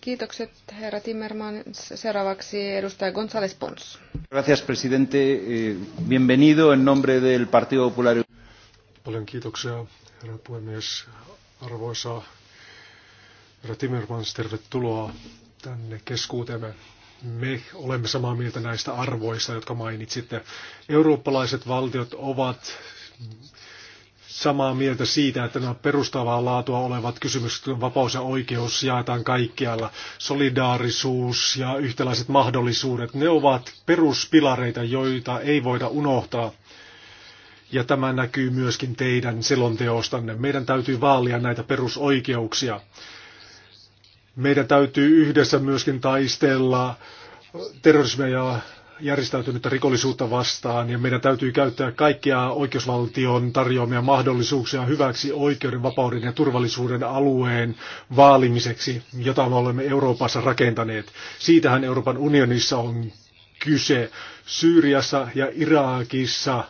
kiitokset, herra Timmermans. Seuraavaksi edustaja González Pons. Gracias, presidente. Eh, bienvenido en nombre del Partido Popular. Paljon kiitoksia, herra puhemies. Arvoisa herra Timmermans, tervetuloa tänne keskuuteemme. Me olemme samaa mieltä näistä arvoista, jotka mainitsitte. Eurooppalaiset valtiot ovat samaa mieltä siitä, että nämä perustavaa laatua olevat kysymykset, vapaus ja oikeus jaetaan kaikkialla, solidaarisuus ja yhtäläiset mahdollisuudet, ne ovat peruspilareita, joita ei voida unohtaa. Ja tämä näkyy myöskin teidän selonteostanne. Meidän täytyy vaalia näitä perusoikeuksia. Meidän täytyy yhdessä myöskin taistella terrorismia ja järjestäytynyttä rikollisuutta vastaan ja meidän täytyy käyttää kaikkia oikeusvaltion tarjoamia mahdollisuuksia hyväksi oikeuden, vapauden ja turvallisuuden alueen vaalimiseksi, jota me olemme Euroopassa rakentaneet. Siitähän Euroopan unionissa on kyse. Syyriassa ja Irakissa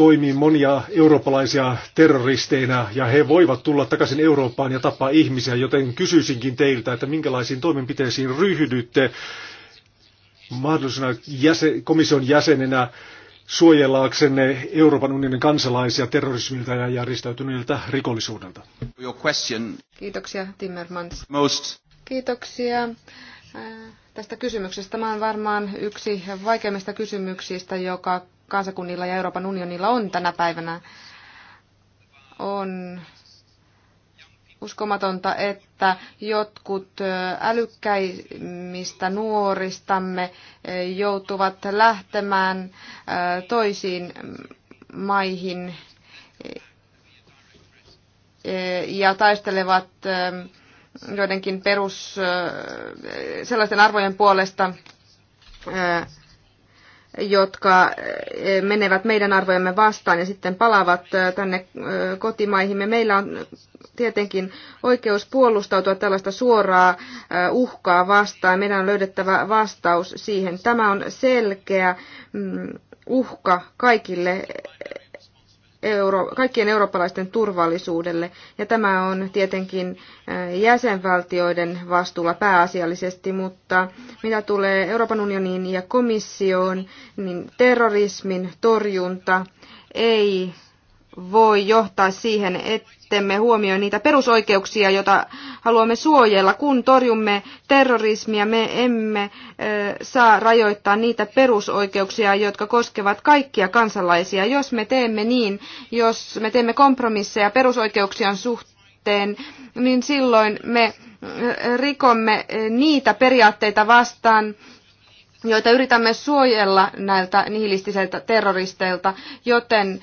toimii monia eurooppalaisia terroristeina ja he voivat tulla takaisin Eurooppaan ja tappaa ihmisiä, joten kysyisinkin teiltä, että minkälaisiin toimenpiteisiin ryhdytte mahdollisena jäsen, komission jäsenenä suojellaaksenne Euroopan unionin kansalaisia terrorismilta ja järjestäytyneiltä rikollisuudelta? Kiitoksia Timmermans. Most. Kiitoksia äh, tästä kysymyksestä. Tämä on varmaan yksi vaikeimmista kysymyksistä, joka kansakunnilla ja Euroopan unionilla on tänä päivänä. On uskomatonta, että jotkut älykkäimmistä nuoristamme joutuvat lähtemään toisiin maihin ja taistelevat joidenkin perus sellaisten arvojen puolesta, jotka eh, menevät meidän arvojemme vastaan ja sitten palaavat eh, tänne eh, kotimaihimme. Meillä on tietenkin oikeus puolustautua tällaista suoraa uhkaa vastaan. Meidän on löydettävä vastaus siihen. Tämä on selkeä mm, uhka kaikille euro, kaikkien eurooppalaisten turvallisuudelle. Ja tämä on tietenkin äh, jäsenvaltioiden vastuulla pääasiallisesti, mutta mitä tulee Euroopan unioniin ja komissioon, niin terrorismin torjunta ei voi johtaa siihen, ettemme huomioi niitä perusoikeuksia, joita haluamme suojella. Kun torjumme terrorismia, me emme saa rajoittaa niitä perusoikeuksia, jotka koskevat kaikkia kansalaisia. Jos me teemme niin, jos me teemme kompromisseja perusoikeuksien suhteen, niin silloin me rikomme niitä periaatteita vastaan, joita yritämme suojella näiltä nihilistiseltä terroristeilta, joten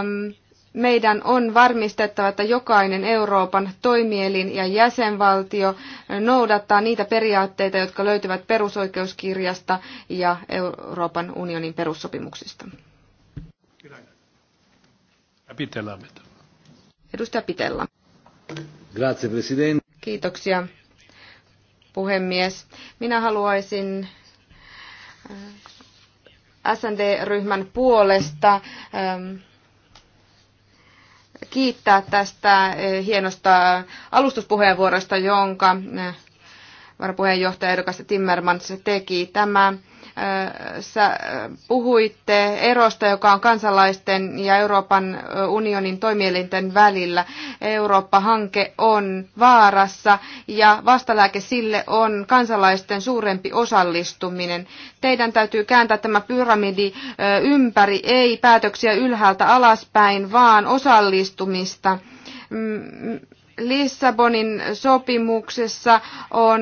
äm, meidän on varmistettava, että jokainen Euroopan toimielin ja jäsenvaltio noudattaa niitä periaatteita, jotka löytyvät perusoikeuskirjasta ja Euroopan unionin perussopimuksista. Edustaja Pitella. Kiitoksia, puhemies. Minä haluaisin äh, SND-ryhmän puolesta ähm, kiittää tästä eh, hienosta alustuspuheenvuorosta, jonka eh, varapuheenjohtaja Edokasta Timmermans teki. Tämä sä puhuitte erosta, joka on kansalaisten ja Euroopan unionin toimielinten välillä. Eurooppa-hanke on vaarassa ja vastalääke sille on kansalaisten suurempi osallistuminen. Teidän täytyy kääntää tämä pyramidi ympäri, ei päätöksiä ylhäältä alaspäin, vaan osallistumista mm, mm. Lissabonin sopimuksessa on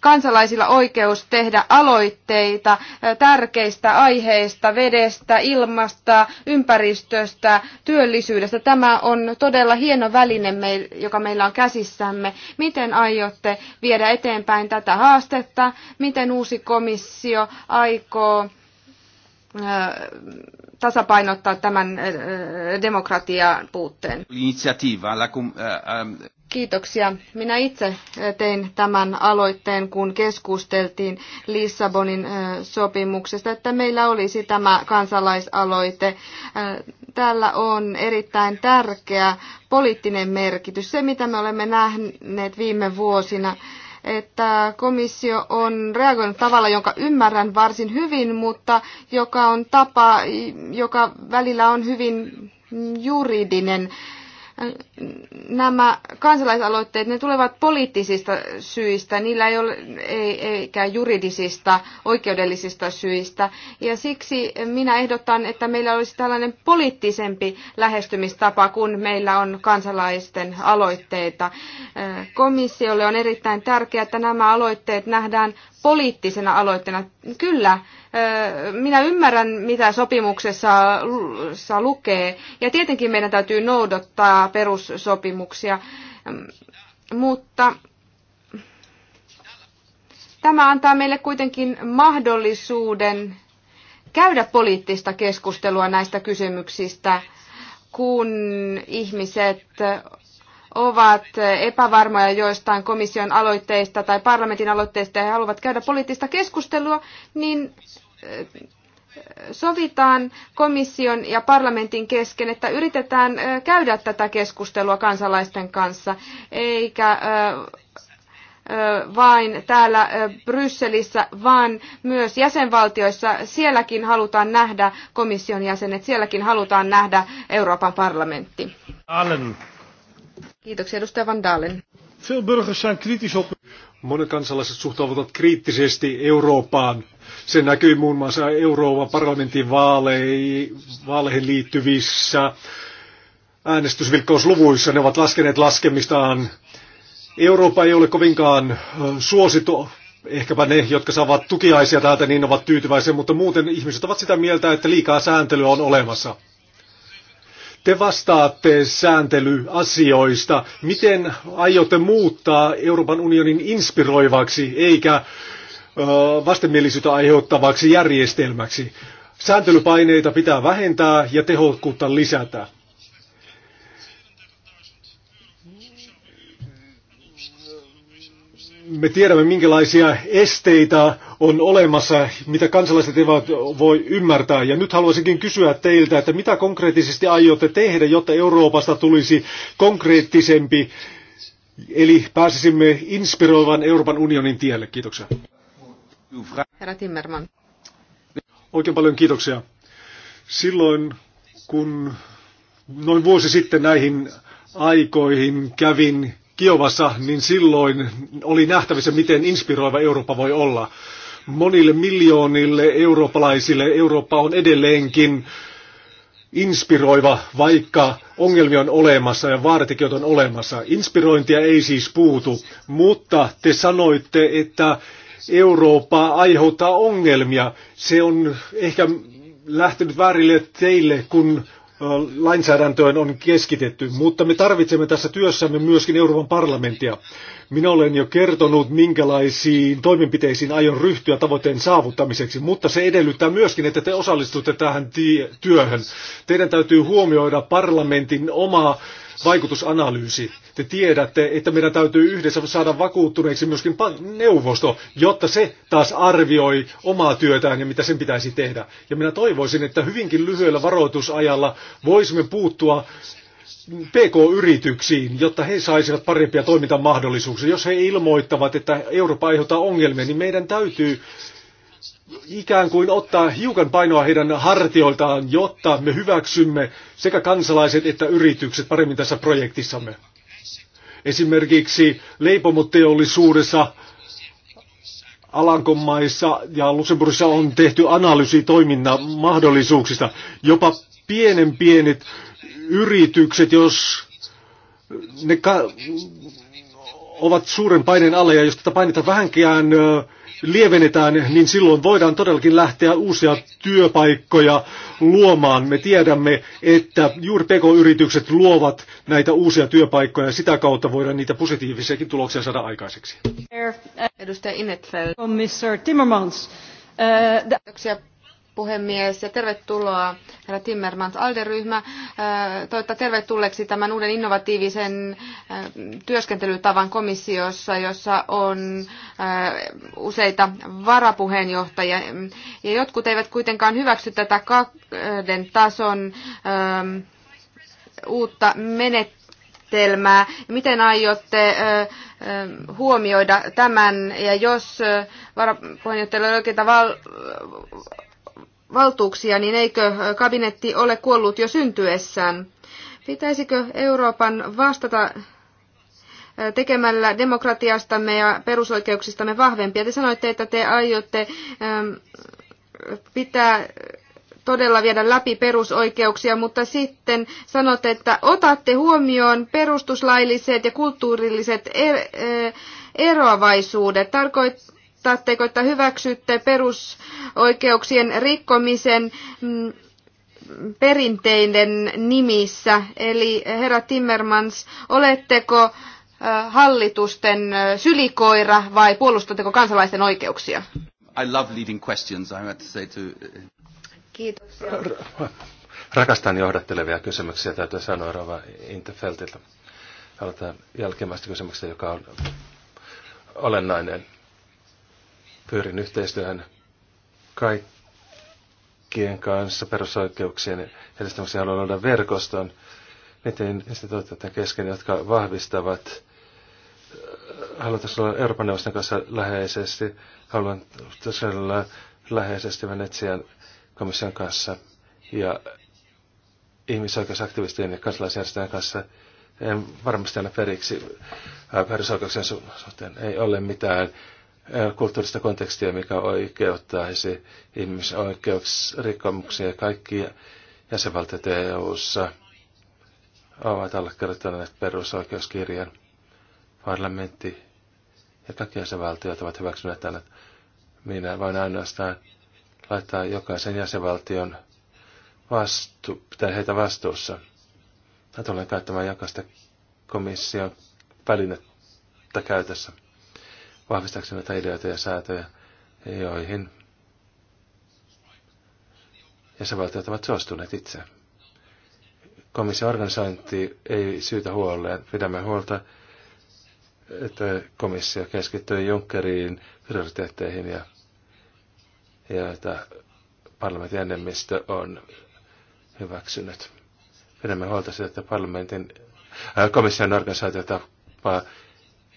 kansalaisilla oikeus tehdä aloitteita tärkeistä aiheista, vedestä, ilmasta, ympäristöstä, työllisyydestä. Tämä on todella hieno väline, joka meillä on käsissämme. Miten aiotte viedä eteenpäin tätä haastetta? Miten uusi komissio aikoo tasapainottaa tämän äh, demokratian puutteen. Äh, ähm, Kiitoksia. Minä itse äh, tein tämän aloitteen, kun keskusteltiin Lissabonin sopimuksesta, että meillä olisi tämä kansalaisaloite. Tällä on erittäin tärkeä poliittinen merkitys. Se, mitä me olemme nähneet viime vuosina, että komissio on reagoinut tavalla, jonka ymmärrän varsin hyvin, mutta joka on tapa, joka välillä on hyvin juridinen nämä kansalaisaloitteet, ne tulevat poliittisista syistä, niillä ei ole ei, eikä juridisista, oikeudellisista syistä. Ja siksi minä ehdotan, että meillä olisi tällainen poliittisempi lähestymistapa, kun meillä on kansalaisten aloitteita. Komissiolle on erittäin tärkeää, että nämä aloitteet nähdään poliittisena aloitteena. Kyllä, minä ymmärrän, mitä sopimuksessa lukee, ja tietenkin meidän täytyy noudattaa perussopimuksia, mutta tämä antaa meille kuitenkin mahdollisuuden käydä poliittista keskustelua näistä kysymyksistä, kun ihmiset ovat epävarmoja joistain komission aloitteista tai parlamentin aloitteista ja he haluavat käydä poliittista keskustelua, niin eh, sovitaan komission ja parlamentin kesken, että yritetään eh, käydä tätä keskustelua kansalaisten kanssa, eikä eh, vain täällä Brysselissä, vaan myös jäsenvaltioissa. Sielläkin halutaan nähdä komission jäsenet, sielläkin halutaan nähdä Euroopan parlamentti. Allen. Kiitoksia edustaja Van Dalen. Veel burgers zijn kritisch op. Monet kansalaiset suhtautuvat kriittisesti Eurooppaan. Se näkyy muun muassa Euroopan parlamentin vaaleihin liittyvissä äänestysvilkkausluvuissa. Ne ovat laskeneet laskemistaan. Eurooppa ei ole kovinkaan suosittu. Ehkäpä ne, jotka saavat tukiaisia täältä, niin ovat tyytyväisiä, mutta muuten ihmiset ovat sitä mieltä, että liikaa sääntelyä on olemassa. Te vastaatte sääntelyasioista. Miten aiotte muuttaa Euroopan unionin inspiroivaksi eikä vastenmielisyyttä aiheuttavaksi järjestelmäksi? Sääntelypaineita pitää vähentää ja tehokkuutta lisätä. me tiedämme, minkälaisia esteitä on olemassa, mitä kansalaiset eivät voi ymmärtää. Ja nyt haluaisinkin kysyä teiltä, että mitä konkreettisesti aiotte tehdä, jotta Euroopasta tulisi konkreettisempi, eli pääsisimme inspiroivan Euroopan unionin tielle. Kiitoksia. Herra Timmerman. Oikein paljon kiitoksia. Silloin, kun noin vuosi sitten näihin aikoihin kävin Kiovassa, niin silloin oli nähtävissä, miten inspiroiva Eurooppa voi olla. Monille miljoonille eurooppalaisille Eurooppa on edelleenkin inspiroiva, vaikka ongelmia on olemassa ja vaaratekijät on olemassa. Inspirointia ei siis puutu, mutta te sanoitte, että Eurooppa aiheuttaa ongelmia. Se on ehkä lähtenyt väärille teille, kun lainsäädäntöön on keskitetty, mutta me tarvitsemme tässä työssämme myöskin Euroopan parlamenttia. Minä olen jo kertonut, minkälaisiin toimenpiteisiin aion ryhtyä tavoitteen saavuttamiseksi, mutta se edellyttää myöskin, että te osallistutte tähän työhön. Teidän täytyy huomioida parlamentin oma vaikutusanalyysi. Te tiedätte, että meidän täytyy yhdessä saada vakuuttuneeksi myöskin neuvosto, jotta se taas arvioi omaa työtään ja mitä sen pitäisi tehdä. Ja minä toivoisin, että hyvinkin lyhyellä varoitusajalla voisimme puuttua PK-yrityksiin, jotta he saisivat parempia toimintamahdollisuuksia. Jos he ilmoittavat, että Eurooppa aiheuttaa ongelmia, niin meidän täytyy ikään kuin ottaa hiukan painoa heidän hartioiltaan, jotta me hyväksymme sekä kansalaiset että yritykset paremmin tässä projektissamme. Esimerkiksi leipomoteollisuudessa Alankomaissa ja Luxemburgissa on tehty analyysi toiminnan mahdollisuuksista. Jopa pienen pienet yritykset, jos ne ovat suuren paineen alle ja jos tätä painetta vähänkään ö, lievennetään, niin silloin voidaan todellakin lähteä uusia työpaikkoja luomaan. Me tiedämme, että juuri PK-yritykset luovat näitä uusia työpaikkoja ja sitä kautta voidaan niitä positiivisiakin tuloksia saada aikaiseksi. Edustaja Inetfeld. Timmermans. Uh, Kiitoksia puhemies, ja tervetuloa herra Timmermans Alderyhmä. Äh, Toivottaa tervetulleeksi tämän uuden innovatiivisen äh, työskentelytavan komissiossa, jossa on äh, useita varapuheenjohtajia. Ja jotkut eivät kuitenkaan hyväksy tätä kahden tason uutta menetelmää. Miten aiotte huomioida tämän, ja jos varapuheenjohtajalla on oikeita val- valtuuksia, niin eikö kabinetti ole kuollut jo syntyessään? Pitäisikö Euroopan vastata tekemällä demokratiastamme ja perusoikeuksistamme vahvempia? Te sanoitte, että te aiotte pitää todella viedä läpi perusoikeuksia, mutta sitten sanotte, että otatte huomioon perustuslailliset ja kulttuurilliset e-, eroavaisuudet. Tarkoit, vastaatteko, että hyväksytte perusoikeuksien rikkomisen mm, perinteiden nimissä? Eli herra Timmermans, oletteko hallitusten sylikoira vai puolustatteko kansalaisten oikeuksia? I love leading questions, I have to say to... Kiitoksia. Rakastan johdattelevia kysymyksiä, täytyy sanoa Rova Interfeltiltä. Aloitetaan jälkimmäistä kysymyksestä, joka on olennainen pyörin yhteistyöhön kaikkien kanssa perusoikeuksien edistämiseksi haluan luoda verkoston niiden instituutioiden kesken, jotka vahvistavat äh, Haluan olla Euroopan neuvoston kanssa läheisesti, haluan olla läheisesti Venetsian komission kanssa ja ihmisoikeusaktivistien ja kansalaisjärjestöjen kanssa. En varmasti aina periksi äh, perusoikeuksien suhteen. Ei ole mitään kulttuurista kontekstia, mikä oikeuttaisi ihmisoikeusrikkomuksia. Kaikki jäsenvaltiot EU-ssa ovat allekirjoittaneet perusoikeuskirjan. Parlamentti ja kaikki jäsenvaltiot ovat hyväksyneet tänne. Minä voin ainoastaan laittaa jokaisen jäsenvaltion vastu, pitää heitä vastuussa. Mä tulen käyttämään jokaista komission välinettä käytössä vahvistaaksemme näitä ideoita ja säätöjä, joihin jäsenvaltiot ovat suostuneet itse. Komission organisointi ei syytä huoleen. Pidämme huolta, että komissio keskittyy Junckeriin prioriteetteihin ja, ja että parlamentin enemmistö on hyväksynyt. Pidämme huolta siitä, että parlamentin, ää, äh, komission tapaa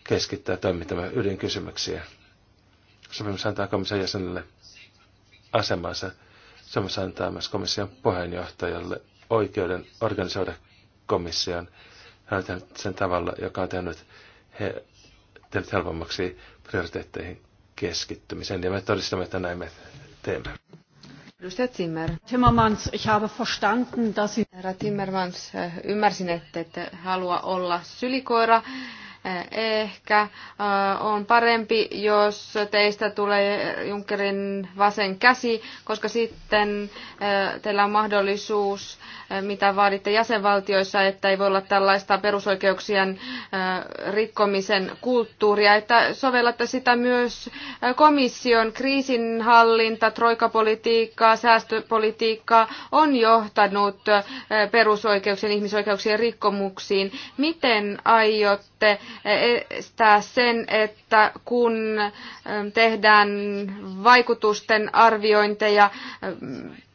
keskittää toimintamme ydinkysymyksiä. Sopimus antaa komission jäsenelle asemansa. Sopimus antaa myös komission puheenjohtajalle oikeuden organisoida komission sen tavalla, joka on tehnyt, he, tehnyt helpommaksi prioriteetteihin keskittymisen. Ja me todistamme, että näin me teemme. Timmermans, ich habe verstanden, dass Timmermans, ymmärsin, että ette halua olla sylikoira. Ehkä äh, on parempi, jos teistä tulee Junckerin vasen käsi, koska sitten äh, teillä on mahdollisuus, äh, mitä vaaditte jäsenvaltioissa, että ei voi olla tällaista perusoikeuksien rikkomisen kulttuuria, että sovellatte sitä myös komission kriisinhallinta, troikapolitiikkaa, säästöpolitiikkaa on johtanut perusoikeuksien ihmisoikeuksien rikkomuksiin. Miten aiotte estää sen, että kun ähm, tehdään vaikutusten arviointeja ähm,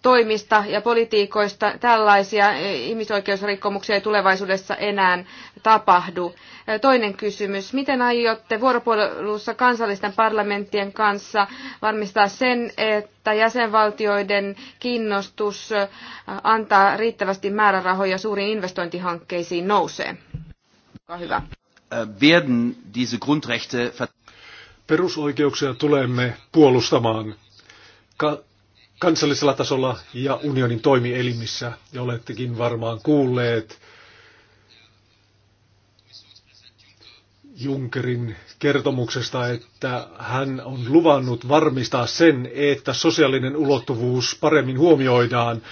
toimista ja politiikoista, tällaisia äh, ihmisoikeusrikkomuksia ei tulevaisuudessa enää tapahdu. Äh, toinen kysymys. Miten aiotte vuoropuhelussa kansallisten parlamenttien kanssa varmistaa sen, että jäsenvaltioiden kiinnostus äh, antaa riittävästi määrärahoja suuriin investointihankkeisiin nousee? Olkaa hyvä. Äh, werden diese Grundrechte Perusoikeuksia tulemme puolustamaan ka- kansallisella tasolla ja unionin toimielimissä. Ja olettekin varmaan kuulleet Junkerin kertomuksesta, että hän on luvannut varmistaa sen, että sosiaalinen ulottuvuus paremmin huomioidaan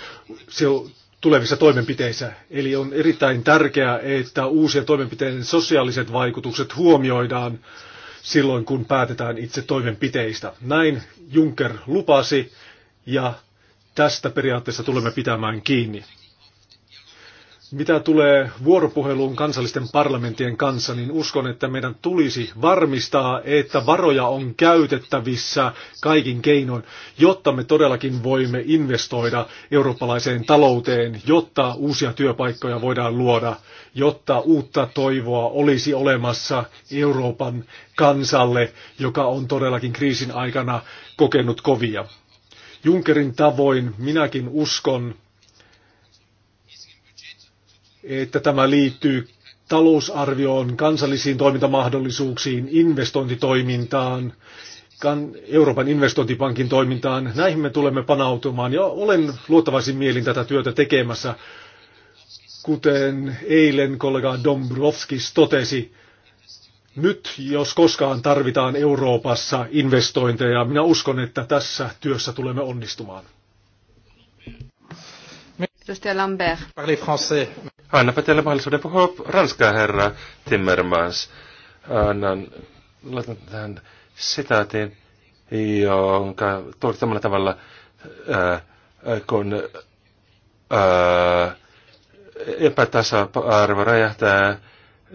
tulevissa toimenpiteissä. Eli on erittäin tärkeää, että uusien toimenpiteiden sosiaaliset vaikutukset huomioidaan silloin, kun päätetään itse toimenpiteistä. Näin Juncker lupasi ja tästä periaatteesta tulemme pitämään kiinni. Mitä tulee vuoropuheluun kansallisten parlamenttien kanssa, niin uskon, että meidän tulisi varmistaa, että varoja on käytettävissä kaikin keinoin, jotta me todellakin voimme investoida eurooppalaiseen talouteen, jotta uusia työpaikkoja voidaan luoda, jotta uutta toivoa olisi olemassa Euroopan kansalle, joka on todellakin kriisin aikana kokenut kovia. Junkerin tavoin minäkin uskon, että tämä liittyy talousarvioon, kansallisiin toimintamahdollisuuksiin, investointitoimintaan, Euroopan investointipankin toimintaan. Näihin me tulemme panautumaan ja olen luottavaisin mielin tätä työtä tekemässä. Kuten eilen kollega Dombrovskis totesi, nyt jos koskaan tarvitaan Euroopassa investointeja, minä uskon, että tässä työssä tulemme onnistumaan. Edustaja Lambert. Parli français. Annapa teille mahdollisuuden puhua ranskaa, herra Timmermans. Annan, laitan tähän sitaatin, jonka tulkittamalla tavalla, äh, kun äh, epätasa-arvo räjähtää,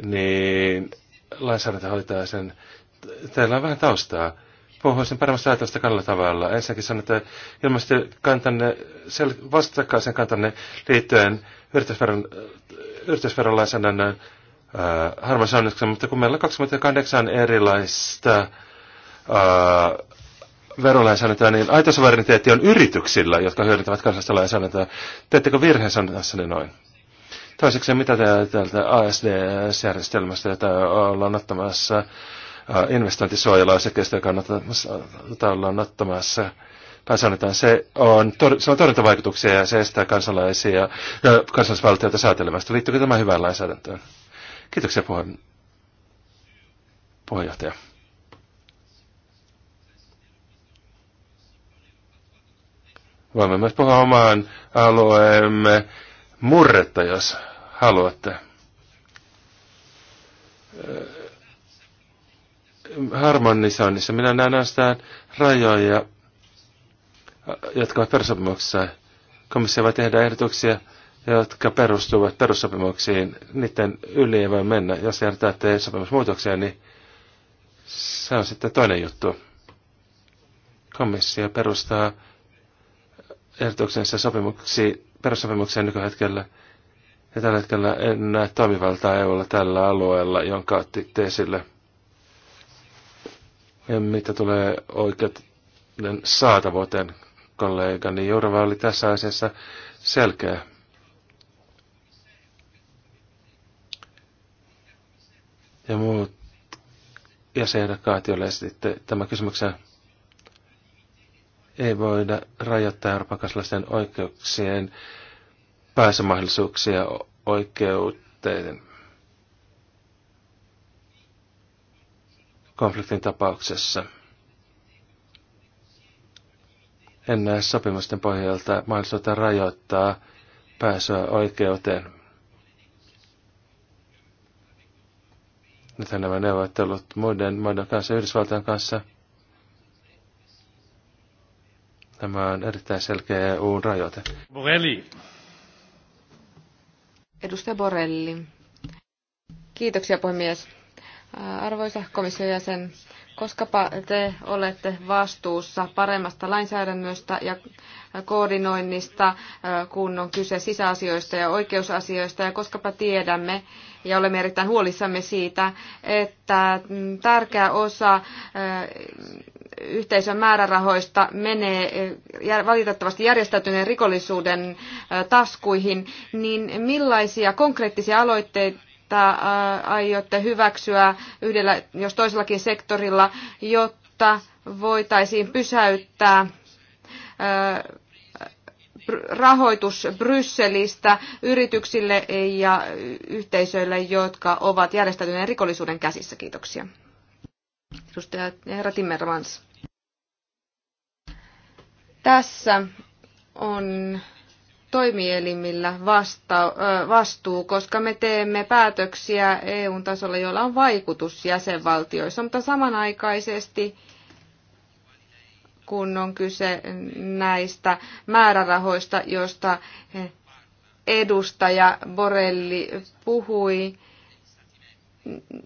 niin lainsäädäntö hoitaa sen. Teillä on vähän taustaa pohjoisen paremmasta ajatusta kahdella tavalla. Ensinnäkin sanon, että ilmeisesti kantanne, vastakkaisen kantanne liittyen yritysveron, yritysverolainsäädännön äh, harmaisäännöksen, mutta kun meillä on 28 erilaista ää, äh, verolainsäädäntöä, niin aito suvereniteetti on yrityksillä, jotka hyödyntävät kansallista lainsäädäntöä. Teettekö virheen niin? noin? Toiseksi, mitä te täältä ASDS-järjestelmästä, jota ollaan ottamassa investointisuojeluasekeista, joka on ottamassa pääsäännetään, se on, tor, se on torjuntavaikutuksia ja se estää kansalaisia ja kansallisvaltioita säätelemästä. Liittyykö tämä hyvään lainsäädäntöön? Kiitoksia puheen, puheenjohtaja. Voimme myös puhua omaan alueemme murretta, jos haluatte harmonisoinnissa. Minä näen ainoastaan rajoja, jotka ovat perussopimuksessa. Komissio voi tehdä ehdotuksia, jotka perustuvat perussopimuksiin. Niiden yli ei voi mennä. Jos järjestää tee sopimusmuutoksia, niin se on sitten toinen juttu. Komissio perustaa ehdotuksensa sopimuksi, perussopimukseen nykyhetkellä. Ja tällä hetkellä en näe toimivaltaa EUlla tällä alueella, jonka otti esille. Ja mitä tulee oikeuden saatavuuteen, kollega, niin Jourava oli tässä asiassa selkeä. Ja muut jäsenehdokkaat, joille esititte tämän kysymyksen, ei voida rajoittaa Euroopan kansalaisten oikeuksien pääsemahdollisuuksia oikeuteen konfliktin tapauksessa. En näe sopimusten pohjalta mahdollisuutta rajoittaa pääsyä oikeuteen. Nythän nämä neuvottelut muiden maiden kanssa, Yhdysvaltain kanssa, Tämä on erittäin selkeä EU-rajoite. Borelli. Edustaja Borelli. Kiitoksia puhemies. Arvoisa komission jäsen, koskapa te olette vastuussa paremmasta lainsäädännöstä ja koordinoinnista, äh, kun on kyse sisäasioista ja oikeusasioista, ja koskapa tiedämme ja olemme erittäin huolissamme siitä, että mm, tärkeä osa äh, yhteisön määrärahoista menee äh, valitettavasti järjestäytyneen rikollisuuden taskuihin, niin millaisia konkreettisia aloitteita että aiotte hyväksyä yhdellä, jos toisellakin sektorilla, jotta voitaisiin pysäyttää rahoitus Brysselistä yrityksille ja yhteisöille, jotka ovat järjestäytyneen rikollisuuden käsissä. Kiitoksia. Edustaja herra Timmermans. Tässä on toimielimillä vasta, vastuu, koska me teemme päätöksiä EU-tasolla, joilla on vaikutus jäsenvaltioissa, mutta samanaikaisesti kun on kyse näistä määrärahoista, joista edustaja Borelli puhui,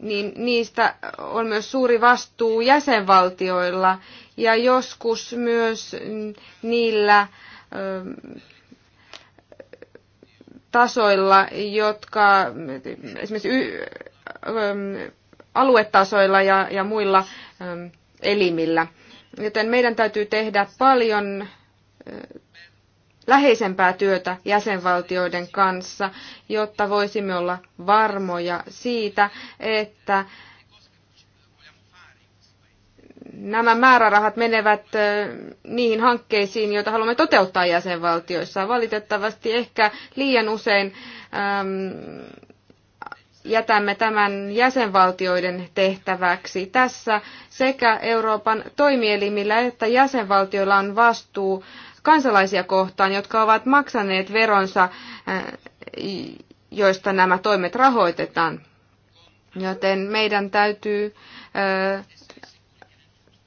niin niistä on myös suuri vastuu jäsenvaltioilla ja joskus myös niillä tasoilla, jotka esimerkiksi y, ähm, aluetasoilla ja, ja muilla ähm, elimillä. Joten meidän täytyy tehdä paljon äh, läheisempää työtä jäsenvaltioiden kanssa, jotta voisimme olla varmoja siitä, että nämä määrärahat menevät niihin hankkeisiin, joita haluamme toteuttaa jäsenvaltioissa. Valitettavasti ehkä liian usein jätämme tämän jäsenvaltioiden tehtäväksi. Tässä sekä Euroopan toimielimillä että jäsenvaltioilla on vastuu kansalaisia kohtaan, jotka ovat maksaneet veronsa, joista nämä toimet rahoitetaan. Joten meidän täytyy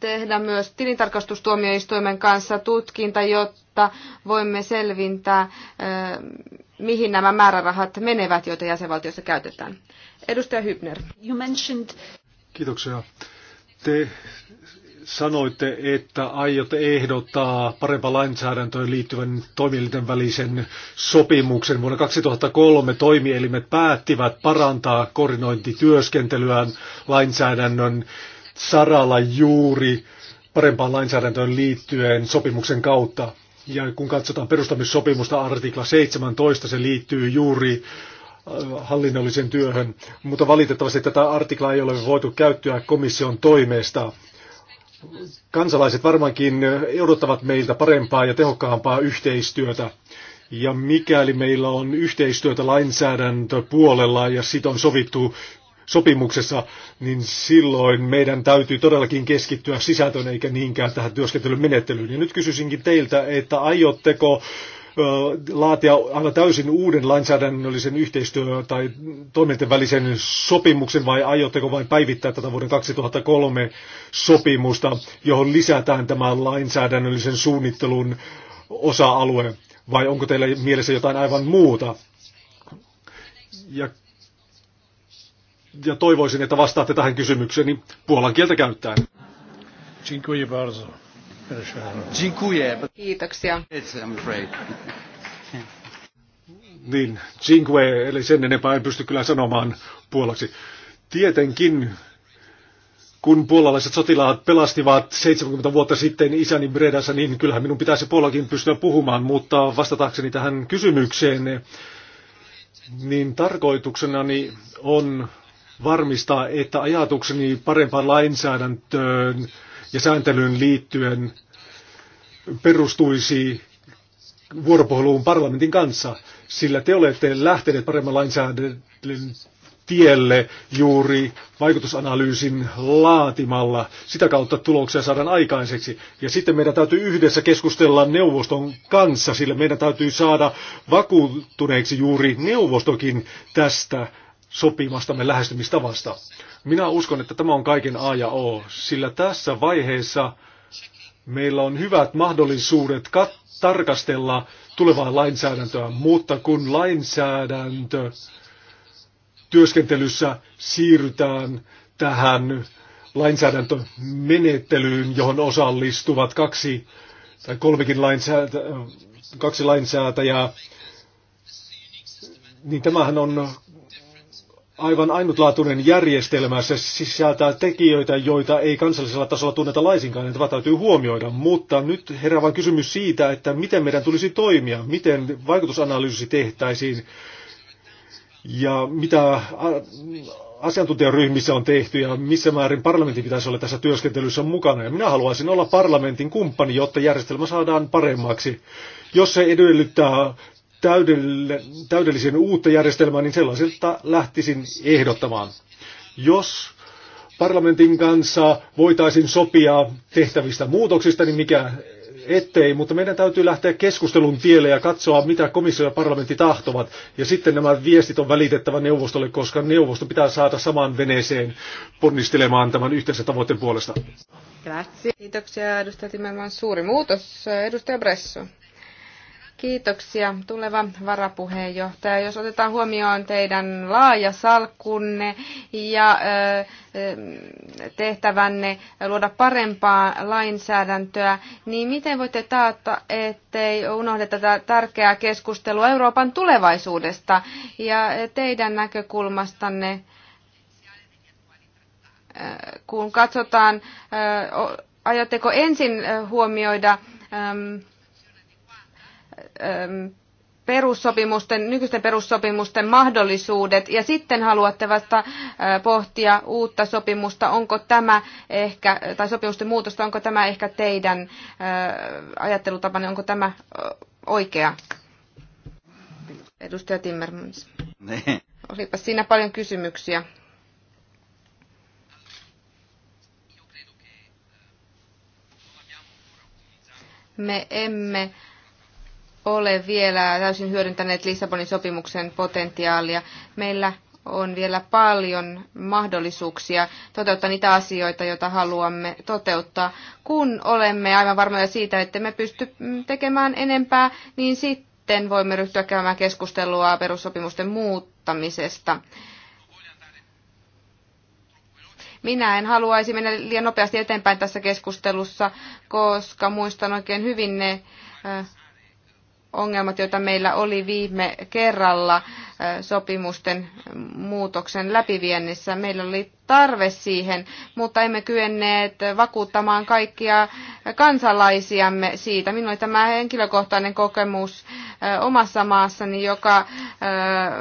tehdä myös tilintarkastustuomioistuimen kanssa tutkinta, jotta voimme selvintää, mihin nämä määrärahat menevät, joita jäsenvaltiossa käytetään. Edustaja Hybner. You mentioned... Kiitoksia. Te sanoitte, että aiotte ehdottaa parempaa lainsäädäntöön liittyvän toimielinten välisen sopimuksen. Vuonna 2003 toimielimet päättivät parantaa koordinointityöskentelyään lainsäädännön saralla juuri parempaan lainsäädäntöön liittyen sopimuksen kautta. Ja kun katsotaan perustamissopimusta, artikla 17, se liittyy juuri äh, hallinnollisen työhön, mutta valitettavasti tätä artiklaa ei ole voitu käyttää komission toimesta. Kansalaiset varmaankin odottavat meiltä parempaa ja tehokkaampaa yhteistyötä. Ja mikäli meillä on yhteistyötä lainsäädäntöpuolella ja siitä on sovittu sopimuksessa, niin silloin meidän täytyy todellakin keskittyä sisältöön eikä niinkään tähän työskentelymenettelyyn. Ja nyt kysyisinkin teiltä, että aiotteko laatia aivan täysin uuden lainsäädännöllisen yhteistyö- tai toimijoiden välisen sopimuksen vai aiotteko vain päivittää tätä vuoden 2003 sopimusta, johon lisätään tämä lainsäädännöllisen suunnittelun osa-alue vai onko teillä mielessä jotain aivan muuta? Ja ja toivoisin, että vastaatte tähän kysymykseen niin puolan kieltä käyttäen. Dziękuję bardzo. Dziękuję. Kiitoksia. I'm afraid. Niin, cinque, eli sen enempää en pysty kyllä sanomaan puolaksi. Tietenkin, kun puolalaiset sotilaat pelastivat 70 vuotta sitten isäni Bredassa, niin kyllähän minun pitäisi puolakin pystyä puhumaan, mutta vastatakseni tähän kysymykseen, niin tarkoituksenani niin on varmistaa, että ajatukseni parempaan lainsäädäntöön ja sääntelyyn liittyen perustuisi vuoropuheluun parlamentin kanssa, sillä te olette lähteneet paremman lainsäädännön tielle juuri vaikutusanalyysin laatimalla. Sitä kautta tuloksia saadaan aikaiseksi. Ja sitten meidän täytyy yhdessä keskustella neuvoston kanssa, sillä meidän täytyy saada vakuuttuneeksi juuri neuvostokin tästä sopimastamme lähestymistavasta. Minä uskon, että tämä on kaiken A ja O, sillä tässä vaiheessa meillä on hyvät mahdollisuudet kat- tarkastella tulevaa lainsäädäntöä, mutta kun lainsäädäntö työskentelyssä siirrytään tähän lainsäädäntömenettelyyn, johon osallistuvat kaksi tai kolmekin lainsäätä, kaksi lainsäätäjää, niin tämähän on aivan ainutlaatuinen järjestelmä. Se sisältää tekijöitä, joita ei kansallisella tasolla tunneta laisinkaan, tämä täytyy huomioida. Mutta nyt herää vain kysymys siitä, että miten meidän tulisi toimia, miten vaikutusanalyysi tehtäisiin ja mitä asiantuntijaryhmissä on tehty ja missä määrin parlamentti pitäisi olla tässä työskentelyssä mukana. Ja minä haluaisin olla parlamentin kumppani, jotta järjestelmä saadaan paremmaksi. Jos se edellyttää täydellisen uutta järjestelmää, niin sellaiselta lähtisin ehdottamaan. Jos parlamentin kanssa voitaisiin sopia tehtävistä muutoksista, niin mikä ettei, mutta meidän täytyy lähteä keskustelun tielle ja katsoa, mitä komissio ja parlamentti tahtovat. Ja sitten nämä viestit on välitettävä neuvostolle, koska neuvosto pitää saada samaan veneeseen ponnistelemaan tämän yhteisen tavoitteen puolesta. Kiitoksia edustaja Timmerman. Suuri muutos. Edustaja Bresso. Kiitoksia tuleva varapuheenjohtaja. Jos otetaan huomioon teidän laaja salkkunne ja tehtävänne luoda parempaa lainsäädäntöä, niin miten voitte taata, ettei unohdeta tätä tärkeää keskustelua Euroopan tulevaisuudesta ja teidän näkökulmastanne, kun katsotaan, aiotteko ensin huomioida perussopimusten, nykyisten perussopimusten mahdollisuudet ja sitten haluatte vasta pohtia uutta sopimusta, onko tämä ehkä, tai sopimusten muutosta, onko tämä ehkä teidän ajattelutapanne, onko tämä oikea? Edustaja Timmermans. Ne. Olipa siinä paljon kysymyksiä. Me emme ole vielä täysin hyödyntäneet Lissabonin sopimuksen potentiaalia. Meillä on vielä paljon mahdollisuuksia toteuttaa niitä asioita, joita haluamme toteuttaa. Kun olemme aivan varmoja siitä, että me pysty tekemään enempää, niin sitten voimme ryhtyä käymään keskustelua perussopimusten muuttamisesta. Minä en haluaisi mennä liian nopeasti eteenpäin tässä keskustelussa, koska muistan oikein hyvin ne äh, ongelmat, joita meillä oli viime kerralla sopimusten muutoksen läpiviennissä. Meillä oli tarve siihen, mutta emme kyenneet vakuuttamaan kaikkia kansalaisiamme siitä. Minulla oli tämä henkilökohtainen kokemus omassa maassani, joka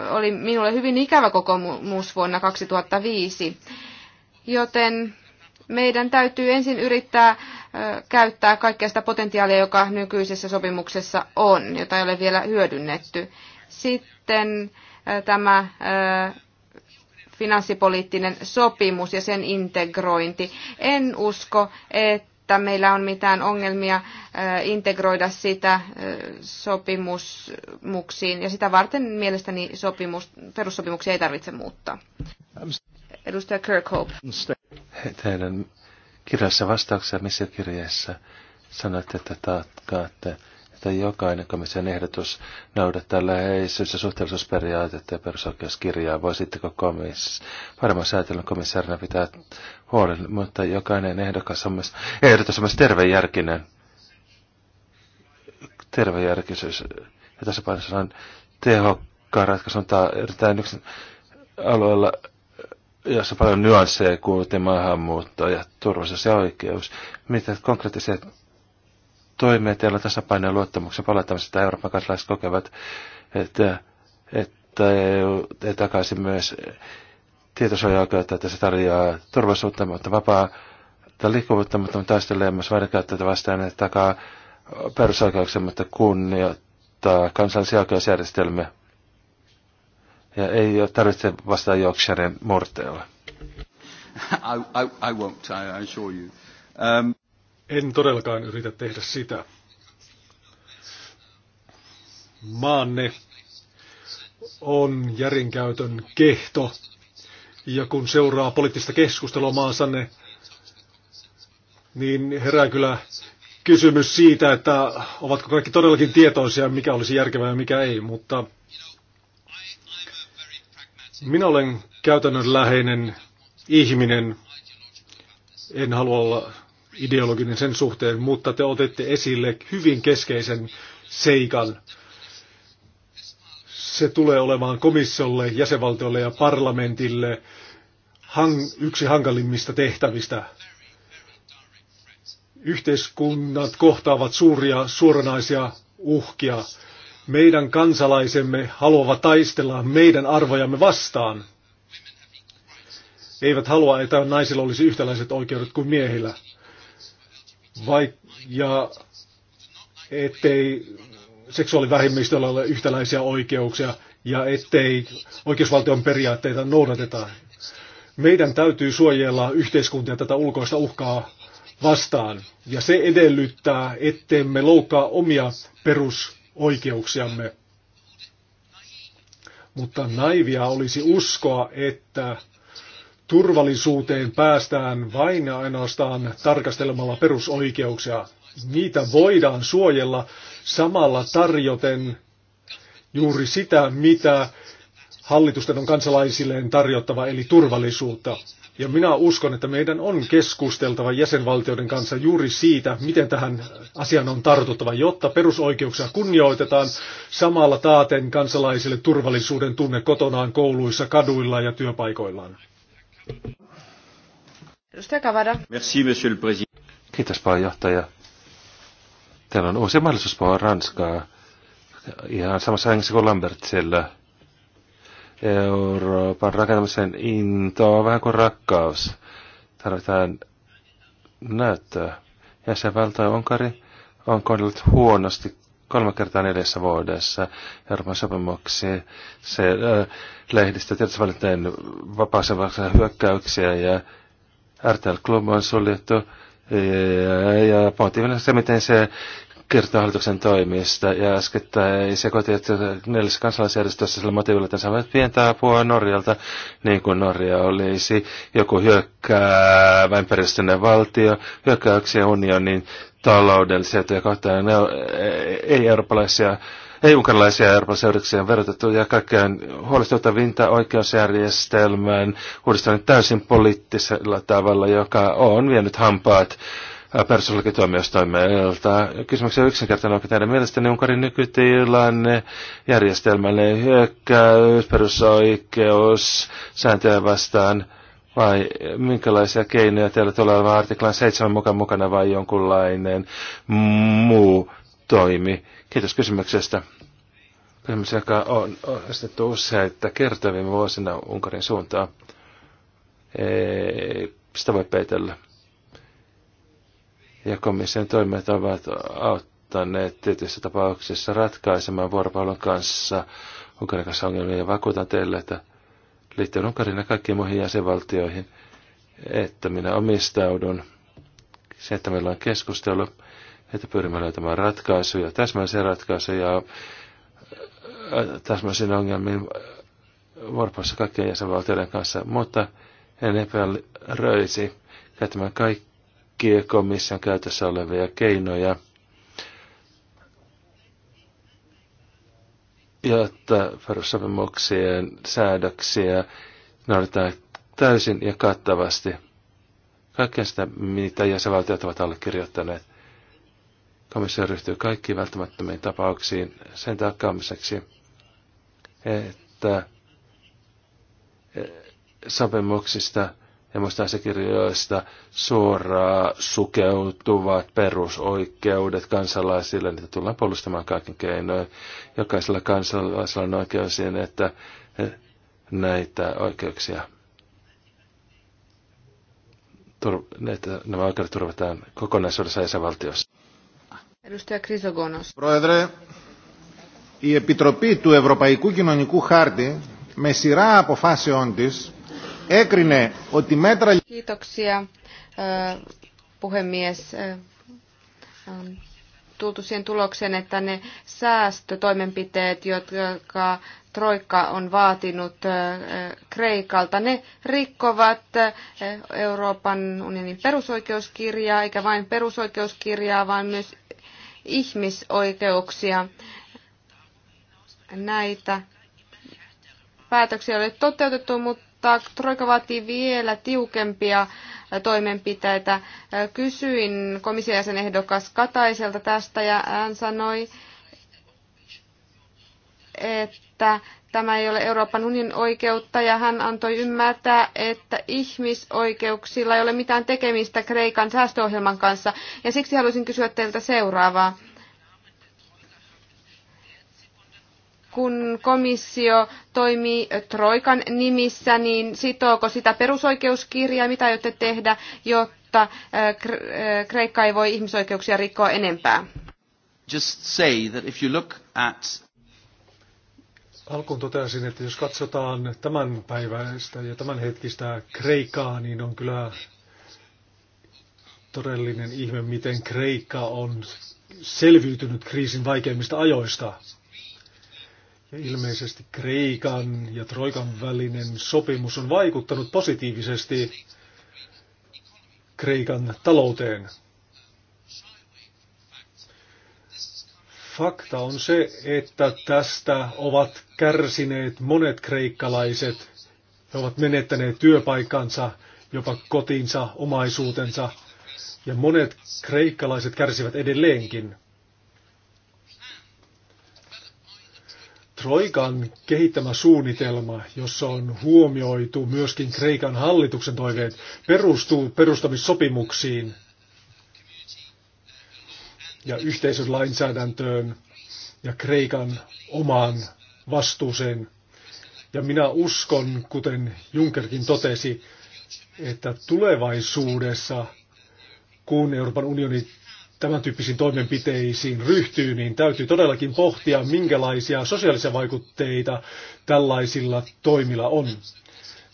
oli minulle hyvin ikävä kokemus vuonna 2005. Joten meidän täytyy ensin yrittää käyttää kaikkea sitä potentiaalia, joka nykyisessä sopimuksessa on, jota ei ole vielä hyödynnetty. Sitten tämä finanssipoliittinen sopimus ja sen integrointi. En usko, että meillä on mitään ongelmia integroida sitä sopimuksiin, ja sitä varten mielestäni sopimus, perussopimuksia ei tarvitse muuttaa. Edustaja Kirkhope. Teidän kirjassa vastauksessa missä kirjeessä sanoitte, että taatkaatte, että jokainen komission ehdotus noudattaa läheisyys- ja suhteellisuusperiaatetta ja perusoikeuskirjaa. Voisitteko komissi varmaan säätelyn komissaarina pitää huolen, mutta jokainen ehdokas on myös, ehdotus on myös tervejärkinen. Tervejärkisyys. Ja tässä painossa on tehokkaan ratkaisun tai erittäin yksin alueella jossa paljon nyansseja kuulutti maahanmuuttoa ja turvallisuus ja oikeus. Mitä konkreettisia toimia teillä tasapaino ja luottamuksen palauttamisesta Euroopan kansalaiset kokevat, että, että EU ei takaisin myös tietosuoja-oikeutta, että se tarjoaa turvallisuutta, mutta vapaa tai liikkuvuutta, mutta taistelee myös väärinkäyttöitä vastaan, että takaa perusoikeuksia, mutta kunnioittaa kansallisia oikeusjärjestelmiä ja ei tarvitse vastata Yorkshiren morteella. I, I, I won't, I assure you. Um... En todellakaan yritä tehdä sitä. Maanne on järinkäytön kehto. Ja kun seuraa poliittista keskustelua maansanne, niin herää kyllä kysymys siitä, että ovatko kaikki todellakin tietoisia, mikä olisi järkevää ja mikä ei, mutta minä olen käytännönläheinen ihminen. En halua olla ideologinen sen suhteen, mutta te otette esille hyvin keskeisen seikan. Se tulee olemaan komissiolle, jäsenvaltiolle ja parlamentille hang- yksi hankalimmista tehtävistä. Yhteiskunnat kohtaavat suuria suoranaisia uhkia meidän kansalaisemme haluavat taistella meidän arvojamme vastaan. Eivät halua, että naisilla olisi yhtäläiset oikeudet kuin miehillä. Vai, ja ettei seksuaalivähemmistöllä ole yhtäläisiä oikeuksia ja ettei oikeusvaltion periaatteita noudateta. Meidän täytyy suojella yhteiskuntia tätä ulkoista uhkaa vastaan. Ja se edellyttää, me loukkaa omia perus oikeuksiamme. Mutta naivia olisi uskoa, että turvallisuuteen päästään vain ja ainoastaan tarkastelemalla perusoikeuksia. Niitä voidaan suojella samalla tarjoten juuri sitä, mitä hallitusten on kansalaisilleen tarjottava, eli turvallisuutta. Ja minä uskon, että meidän on keskusteltava jäsenvaltioiden kanssa juuri siitä, miten tähän asiaan on tartuttava, jotta perusoikeuksia kunnioitetaan samalla taaten kansalaisille turvallisuuden tunne kotonaan, kouluissa, kaduilla ja työpaikoillaan. Merci, monsieur le président. Kiitos pääjohtaja. Täällä on uusi mahdollisuus puhua Ranskaa ihan samassa hengessä kuin Lambertsillä Euroopan rakentamisen intoa vähän kuin rakkaus. Tarvitaan näyttöä. Jäsenvaltio Unkari on kohdellut huonosti kolme kertaa neljässä vuodessa Euroopan sopimuksia. Se äh, lehdistö tiedotusvälineiden vapaaseen hyökkäyksiä ja RTL Club on suljettu. Ja, ja, ja se, miten se kertoo hallituksen toimista ja äskettäin koti, että neljässä kansalaisjärjestössä sillä motiivilla, että saavat pientä apua Norjalta, niin kuin Norja olisi joku hyökkäävä ympäristöinen valtio, hyökkäyksiä unionin taloudellisia ja kohta eh, ei-eurooppalaisia ei-unkarilaisia Euroopan seurauksia on verotettu ja kaikkein huolestuttavinta oikeusjärjestelmään uudistunut täysin poliittisella tavalla, joka on vienyt hampaat perustuslakituomioistoimelta. on yksinkertainen onko teidän mielestäni Unkarin nykytilanne, järjestelmällinen hyökkäys, perusoikeus, sääntöjä vastaan, vai minkälaisia keinoja teillä tulee olemaan artiklan 7 mukaan mukana vai jonkunlainen muu toimi? Kiitos kysymyksestä. Kysymys, joka on esitetty useita kertoja viime vuosina Unkarin suuntaan. Ei sitä voi peitellä ja komission toimet ovat auttaneet tietyissä tapauksissa ratkaisemaan vuoropallon kanssa Unkarin kanssa ongelmia ja vakuutan teille, että liittyen Unkarin ja kaikkiin muihin jäsenvaltioihin, että minä omistaudun se, että meillä on keskustelu, että pyrimme löytämään ratkaisuja, täsmällisiä ratkaisuja äh, täsmällisiin ongelmiin vuoropallossa kaikkien jäsenvaltioiden kanssa, mutta en epäröisi käyttämään kaikki komission käytössä olevia keinoja, ja että perussopimuksien säädöksiä noudatetaan täysin ja kattavasti. Kaikkea sitä, mitä jäsenvaltiot ovat allekirjoittaneet. Komissio ryhtyy kaikkiin välttämättömiin tapauksiin sen takaamiseksi, että eh, sopimuksista ja muista asiakirjoista suoraan sukeutuvat perusoikeudet kansalaisille, niitä tullaan puolustamaan kaiken keinoin. Jokaisella kansalaisella on oikeus siihen, että näitä oikeuksia, että nämä oikeudet turvataan kokonaisuudessa jäsenvaltiossa. Edustaja Krisogonos. Proedre, η Επιτροπή του Ευρωπαϊκού Κοινωνικού Χάρτη με σειρά αποφάσεών της έκρινε Kiitoksia puhemies. On tultu siihen tulokseen, että ne säästötoimenpiteet, jotka Troikka on vaatinut Kreikalta. Ne rikkovat Euroopan unionin perusoikeuskirjaa, eikä vain perusoikeuskirjaa, vaan myös ihmisoikeuksia. Näitä päätöksiä ei ole toteutettu, mutta Troika vaatii vielä tiukempia toimenpiteitä. Kysyin komission ehdokas Kataiselta tästä ja hän sanoi, että tämä ei ole Euroopan unionin oikeutta ja hän antoi ymmärtää, että ihmisoikeuksilla ei ole mitään tekemistä Kreikan säästöohjelman kanssa. Ja siksi haluaisin kysyä teiltä seuraavaa. kun komissio toimii Troikan nimissä, niin sitooko sitä perusoikeuskirjaa, mitä aiotte tehdä, jotta äh, äh, Kreikka ei voi ihmisoikeuksia rikkoa enempää? Just say that if you look at... Alkuun totesin, että jos katsotaan tämän päiväistä ja tämän hetkistä Kreikkaa, niin on kyllä todellinen ihme, miten Kreikka on selviytynyt kriisin vaikeimmista ajoista. Ja ilmeisesti Kreikan ja Troikan välinen sopimus on vaikuttanut positiivisesti Kreikan talouteen. Fakta on se, että tästä ovat kärsineet monet kreikkalaiset. He ovat menettäneet työpaikkansa, jopa kotinsa, omaisuutensa. Ja monet kreikkalaiset kärsivät edelleenkin. Troikan kehittämä suunnitelma, jossa on huomioitu myöskin Kreikan hallituksen toiveet, perustuu perustamissopimuksiin ja yhteisölainsäädäntöön ja Kreikan omaan vastuuseen. Ja minä uskon, kuten Junkerkin totesi, että tulevaisuudessa, kun Euroopan unioni tämän tyyppisiin toimenpiteisiin ryhtyy, niin täytyy todellakin pohtia, minkälaisia sosiaalisia vaikutteita tällaisilla toimilla on.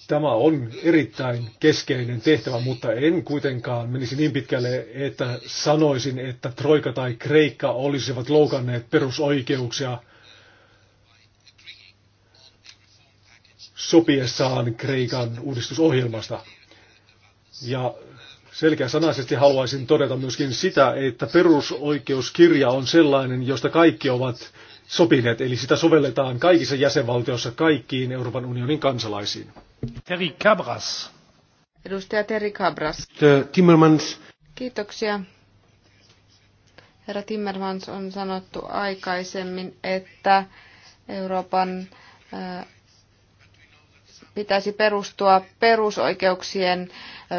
Tämä on erittäin keskeinen tehtävä, mutta en kuitenkaan menisi niin pitkälle, että sanoisin, että Troika tai Kreikka olisivat loukanneet perusoikeuksia sopiessaan Kreikan uudistusohjelmasta. Ja Selkeäsanaisesti haluaisin todeta myöskin sitä, että perusoikeuskirja on sellainen, josta kaikki ovat sopineet, eli sitä sovelletaan kaikissa jäsenvaltioissa kaikkiin Euroopan unionin kansalaisiin. Terry Cabras. Edustaja Terry Cabras. The Timmermans. Kiitoksia. Herra Timmermans on sanottu aikaisemmin, että Euroopan äh, pitäisi perustua perusoikeuksien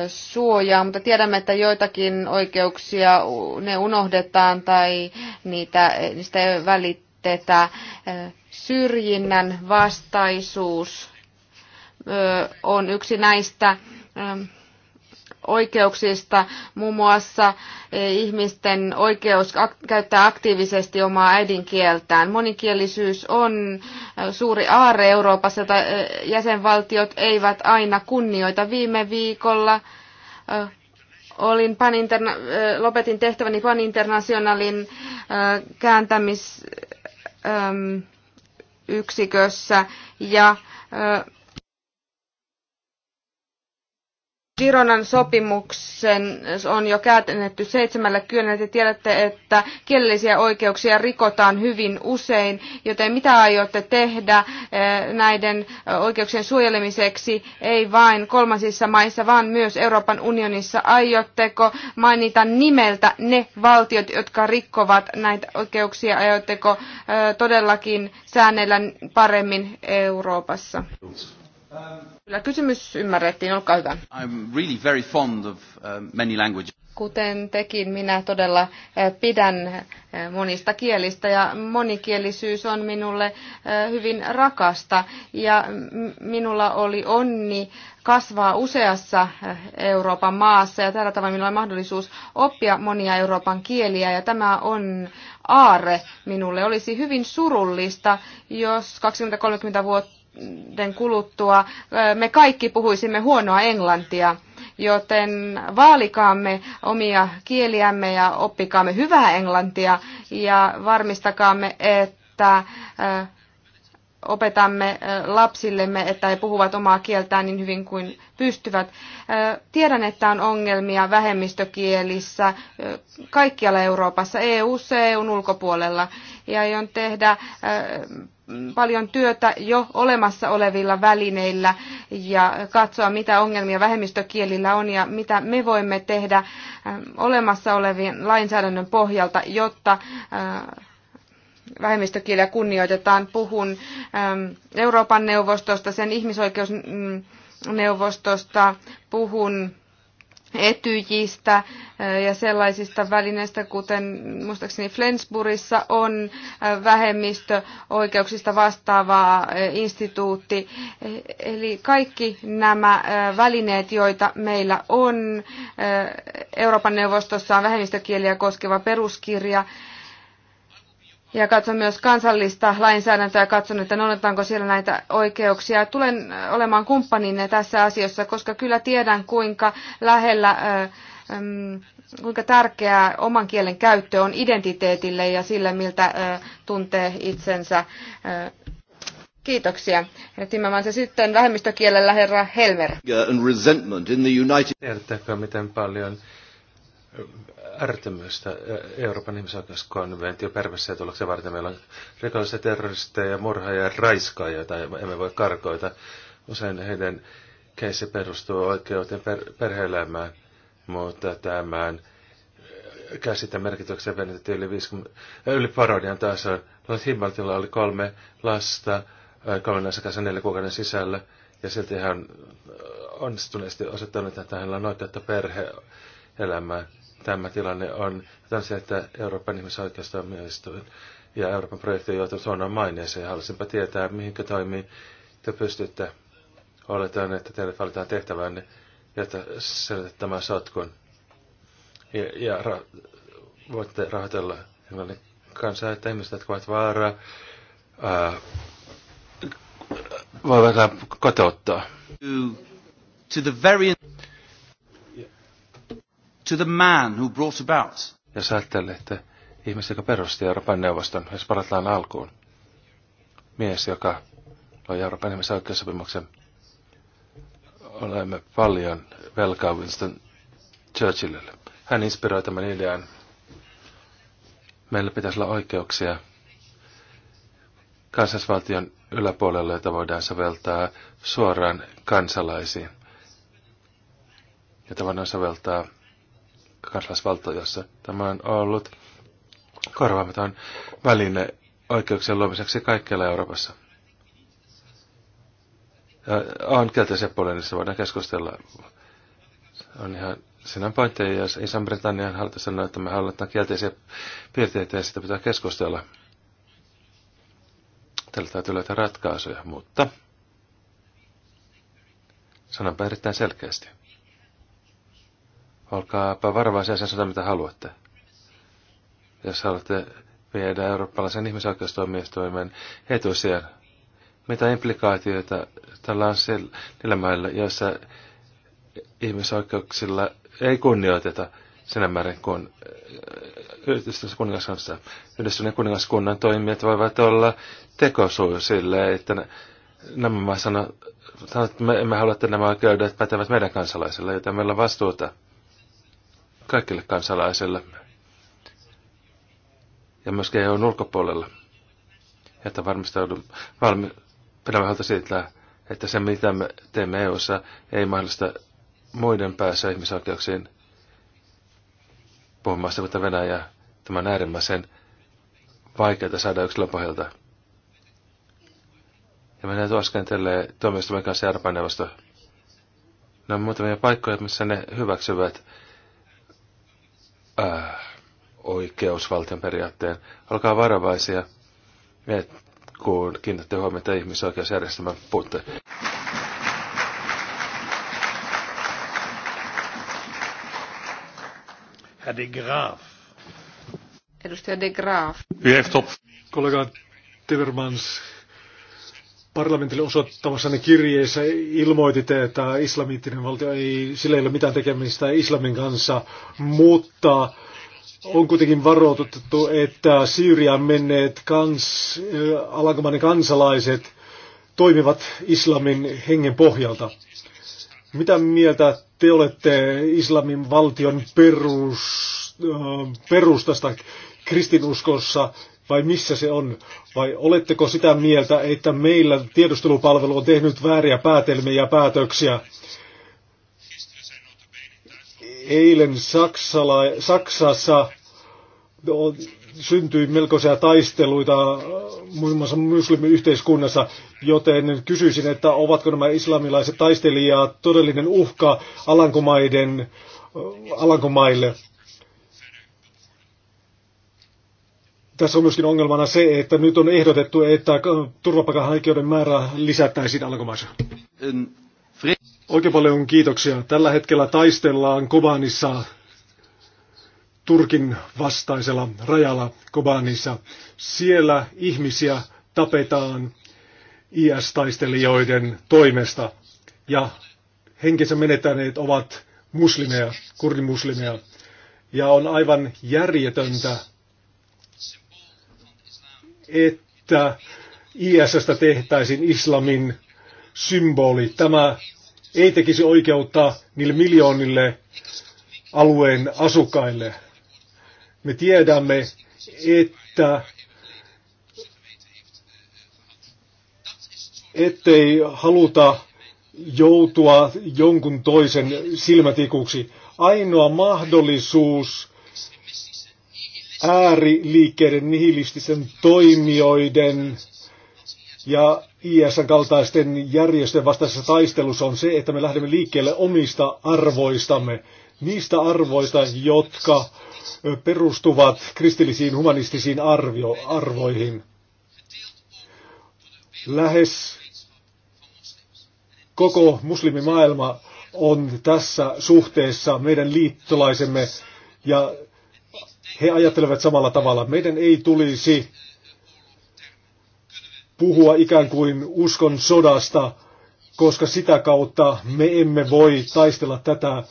suojaan, mutta tiedämme, että joitakin oikeuksia ne unohdetaan tai niitä, niistä ei välitetä. Syrjinnän vastaisuus on yksi näistä oikeuksista, muun muassa e, ihmisten oikeus käyttää aktiivisesti omaa äidinkieltään. Monikielisyys on e, suuri aare Euroopassa, jota e, jäsenvaltiot eivät aina kunnioita. Viime viikolla olin pan lopetin tehtäväni paninternationalin kääntämisyksikössä ja Gironan sopimuksen on jo käytännetty seitsemällä kyllä, Te tiedätte, että kielellisiä oikeuksia rikotaan hyvin usein, joten mitä aiotte tehdä eh, näiden oikeuksien suojelemiseksi, ei vain kolmansissa maissa, vaan myös Euroopan unionissa? Aiotteko mainita nimeltä ne valtiot, jotka rikkovat näitä oikeuksia? Aiotteko eh, todellakin säännellä paremmin Euroopassa? Kiitos. Um, Kyllä kysymys ymmärrettiin, olkaa hyvä. I'm really very fond of um, many languages. Kuten tekin, minä todella eh, pidän eh, monista kielistä ja monikielisyys on minulle eh, hyvin rakasta. Ja minulla oli onni kasvaa useassa Euroopan maassa ja tällä tavalla minulla on mahdollisuus oppia monia Euroopan kieliä ja tämä on aarre minulle. Olisi hyvin surullista, jos 20-30 vuotta vuoden kuluttua me kaikki puhuisimme huonoa englantia. Joten vaalikaamme omia kieliämme ja oppikaamme hyvää englantia ja varmistakaamme, että opetamme lapsillemme, että he puhuvat omaa kieltään niin hyvin kuin pystyvät. Tiedän, että on ongelmia vähemmistökielissä kaikkialla Euroopassa, EU-ssa ja EUn ulkopuolella. Ja aion tehdä paljon työtä jo olemassa olevilla välineillä ja katsoa, mitä ongelmia vähemmistökielillä on ja mitä me voimme tehdä ähm, olemassa olevien lainsäädännön pohjalta, jotta äh, vähemmistökieliä kunnioitetaan. Puhun ähm, Euroopan neuvostosta, sen ihmisoikeusneuvostosta, puhun etyjistä eh, ja sellaisista välineistä, kuten muistaakseni Flensburgissa on eh, vähemmistöoikeuksista vastaava eh, instituutti. Eli kaikki nämä välineet, joita meillä on, Euroopan neuvostossa on vähemmistökieliä koskeva peruskirja, ja katson myös kansallista lainsäädäntöä ja katson, että noudatetaanko siellä näitä oikeuksia. Tulen olemaan kumppaninne tässä asiassa, koska kyllä tiedän, kuinka lähellä, kuinka tärkeää oman kielen käyttö on identiteetille ja sille, miltä tuntee itsensä. Kiitoksia. Timmermans sitten vähemmistökielellä herra Helmer. Tiedättekö, miten paljon ärtymystä Euroopan ihmisoikeuskonventio perversiä tuloksia varten. Meillä on rikollisia terroristeja, murhaajia, raiskaajia, joita emme voi karkoita. Usein heidän keissi perustuu oikeuteen per, perhe-elämään, mutta tämän käsitän merkityksen venetettiin yli, 50, yli parodian tasoon. Lord Himmeltillä oli kolme lasta kolmen asiakkaan neljä kuukauden sisällä, ja silti hän onnistuneesti osoittanut, että hänellä on oikeutta perhe-elämään tämä tilanne on. Tämä se, että Euroopan ihmisoikeustuomioistuin ja Euroopan projekti on joutunut huonoon maineeseen. Haluaisinpa tietää, mihinkä toimii te pystytte. Oletan, että teille valitaan tehtävänne, jotta selitätte tämän sotkun. Ja, ja ra- voitte rahoitella englannin kansaa, että ihmiset, jotka ovat vaaraa, ää, voivat kotouttaa. To, to the very to the man who brought about. Jos että ihmis, joka perusti Euroopan neuvoston, jos palataan alkuun, mies, joka loi Euroopan oikeussopimuksen. olemme paljon velkaa Winston Churchillille. Hän inspiroi tämän idean. Meillä pitäisi olla oikeuksia kansallisvaltion yläpuolella, jota voidaan soveltaa suoraan kansalaisiin. ja tavallaan soveltaa kansalaisvaltiossa. Tämä on ollut korvaamaton väline oikeuksien luomiseksi kaikkialla Euroopassa. Ja on kielteisiä puolia, niin voidaan keskustella. On ihan siinä on pointteja, jos Iso-Britannian hallitus sanoo, että me halutaan kielteisiä piirteitä ja sitä pitää keskustella. Tällä täytyy löytää ratkaisuja, mutta sanonpa erittäin selkeästi. Olkaapa varovaisia sen sanotaan mitä haluatte. Jos haluatte viedä eurooppalaisen ihmisoikeustoimistoimen etusijan, mitä implikaatioita tällä on niillä mailla, joissa ihmisoikeuksilla ei kunnioiteta sinä määrin kuin äh, yhdistyneessä kuningaskunnassa. Yhdistyneen kuningaskunnan toimijat voivat olla tekosuus sille, että nämä sanovat, sanovat, että me emme halua, että nämä oikeudet pätevät meidän kansalaisille, joten meillä on vastuuta kaikille kansalaisille ja myös EUn ulkopuolella, että varmistaudun valmi, pidämme huolta siitä, että se mitä me teemme EUssa ei mahdollista muiden päässä ihmisoikeuksiin puhumasta, mutta Venäjä, tämän äärimmäisen vaikeaa saada yksilön pohjalta. Ja me näet askentelee tuomioistuimen kanssa Euroopan neuvosto. Ne on muutamia paikkoja, missä ne hyväksyvät äh, oikeusvaltion periaatteen. Olkaa varovaisia, kun kiinnitätte huomiota ihmisoikeusjärjestelmän puutteen. Herr de Graaf. Edustaja de Graaf. Kollega Timmermans parlamentille osoittamassanne kirjeessä ilmoititte, että islamiittinen valtio ei, sillä ei ole mitään tekemistä islamin kanssa, mutta on kuitenkin varoitettu, että Syyriaan menneet kans, äh, alankomainen kansalaiset toimivat islamin hengen pohjalta. Mitä mieltä te olette islamin valtion perus, äh, perustasta kristinuskossa vai missä se on? Vai oletteko sitä mieltä, että meillä tiedustelupalvelu on tehnyt vääriä päätelmiä ja päätöksiä? Eilen Saksala, Saksassa on, syntyi melkoisia taisteluita äh, muun muassa muslimiyhteiskunnassa, joten kysyisin, että ovatko nämä islamilaiset taistelijat todellinen uhka Alankomaiden, äh, Alankomaille? Tässä on myöskin ongelmana se, että nyt on ehdotettu, että turvapaikanhakijoiden määrää lisättäisiin alkomaissa. Oikein paljon kiitoksia. Tällä hetkellä taistellaan Kobanissa Turkin vastaisella rajalla Kobanissa. Siellä ihmisiä tapetaan IS-taistelijoiden toimesta ja henkensä menettäneet ovat muslimeja, kurdimuslimeja. Ja on aivan järjetöntä, että ISstä tehtäisiin islamin symboli. Tämä ei tekisi oikeutta niille miljoonille alueen asukkaille. Me tiedämme, että ettei haluta joutua jonkun toisen silmätikuksi. Ainoa mahdollisuus ääriliikkeiden, nihilistisen toimijoiden ja ISN kaltaisten järjestöjen vastaisessa taistelussa on se, että me lähdemme liikkeelle omista arvoistamme. Niistä arvoista, jotka perustuvat kristillisiin humanistisiin arvio, arvoihin. Lähes koko muslimimaailma on tässä suhteessa meidän liittolaisemme ja he ajattelevat samalla tavalla. Meidän ei tulisi puhua ikään kuin uskon sodasta, koska sitä kautta me emme voi taistella tätä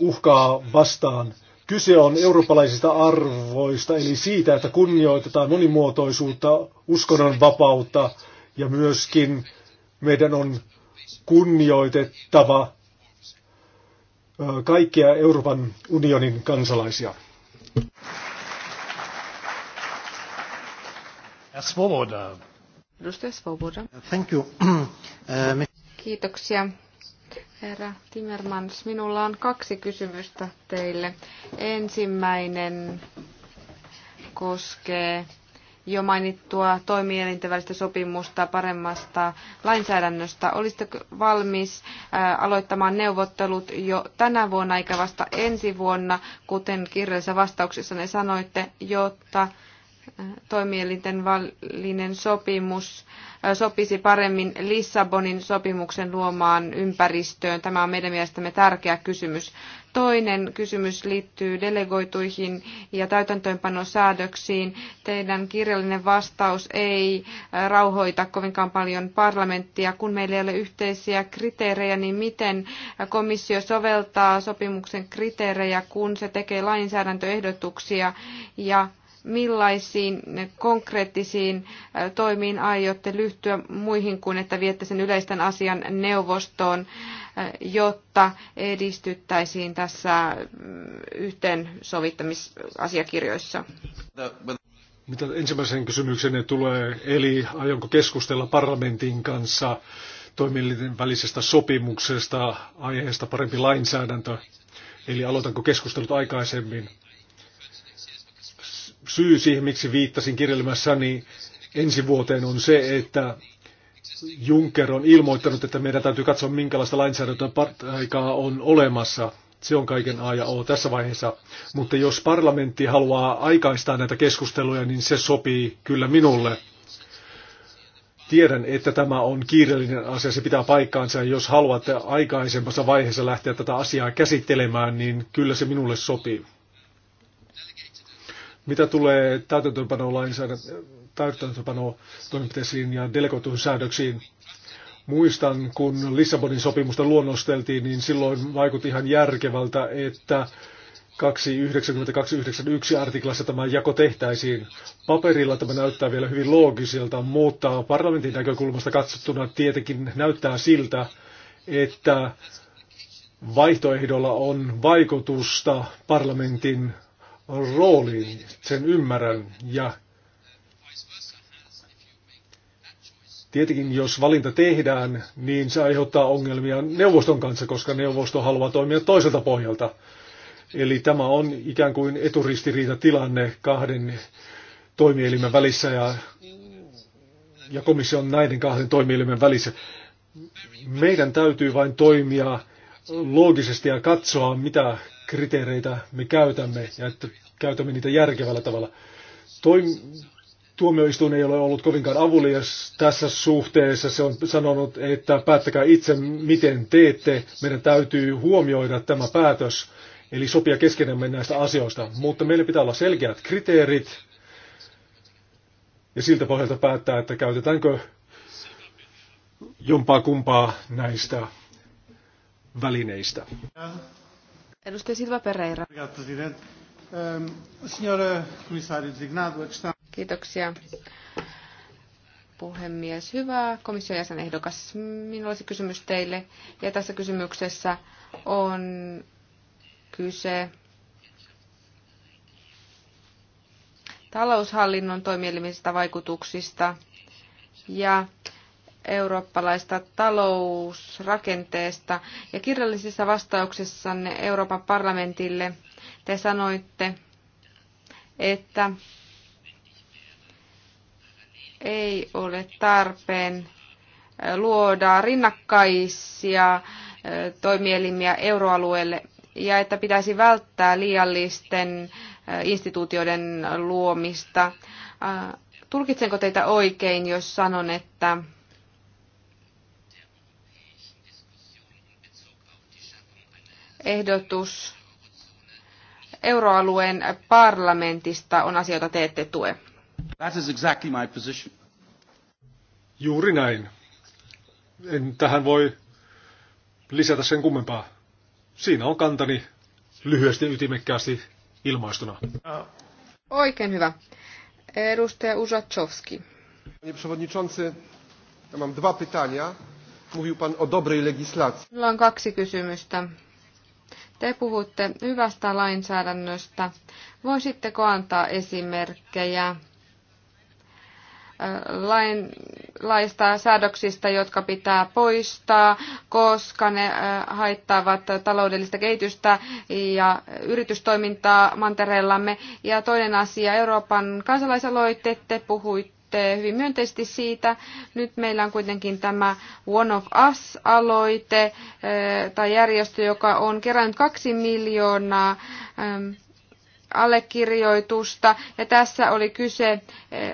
uhkaa vastaan. Kyse on eurooppalaisista arvoista, eli siitä, että kunnioitetaan monimuotoisuutta, uskonnon vapautta ja myöskin meidän on kunnioitettava kaikkia Euroopan unionin kansalaisia. Svoboda. Edustaja Svoboda. Thank you. Uh, Kiitoksia. Herra Timmermans, minulla on kaksi kysymystä teille. Ensimmäinen koskee jo mainittua toimielinten välistä sopimusta paremmasta lainsäädännöstä. Olisitteko valmis aloittamaan neuvottelut jo tänä vuonna eikä vasta ensi vuonna, kuten kirjallisessa vastauksessa ne sanoitte, jotta toimielinten välinen sopimus sopisi paremmin Lissabonin sopimuksen luomaan ympäristöön? Tämä on meidän mielestämme tärkeä kysymys. Toinen kysymys liittyy delegoituihin ja täytäntöönpanosäädöksiin. Teidän kirjallinen vastaus ei rauhoita kovinkaan paljon parlamenttia. Kun meillä ei ole yhteisiä kriteerejä, niin miten komissio soveltaa sopimuksen kriteerejä, kun se tekee lainsäädäntöehdotuksia ja millaisiin konkreettisiin toimiin aiotte lyhtyä muihin kuin, että viette sen yleisten asian neuvostoon, jotta edistyttäisiin tässä mm, yhteensovittamisasiakirjoissa? Mitä ensimmäisen kysymyksen tulee, eli aionko keskustella parlamentin kanssa toimielinten välisestä sopimuksesta, aiheesta parempi lainsäädäntö, eli aloitanko keskustelut aikaisemmin? syy siihen, miksi viittasin kirjelmässäni ensi vuoteen, on se, että Juncker on ilmoittanut, että meidän täytyy katsoa, minkälaista lainsäädäntöaikaa on olemassa. Se on kaiken A ja O tässä vaiheessa. Mutta jos parlamentti haluaa aikaistaa näitä keskusteluja, niin se sopii kyllä minulle. Tiedän, että tämä on kiireellinen asia, se pitää paikkaansa. Jos haluatte aikaisemmassa vaiheessa lähteä tätä asiaa käsittelemään, niin kyllä se minulle sopii. Mitä tulee täytäntöönpano toimenpiteisiin ja delegoituihin säädöksiin, muistan, kun Lissabonin sopimusta luonnosteltiin, niin silloin vaikutti ihan järkevältä, että 29291 artiklassa tämä jako tehtäisiin. Paperilla tämä näyttää vielä hyvin loogiselta, mutta parlamentin näkökulmasta katsottuna tietenkin näyttää siltä, että vaihtoehdolla on vaikutusta parlamentin rooli, sen ymmärrän. Ja tietenkin jos valinta tehdään, niin se aiheuttaa ongelmia neuvoston kanssa, koska neuvosto haluaa toimia toiselta pohjalta. Eli tämä on ikään kuin eturistiriitatilanne kahden toimielimen välissä ja, ja komission näiden kahden toimielimen välissä. Meidän täytyy vain toimia loogisesti ja katsoa, mitä kriteereitä me käytämme ja että käytämme niitä järkevällä tavalla. Toi, tuomioistuin ei ole ollut kovinkaan avulias tässä suhteessa. Se on sanonut, että päättäkää itse, miten teette. Meidän täytyy huomioida tämä päätös, eli sopia keskenämme näistä asioista. Mutta meillä pitää olla selkeät kriteerit ja siltä pohjalta päättää, että käytetäänkö jompaa kumpaa näistä välineistä. Edustaja Silva Pereira. Ehm, eh, Kiitoksia. Puhemies, hyvä komission jäsenehdokas. Minulla olisi kysymys teille. Ja tässä kysymyksessä on kyse taloushallinnon toimielimistä vaikutuksista ja eurooppalaista talousrakenteesta. Ja kirjallisissa vastauksessanne Euroopan parlamentille te sanoitte, että ei ole tarpeen luoda rinnakkaisia toimielimiä euroalueelle ja että pitäisi välttää liiallisten instituutioiden luomista. Tulkitsenko teitä oikein, jos sanon, että ehdotus euroalueen parlamentista on asia, jota te ette tue. That is exactly my position. Juuri näin. En tähän voi lisätä sen kummempaa. Siinä on kantani lyhyesti ytimekkäästi ilmaistuna. Oikein hyvä. Edustaja Uzaczowski. Panie przewodniczący, mam dwa pytania. Mówił pan o dobrej legislacji. Minulla on kaksi kysymystä. Te puhutte hyvästä lainsäädännöstä. Voisitteko antaa esimerkkejä lain, laista säädöksistä, jotka pitää poistaa, koska ne haittaavat taloudellista kehitystä ja yritystoimintaa mantereellamme. Ja toinen asia, Euroopan kansalaisaloitteet, te puhuitte hyvin myönteisesti siitä. Nyt meillä on kuitenkin tämä One of Us-aloite eh, tai järjestö, joka on kerännyt kaksi miljoonaa ehm, allekirjoitusta. Ja tässä oli kyse eh,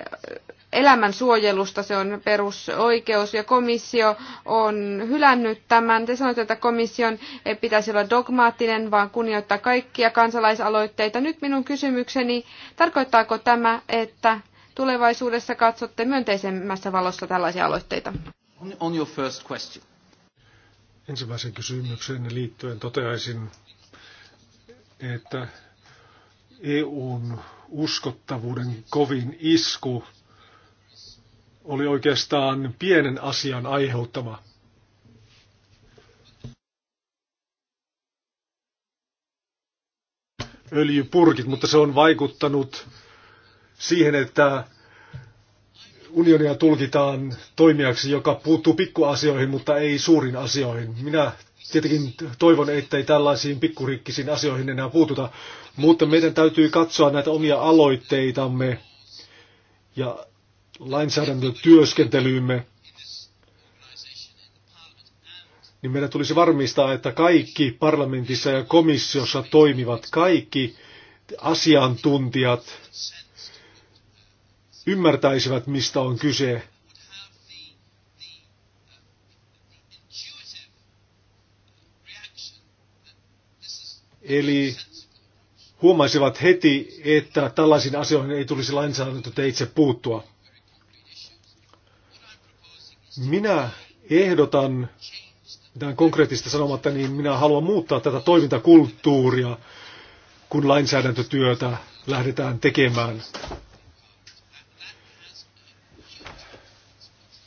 elämän suojelusta, se on perusoikeus, ja komissio on hylännyt tämän. Te sanoitte, että komission ei pitäisi olla dogmaattinen, vaan kunnioittaa kaikkia kansalaisaloitteita. Nyt minun kysymykseni, tarkoittaako tämä, että tulevaisuudessa katsotte myönteisemmässä valossa tällaisia aloitteita? On your first question. Ensimmäisen kysymykseen liittyen toteaisin, että EUn uskottavuuden kovin isku oli oikeastaan pienen asian aiheuttama. Öljypurkit, mutta se on vaikuttanut siihen, että unionia tulkitaan toimijaksi, joka puuttuu pikkuasioihin, mutta ei suurin asioihin. Minä tietenkin toivon, ettei tällaisiin pikkurikkisiin asioihin enää puututa, mutta meidän täytyy katsoa näitä omia aloitteitamme ja lainsäädäntötyöskentelyymme, niin meidän tulisi varmistaa, että kaikki parlamentissa ja komissiossa toimivat, kaikki asiantuntijat, ymmärtäisivät, mistä on kyse. Eli huomaisivat heti, että tällaisiin asioihin ei tulisi itse puuttua. Minä ehdotan, mitään konkreettista sanomatta, niin minä haluan muuttaa tätä toimintakulttuuria, kun lainsäädäntötyötä lähdetään tekemään.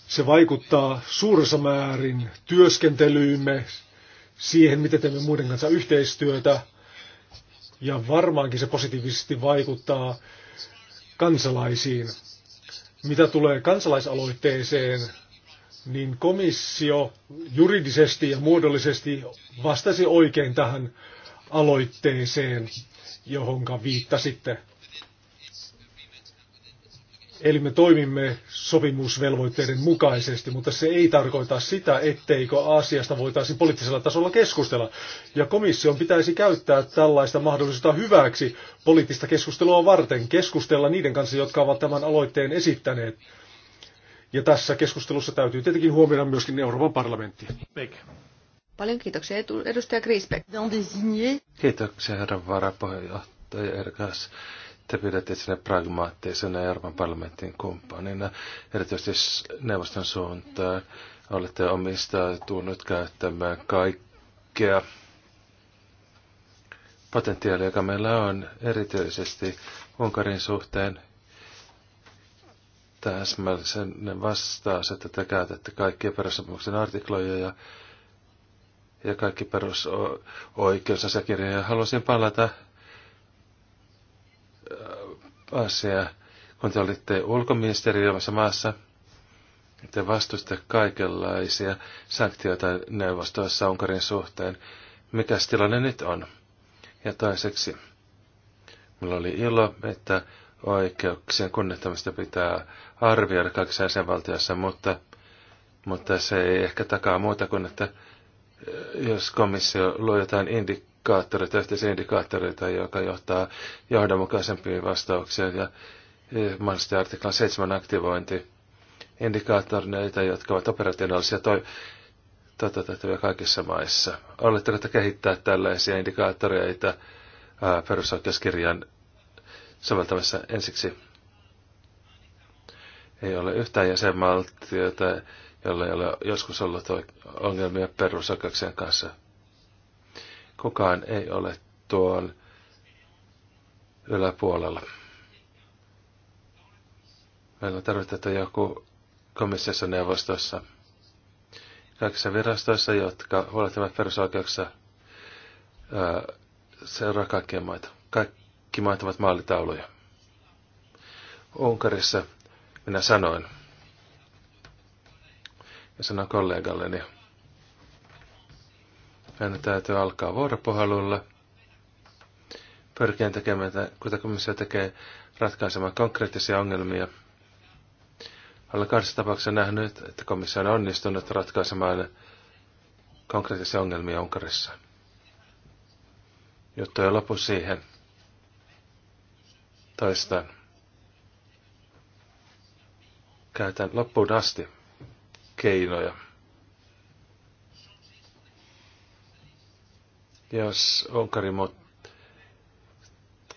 Se vaikuttaa suuressa määrin työskentelyymme, siihen, miten teemme muiden kanssa yhteistyötä. Ja varmaankin se positiivisesti vaikuttaa kansalaisiin. Mitä tulee kansalaisaloitteeseen, niin komissio juridisesti ja muodollisesti vastasi oikein tähän aloitteeseen, johonka viittasitte. Eli me toimimme sopimusvelvoitteiden mukaisesti, mutta se ei tarkoita sitä, etteikö asiasta voitaisiin poliittisella tasolla keskustella. Ja komission pitäisi käyttää tällaista mahdollisuutta hyväksi poliittista keskustelua varten, keskustella niiden kanssa, jotka ovat tämän aloitteen esittäneet. Ja tässä keskustelussa täytyy tietenkin huomioida myöskin Euroopan parlamentti. Paljon kiitoksia edustaja Grisbeck. Kiitoksia herra varapuheenjohtaja Erkas te pidätte sinne pragmaattisena Euroopan parlamentin kumppanina, erityisesti neuvoston suuntaan. Olette omistautunut käyttämään kaikkea potentiaalia, joka meillä on, erityisesti Unkarin suhteen täsmällisen vastaus, että te käytätte kaikkia perussopimuksen artikloja ja, ja kaikki perusoikeusasiakirjoja. Haluaisin palata Äh, asia, kun te olitte ulkoministeriössä maassa, te vastustitte kaikenlaisia sanktioita neuvostoissa Unkarin suhteen. Mikä tilanne nyt on? Ja toiseksi, Minulla oli ilo, että oikeuksien kunnittamista pitää arvioida kaikissa jäsenvaltioissa, mutta, mutta se ei ehkä takaa muuta kuin, että äh, jos komissio luo jotain indik- indikaattoreita, yhteisiä indikaattoreita, joka johtaa johdonmukaisempiin vastauksiin ja e, mahdollisesti artiklan 7 aktivointi indikaattoreita, jotka ovat operationaalisia toi, toteutettavia kaikissa maissa. Oletteko kehittää tällaisia indikaattoreita perusoikeuskirjan soveltamassa ensiksi? Ei ole yhtään jäsenvaltiota, jolla ei ole joskus ollut ongelmia perusoikeuksien kanssa. Kukaan ei ole tuon yläpuolella. Meillä tarvitaan joku komissiossa neuvostossa. Kaikissa virastoissa, jotka huolehtivat perusoikeuksia, seuraa kaikkia maita. Kaikki maat ovat maalitauluja. Unkarissa minä sanoin, ja sanoin kollegalleni, meidän täytyy alkaa vuoropuhelulla, pyrkien tekemään, kuten komissio tekee, ratkaisemaan konkreettisia ongelmia. Olen kahdessa tapauksessa nähnyt, että komissio on onnistunut ratkaisemaan konkreettisia ongelmia Unkarissa. Juttu ei lopu siihen. Toistan. Käytän loppuun asti keinoja. jos Unkari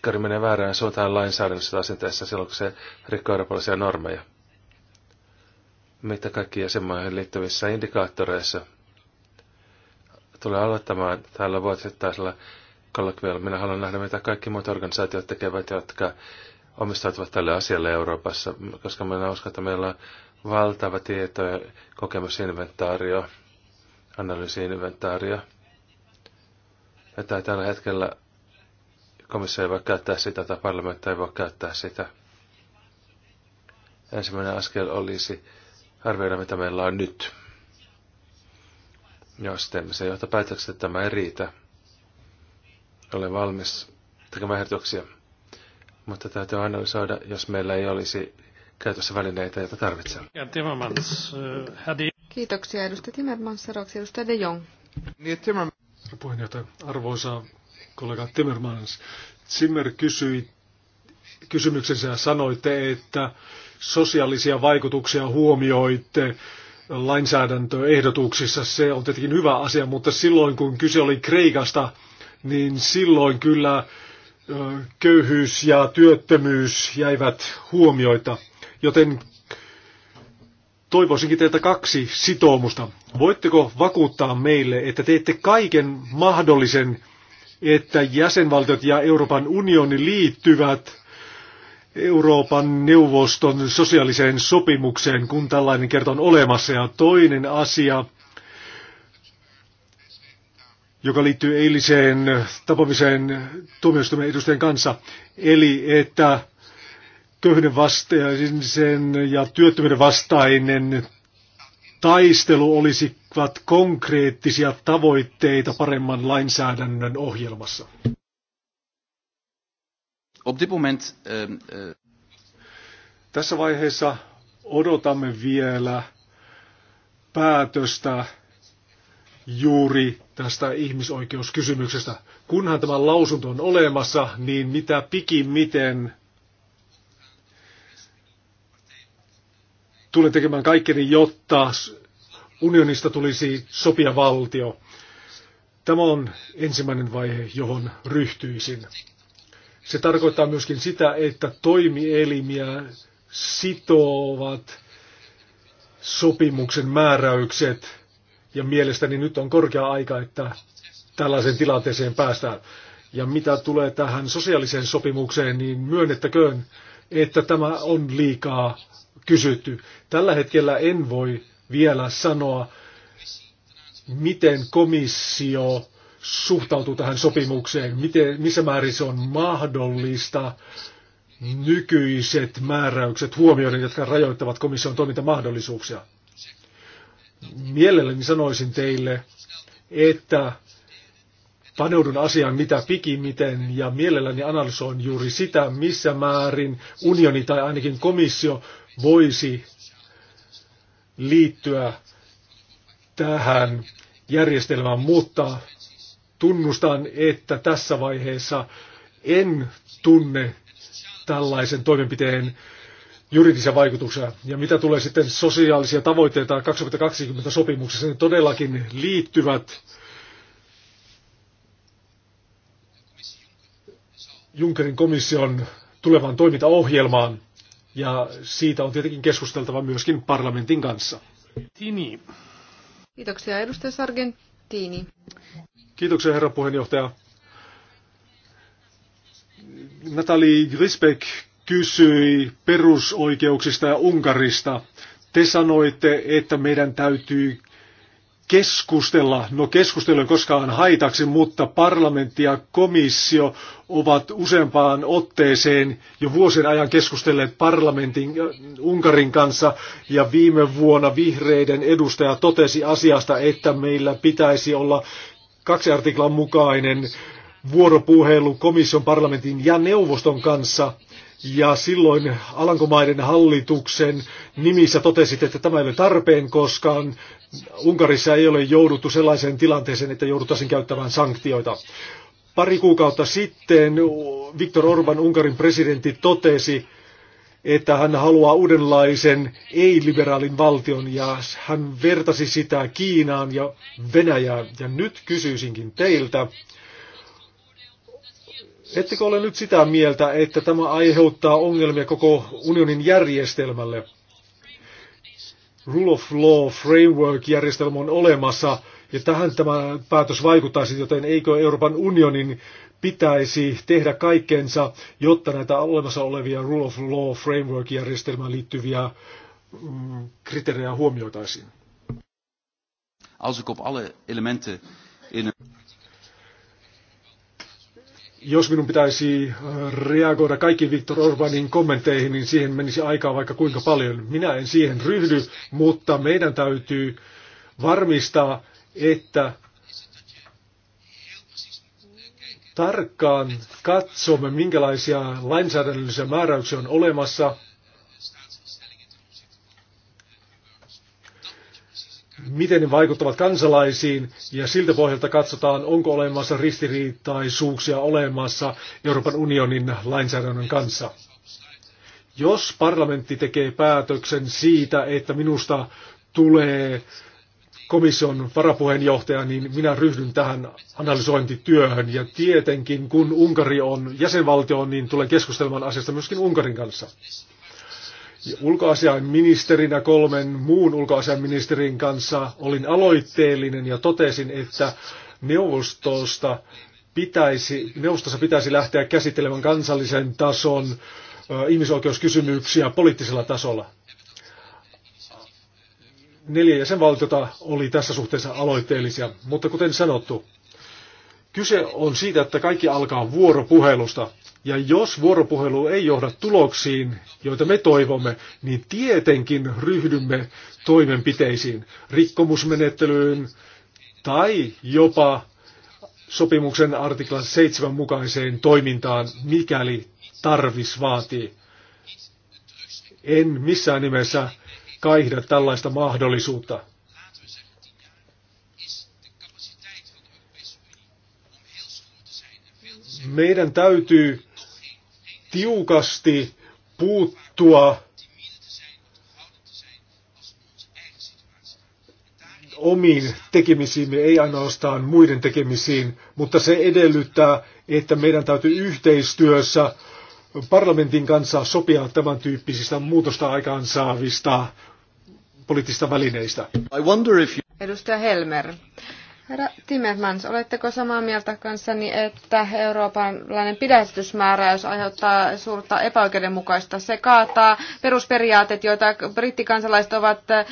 kari menee väärään suuntaan lainsäädännössä asenteessa silloin, kun se rikkoo eurooppalaisia normeja. Mitä kaikki jäsenmaihin liittyvissä indikaattoreissa tulee aloittamaan tällä vuosittaisella kollegialla. Minä haluan nähdä, mitä kaikki muut organisaatiot tekevät, jotka omistautuvat tälle asialle Euroopassa, koska minä uskon, että meillä on valtava tieto ja kokemusinventaario, analyysiinventaario. inventaario että tällä hetkellä komissio ei voi käyttää sitä tai parlamentti ei voi käyttää sitä. Ensimmäinen askel olisi arvioida, mitä meillä on nyt. Jos teemme sen johtopäätöksen, että tämä ei riitä, olen valmis tekemään ehdotuksia. Mutta täytyy analysoida, jos meillä ei olisi käytössä välineitä, joita tarvitsemme. Eh, Kiitoksia edustaja Timmermans, seuraavaksi edustaja De Jong. Niin, herra puheenjohtaja. Arvoisa kollega Timmermans, Zimmer kysyi kysymyksensä ja sanoitte, että sosiaalisia vaikutuksia huomioitte lainsäädäntöehdotuksissa. Se on tietenkin hyvä asia, mutta silloin kun kyse oli Kreikasta, niin silloin kyllä köyhyys ja työttömyys jäivät huomioita. Joten Toivoisinkin teiltä kaksi sitoumusta. Voitteko vakuuttaa meille, että teette kaiken mahdollisen, että jäsenvaltiot ja Euroopan unioni liittyvät Euroopan neuvoston sosiaaliseen sopimukseen, kun tällainen kerta on olemassa. Ja toinen asia, joka liittyy eiliseen tapaamiseen tuomioistuimen edustajien kanssa, eli että köyhyyden vastaisen ja työttömyyden vastainen taistelu olisivat konkreettisia tavoitteita paremman lainsäädännön ohjelmassa? Op dit moment, äh, äh... Tässä vaiheessa odotamme vielä päätöstä juuri tästä ihmisoikeuskysymyksestä. Kunhan tämä lausunto on olemassa, niin mitä pikimiten tulen tekemään kaikkeni, jotta unionista tulisi sopia valtio. Tämä on ensimmäinen vaihe, johon ryhtyisin. Se tarkoittaa myöskin sitä, että toimielimiä sitovat sopimuksen määräykset, ja mielestäni nyt on korkea aika, että tällaisen tilanteeseen päästään. Ja mitä tulee tähän sosiaaliseen sopimukseen, niin myönnettäköön, että tämä on liikaa kysytty. Tällä hetkellä en voi vielä sanoa, miten komissio suhtautuu tähän sopimukseen, miten, missä määrin se on mahdollista nykyiset määräykset huomioiden, jotka rajoittavat komission toimintamahdollisuuksia. Mielelläni sanoisin teille, että paneudun asiaan mitä pikimiten ja mielelläni analysoin juuri sitä, missä määrin unioni tai ainakin komissio voisi liittyä tähän järjestelmään, mutta tunnustan, että tässä vaiheessa en tunne tällaisen toimenpiteen juridisia vaikutuksia. Ja mitä tulee sitten sosiaalisia tavoitteita 2020 sopimuksessa, ne todellakin liittyvät Junckerin komission tulevaan toimintaohjelmaan. Ja siitä on tietenkin keskusteltava myöskin parlamentin kanssa. Tini. Kiitoksia edustaja Sargentini. Kiitoksia herra puheenjohtaja. Natali Grisbeck kysyi perusoikeuksista ja Unkarista. Te sanoitte, että meidän täytyy keskustella. No keskustelu ei koskaan haitaksi, mutta parlamentti ja komissio ovat useampaan otteeseen jo vuosien ajan keskustelleet parlamentin Unkarin kanssa ja viime vuonna vihreiden edustaja totesi asiasta, että meillä pitäisi olla kaksi artiklan mukainen vuoropuhelu komission, parlamentin ja neuvoston kanssa – ja silloin Alankomaiden hallituksen nimissä totesit, että tämä ei ole tarpeen, koska Unkarissa ei ole jouduttu sellaiseen tilanteeseen, että jouduttaisiin käyttämään sanktioita. Pari kuukautta sitten Viktor Orban, Unkarin presidentti, totesi, että hän haluaa uudenlaisen ei-liberaalin valtion ja hän vertasi sitä Kiinaan ja Venäjään. Ja nyt kysyisinkin teiltä, Ettekö ole nyt sitä mieltä, että tämä aiheuttaa ongelmia koko unionin järjestelmälle? Rule of Law Framework-järjestelmä on olemassa, ja tähän tämä päätös vaikuttaisi, siis, joten eikö Euroopan unionin pitäisi tehdä kaikkensa, jotta näitä olemassa olevia Rule of Law Framework-järjestelmään liittyviä mm, kriteerejä huomioitaisiin? Als ik op alle elementen in jos minun pitäisi äh, reagoida kaikkiin Viktor Orbanin kommentteihin, niin siihen menisi aikaa vaikka kuinka paljon. Minä en siihen ryhdy, mutta meidän täytyy varmistaa, että tarkkaan katsomme, minkälaisia lainsäädännöllisiä määräyksiä on olemassa – miten ne vaikuttavat kansalaisiin ja siltä pohjalta katsotaan, onko olemassa ristiriitaisuuksia olemassa Euroopan unionin lainsäädännön kanssa. Jos parlamentti tekee päätöksen siitä, että minusta tulee komission varapuheenjohtaja, niin minä ryhdyn tähän analysointityöhön. Ja tietenkin, kun Unkari on jäsenvaltio, niin tulee keskustelemaan asiasta myöskin Unkarin kanssa ministerinä kolmen muun ministerin kanssa olin aloitteellinen ja totesin, että neuvostosta pitäisi, neuvostossa pitäisi lähteä käsittelemään kansallisen tason ihmisoikeuskysymyksiä poliittisella tasolla. Neljä jäsenvaltiota oli tässä suhteessa aloitteellisia, mutta kuten sanottu, kyse on siitä, että kaikki alkaa vuoropuhelusta. Ja jos vuoropuhelu ei johda tuloksiin, joita me toivomme, niin tietenkin ryhdymme toimenpiteisiin, rikkomusmenettelyyn tai jopa sopimuksen artiklan 7 mukaiseen toimintaan, mikäli tarvis vaatii. En missään nimessä kaihda tällaista mahdollisuutta. Meidän täytyy tiukasti puuttua omiin tekemisiimme, ei ainoastaan muiden tekemisiin, mutta se edellyttää, että meidän täytyy yhteistyössä parlamentin kanssa sopia tämän tyyppisistä muutosta aikaansaavista poliittisista välineistä. I wonder if you... Edustaja Helmer, Herra Timmermans, oletteko samaa mieltä kanssani, että eurooppalainen pidätysmääräys aiheuttaa suurta epäoikeudenmukaista? Se kaataa perusperiaatteet, joita brittikansalaiset ovat äh,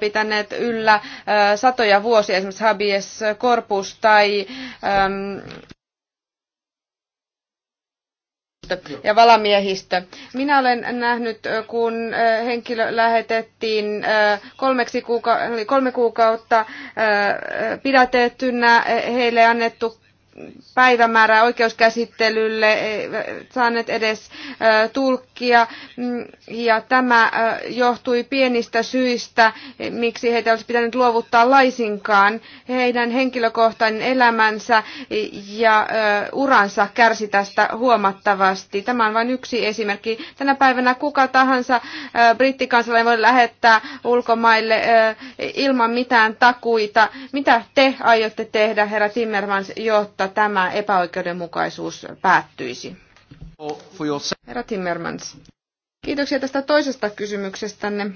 pitäneet yllä äh, satoja vuosia, esimerkiksi habeas corpus tai ähm, ja valamiehistö. Minä olen nähnyt, äh, kun äh, henkilö lähetettiin äh, kolmeksi kuuka- kolme kuukautta pidätettynä, heille annettu päivämäärää oikeuskäsittelylle, e, saaneet edes e, tulkkia, mm, ja tämä e, johtui pienistä syistä, miksi heitä olisi pitänyt luovuttaa laisinkaan. Heidän henkilökohtainen elämänsä ja uransa kärsi tästä huomattavasti. Tämä on vain yksi esimerkki. Tänä päivänä kuka tahansa brittikansalainen voi lähettää ulkomaille ilman mitään takuita. Mitä te aiotte tehdä, herra Timmermans, jotta jotta tämä epäoikeudenmukaisuus päättyisi. Herra Timmermans, kiitoksia tästä toisesta kysymyksestänne.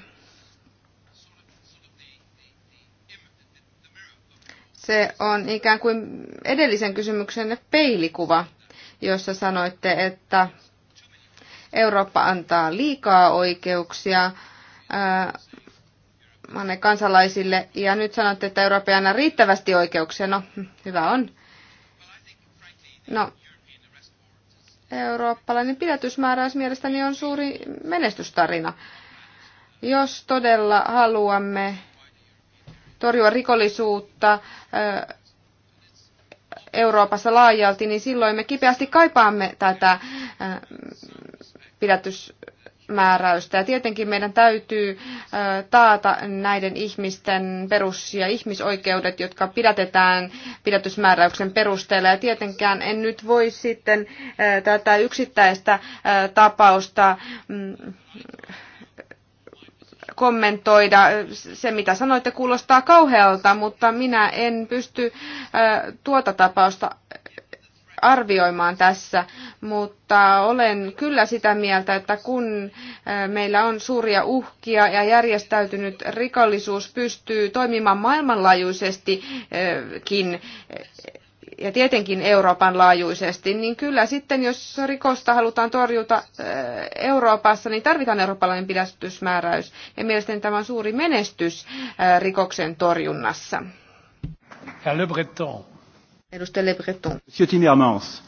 Se on ikään kuin edellisen kysymyksenne peilikuva, jossa sanoitte, että Eurooppa antaa liikaa oikeuksia äh, kansalaisille, ja nyt sanotte, että Eurooppa ei anna riittävästi oikeuksia. No, hyvä on. No, eurooppalainen pidätysmääräys mielestäni on suuri menestystarina. Jos todella haluamme torjua rikollisuutta eh, Euroopassa laajalti, niin silloin me kipeästi kaipaamme tätä eh, pidätys määräystä. Ja tietenkin meidän täytyy taata näiden ihmisten perus- ja ihmisoikeudet, jotka pidätetään pidätysmääräyksen perusteella. Ja tietenkään en nyt voi sitten tätä yksittäistä tapausta mm, kommentoida. Se, mitä sanoitte, kuulostaa kauhealta, mutta minä en pysty tuota tapausta arvioimaan tässä, mutta olen kyllä sitä mieltä, että kun meillä on suuria uhkia ja järjestäytynyt rikollisuus pystyy toimimaan maailmanlaajuisestikin, ja tietenkin Euroopan laajuisesti, niin kyllä sitten, jos rikosta halutaan torjuta Euroopassa, niin tarvitaan eurooppalainen pidätysmääräys. Ja mielestäni tämä on suuri menestys rikoksen torjunnassa. Herr Le Breton. Edustaja Le Breton. Monsieur Timmermans.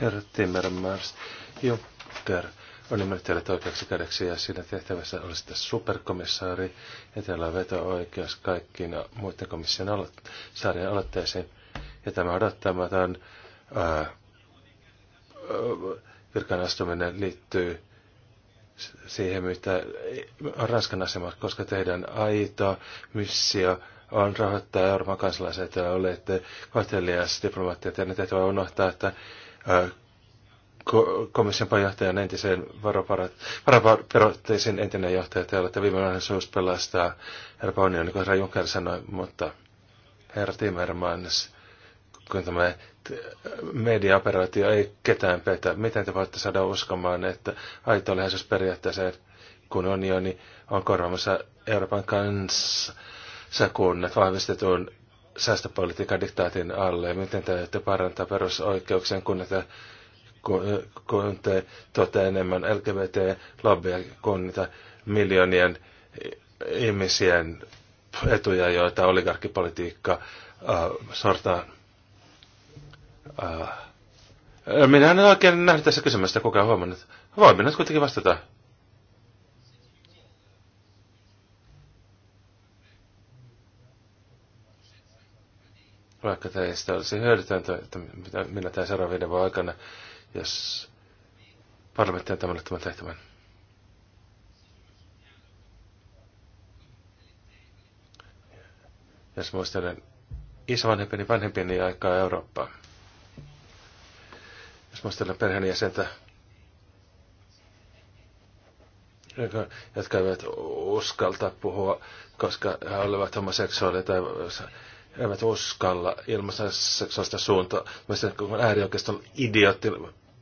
Herra Timmermans, Juncker on nimennyt teille oikeaksi kädeksi ja siinä tehtävässä olisitte superkomissaari ja teillä on veto-oikeus kaikkiin muiden komission alo- saarien aloitteisiin. Ja tämä odottamaton ää, äh, äh, virkan astuminen liittyy siihen, mitä on Ranskan asema, koska tehdään aito missio on rahoittaa Euroopan kansalaisia, että olette kohtelias diplomaattia. Teidän täytyy unohtaa, että komission pääjohtajan entiseen varaparoitteisiin entinen johtaja. Te olette viime mahdollisuus pelastaa Euroopan unionin, herra Juncker sanoi, mutta herra Timmermans, kun tämä mediaoperaatio ei ketään petä, miten te voitte saada uskomaan, että aito läheisyysperiaatteeseen, kun unioni on korvaamassa Euroopan kanssa sakunnat vahvistetun säästöpolitiikan diktaatin alle ja miten te ette parantaa perusoikeuksien kun te, kun, te tuotte enemmän LGBT-lobbyja kuin niitä miljoonien ihmisien etuja, joita oligarkkipolitiikka äh, sortaa. Äh, minä en oikein nähnyt tässä kysymystä, kukaan huomannut. Voimme minä kuitenkin vastata. vaikka teistä olisi hyödytöntä, että minä tämän seuraavan viiden vuoden aikana, jos parlamentti on tämmöinen tämän tehtävän. Jos muistelen isovanhempieni, vanhempieni aikaa Eurooppaa. Jos muistelen perheenjäsentä, jotka eivät uskalta puhua, koska he olivat homoseksuaaleja tai eivät uskalla ilmaista seksuaalista suuntaa. Mielestäni kun äärioikeiston idiotti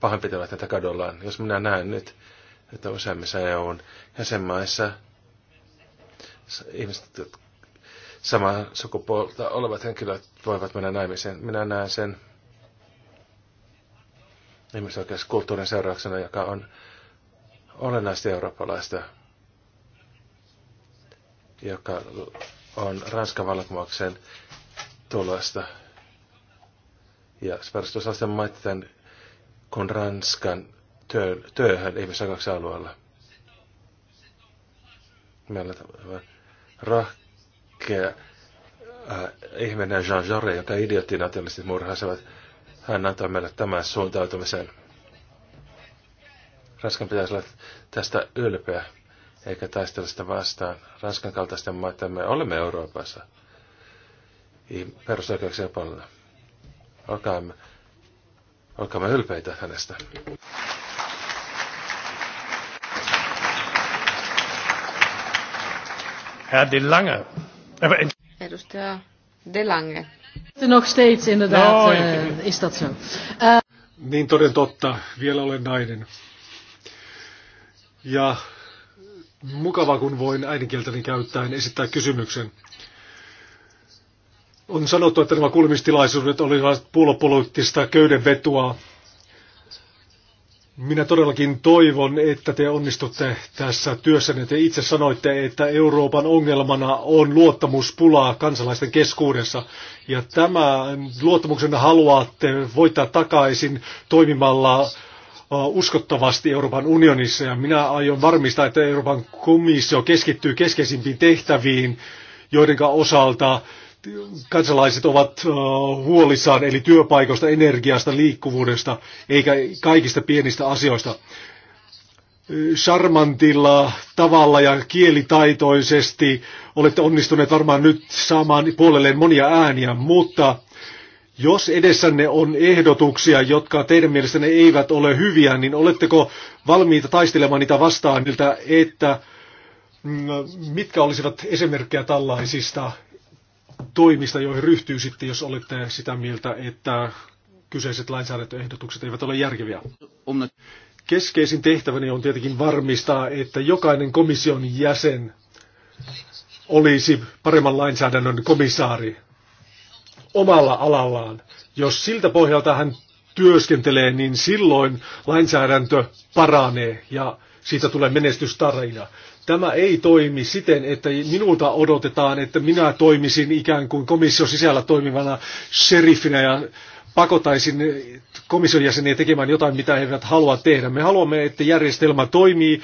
pahoinpitelevät näitä kadollaan. Niin jos minä näen nyt, että useimmissa EUn jäsenmaissa ihmiset, samaa sukupuolta olevat henkilöt voivat mennä naimiseen. Minä näen sen ihmisoikeuskulttuurin seurauksena, joka on olennaisesti eurooppalaista, joka on Ranskan vallankumouksen tuollaista. Ja se osaa sen maiden kun Ranskan työ, työhön kaksi alueella. Meillä on rahkea äh, ihminen Jean Jaurès, jonka idioottinatialistit murhaisevat. Hän antoi meille tämän suuntautumisen. Ranskan pitäisi olla tästä ylpeä, eikä taistella sitä vastaan. Ranskan kaltaisten maita me olemme Euroopassa perusoikeuksien puolella. Olkaamme, olkaamme ylpeitä hänestä. Herr De Lange. Edustaja De Lange. Nog steeds inderdaad, no, uh, is dat zo. Uh, niin toden totta, vielä olen nainen. Ja mukava, kun voin äidinkieltäni käyttäen esittää kysymyksen. On sanottu, että nämä kuulemistilaisuudet olivat puolopoliittista köydenvetoa. Minä todellakin toivon, että te onnistutte tässä työssä. Te itse sanoitte, että Euroopan ongelmana on pulaa kansalaisten keskuudessa. Ja tämä luottamuksen haluatte voittaa takaisin toimimalla uskottavasti Euroopan unionissa. Ja minä aion varmistaa, että Euroopan komissio keskittyy keskeisimpiin tehtäviin, joidenka osalta kansalaiset ovat huolissaan, eli työpaikoista, energiasta, liikkuvuudesta, eikä kaikista pienistä asioista. Charmantilla tavalla ja kielitaitoisesti olette onnistuneet varmaan nyt saamaan puolelleen monia ääniä, mutta jos edessänne on ehdotuksia, jotka teidän mielestänne eivät ole hyviä, niin oletteko valmiita taistelemaan niitä vastaan, että mm, mitkä olisivat esimerkkejä tällaisista toimista, joihin ryhtyy sitten, jos olette sitä mieltä, että kyseiset lainsäädäntöehdotukset eivät ole järkeviä. Keskeisin tehtäväni on tietenkin varmistaa, että jokainen komission jäsen olisi paremman lainsäädännön komissaari omalla alallaan. Jos siltä pohjalta hän työskentelee, niin silloin lainsäädäntö paranee ja siitä tulee menestystarina. Tämä ei toimi siten, että minulta odotetaan, että minä toimisin ikään kuin komission sisällä toimivana sheriffinä ja pakotaisin komission jäseniä tekemään jotain, mitä he eivät halua tehdä. Me haluamme, että järjestelmä toimii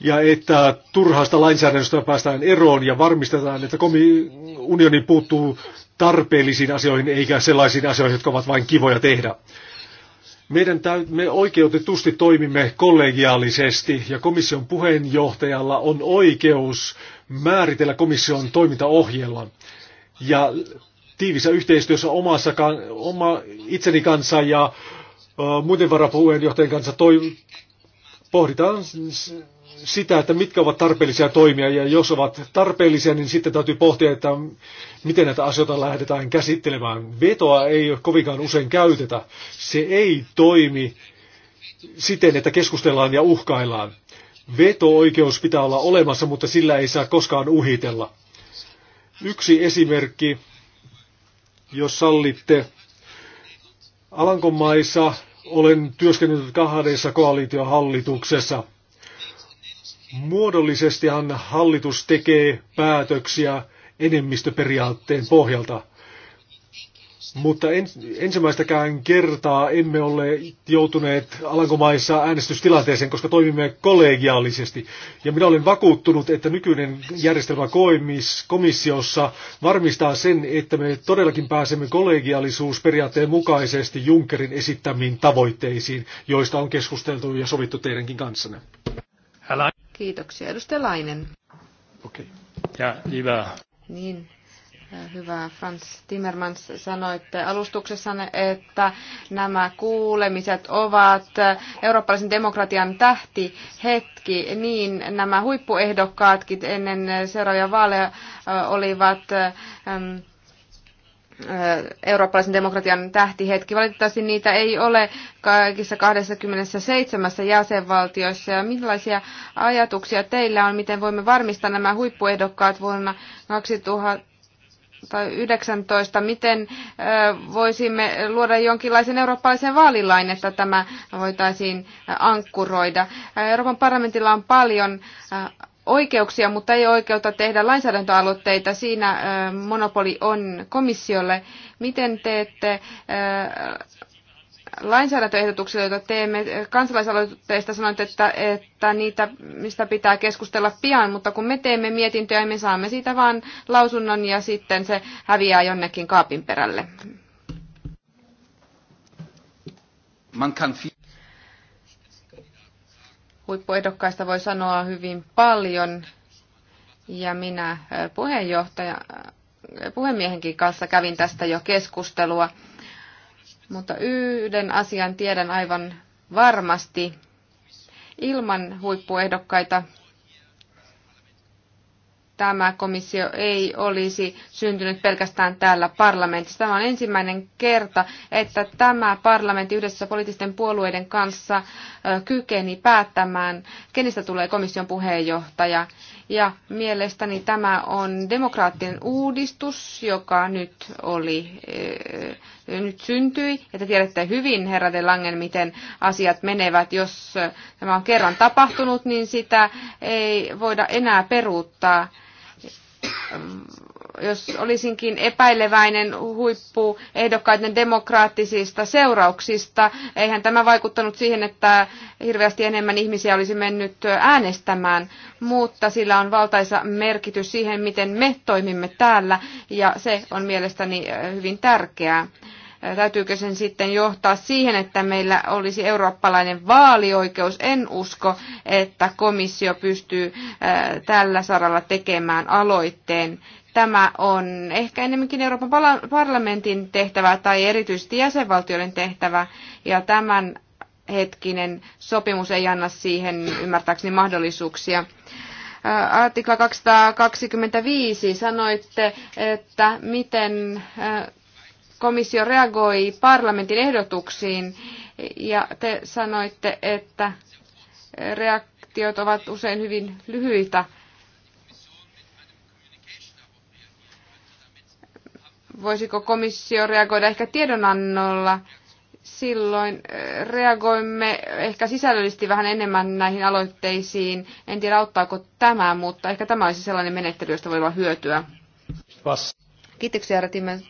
ja että turhasta lainsäädännöstä päästään eroon ja varmistetaan, että unioni puuttuu tarpeellisiin asioihin eikä sellaisiin asioihin, jotka ovat vain kivoja tehdä. Meidän täy- me oikeutetusti toimimme kollegiaalisesti ja komission puheenjohtajalla on oikeus määritellä komission toimintaohjelman. Ja tiivissä yhteistyössä omassa kan- oma itseni kanssa ja ö, muiden varapuheenjohtajien kanssa toi- pohditaan sitä, että mitkä ovat tarpeellisia toimia, ja jos ovat tarpeellisia, niin sitten täytyy pohtia, että miten näitä asioita lähdetään käsittelemään. Vetoa ei kovinkaan usein käytetä. Se ei toimi siten, että keskustellaan ja uhkaillaan. Veto-oikeus pitää olla olemassa, mutta sillä ei saa koskaan uhitella. Yksi esimerkki, jos sallitte. Alankomaissa olen työskennellyt kahdessa koalitiohallituksessa – Muodollisestihan hallitus tekee päätöksiä enemmistöperiaatteen pohjalta. Mutta en, ensimmäistäkään kertaa emme ole joutuneet Alankomaissa äänestystilanteeseen, koska toimimme kollegiaalisesti. Ja minä olen vakuuttunut, että nykyinen järjestelmä komissiossa varmistaa sen, että me todellakin pääsemme kollegiaalisuusperiaatteen mukaisesti Junckerin esittämiin tavoitteisiin, joista on keskusteltu ja sovittu teidänkin kanssanne. Kiitoksia. Edustaja Lainen. Okei. Okay. Ja, hyvä. Niin, Hyvä Frans Timmermans, sanoitte alustuksessanne, että nämä kuulemiset ovat eurooppalaisen demokratian tähti hetki, niin nämä huippuehdokkaatkin ennen seuraavia vaaleja olivat ähm, eurooppalaisen demokratian tähtihetki. Valitettavasti niitä ei ole kaikissa 27 jäsenvaltioissa. Ja millaisia ajatuksia teillä on, miten voimme varmistaa nämä huippuehdokkaat vuonna 2019? Miten voisimme luoda jonkinlaisen eurooppalaisen vaalilain, että tämä voitaisiin ankkuroida? Euroopan parlamentilla on paljon oikeuksia, mutta ei oikeutta tehdä lainsäädäntöaloitteita. Siinä monopoli on komissiolle. Miten teette lainsäädäntöehdotuksia, joita teemme kansalaisaloitteista, sanoitte, että, että niitä, mistä pitää keskustella pian, mutta kun me teemme mietintöjä, me saamme siitä vain lausunnon ja sitten se häviää jonnekin kaapin perälle. Man kann huippuehdokkaista voi sanoa hyvin paljon. Ja minä äh, puheenjohtaja, äh, puhemiehenkin kanssa kävin tästä jo keskustelua. Mutta yhden asian tiedän aivan varmasti. Ilman huippuehdokkaita tämä komissio ei olisi syntynyt pelkästään täällä parlamentissa. Tämä on ensimmäinen kerta, että tämä parlamentti yhdessä poliittisten puolueiden kanssa kykeni päättämään, kenestä tulee komission puheenjohtaja. Ja mielestäni tämä on demokraattinen uudistus, joka nyt, oli, nyt syntyi. Ja te tiedätte hyvin, herra de Langen, miten asiat menevät. Jos tämä on kerran tapahtunut, niin sitä ei voida enää peruuttaa jos olisinkin epäileväinen huippu demokraattisista seurauksista, eihän tämä vaikuttanut siihen, että hirveästi enemmän ihmisiä olisi mennyt äänestämään, mutta sillä on valtaisa merkitys siihen, miten me toimimme täällä, ja se on mielestäni hyvin tärkeää. Täytyykö sen sitten johtaa siihen, että meillä olisi eurooppalainen vaalioikeus? En usko, että komissio pystyy äh, tällä saralla tekemään aloitteen. Tämä on ehkä enemmänkin Euroopan parlamentin tehtävä tai erityisesti jäsenvaltioiden tehtävä, ja tämän hetkinen sopimus ei anna siihen ymmärtääkseni mahdollisuuksia äh, artikla 225 sanoitte, että miten äh, komissio reagoi parlamentin ehdotuksiin ja te sanoitte, että reaktiot ovat usein hyvin lyhyitä. Voisiko komissio reagoida ehkä tiedonannolla? Silloin äh, reagoimme ehkä sisällöllisesti vähän enemmän näihin aloitteisiin. En tiedä auttaako tämä, mutta ehkä tämä olisi sellainen menettely, josta voi olla hyötyä. Kiitoksia Ratiman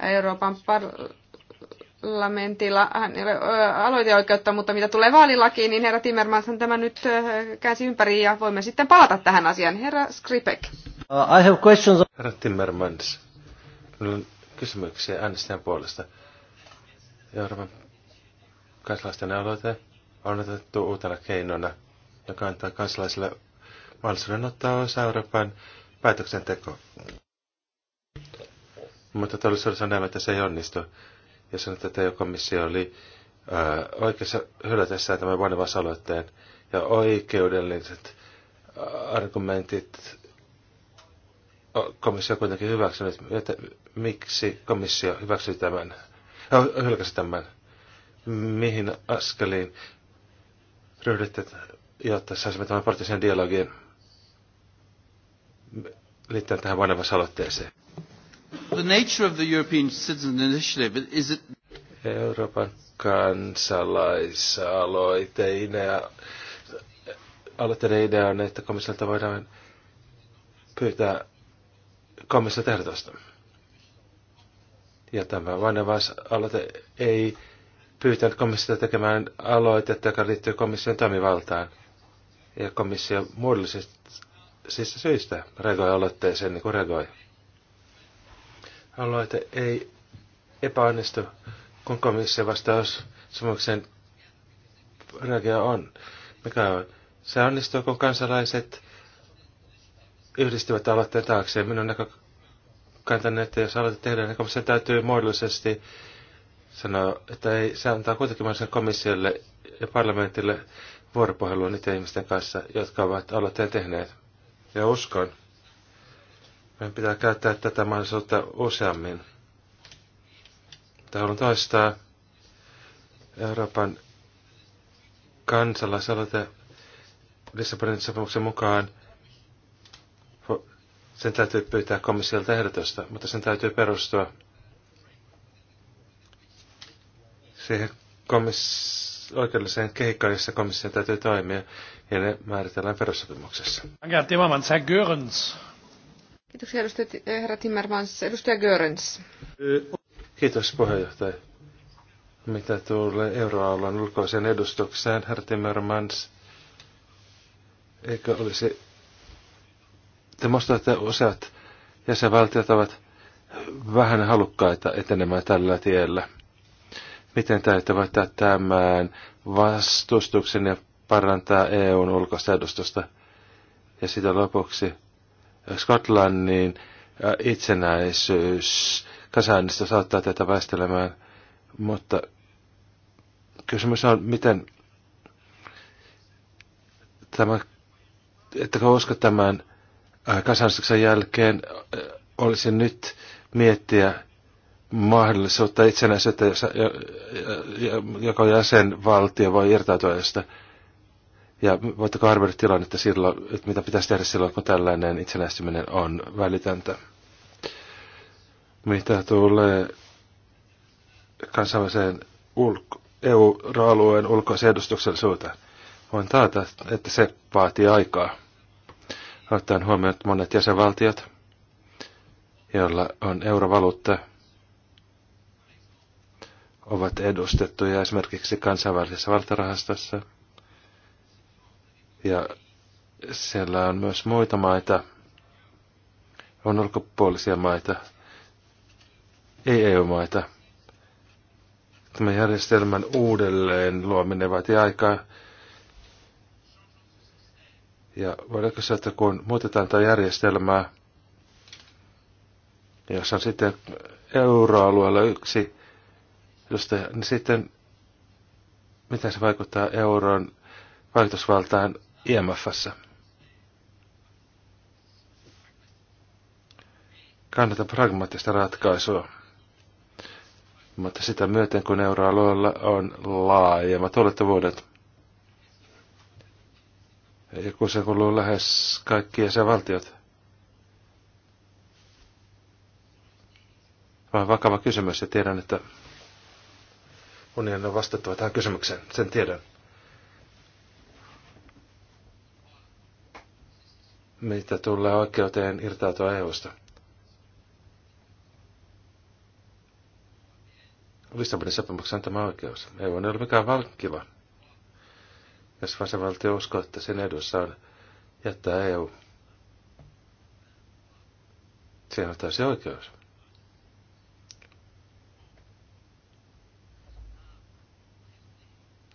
Euroopan parlamentilla aloiteoikeutta, mutta mitä tulee vaalilakiin, niin herra Timmermans on tämä nyt käsi ympäri ja voimme sitten palata tähän asiaan. Herra Skripek. Uh, I have questions. Herra Timmermans, kysymyksiä äänestäjän puolesta. Euroopan kansalaisten aloite on otettu uutena keinona, joka antaa kansalaisille mahdollisuuden ottaa osa Euroopan päätöksentekoon. Mutta todellisuudessa näemme, että se ei onnistu. Ja sanoi, että EU-komissio oli ää, äh, oikeassa hylätessään tämän vanhemmasaloitteen ja oikeudelliset äh, argumentit komissio on kuitenkin hyväksynyt. Että miksi komissio hyväksyi tämän, äh, hylkäsi tämän? Mihin askeliin ryhdytte, jotta saisimme tämän poliittisen dialogin liittyen tähän vanhemmasaloitteeseen? The nature of the European Citizen Initiative is it... Euroopan kansalaisaloite idea, aloitteiden idea on, että komissiolta voidaan pyytää komissio ehdotusta. Ja tämä vanhevaisaloite ei pyytänyt komissiota tekemään aloitetta, joka liittyy komission toimivaltaan. Ja komissio muodollisista siis syistä reagoi aloitteeseen niin kuin reagoi aloite ei epäonnistu, kun komissio vastaus sumuksen reagio on. Mikä on? Se onnistuu, kun kansalaiset yhdistyvät aloitteen taakse. Minun näkökantani, että jos aloite tehdään, niin se täytyy muodollisesti sanoa, että ei, se antaa kuitenkin mahdollisen komissiolle ja parlamentille vuoropuhelua niiden ihmisten kanssa, jotka ovat aloitteen tehneet. Ja uskon, meidän pitää käyttää tätä mahdollisuutta useammin. on toistaa Euroopan kansalaisaloite Lissabonin sopimuksen mukaan. Sen täytyy pyytää komissiolta ehdotusta, mutta sen täytyy perustua siihen komiss- oikeudelliseen kehikkoon, jossa komissio täytyy toimia, ja ne määritellään perussopimuksessa. Herr Timmermans, Herr Görens. Kiitoksia edustaja eh, herra Timmermans. Edustaja Görens. Kiitos puheenjohtaja. Mitä tulee euroalueen ulkoiseen edustukseen, herra Timmermans, eikö olisi... Te muistatte, että useat jäsenvaltiot ovat vähän halukkaita etenemään tällä tiellä. Miten täytyy voittaa tämän vastustuksen ja parantaa EUn ulkoista edustusta? Ja sitä lopuksi Skotlannin äh, itsenäisyys kansanäänestys saattaa tätä väistelemään, mutta kysymys on, miten tämä, että usko tämän äh, kansanäänestyksen jälkeen äh, olisi nyt miettiä mahdollisuutta itsenäisyyttä, joka jäsenvaltio voi irtautua jostain ja voitteko arvioida tilannetta silloin, että mitä pitäisi tehdä silloin, kun tällainen itsenäistyminen on välitöntä? Mitä tulee kansainväliseen ulko- EU-alueen ulkoisen edustuksellisuuteen? Voin taata, että se vaatii aikaa. Ottaen huomioon että monet jäsenvaltiot, joilla on eurovaluutta, ovat edustettuja esimerkiksi kansainvälisessä valtarahastossa – ja siellä on myös muita maita, on ulkopuolisia maita, ei EU-maita. Tämän järjestelmän uudelleen luominen vaatii aikaa. Ja voidaanko se, että kun muutetaan tätä järjestelmää, niin jos on sitten euroalueella yksi edustaja, niin sitten miten se vaikuttaa euron vaikutusvaltaan IMFssä. Kannata pragmaattista ratkaisua, mutta sitä myöten kun euroalueella on laajemmat olettavuudet, ja kun se kuuluu lähes kaikki jäsenvaltiot, Tämä vakava kysymys ja tiedän, että unionin on vastattava tähän kysymykseen. Sen tiedän. mitä tulee oikeuteen irtautua EUsta. Lissabonin sopimuksessa on tämä oikeus. EU ei ole mikään valkkila, jos vasenvaltio uskoo, että sen edussa on jättää EU. Siihen on täysi oikeus.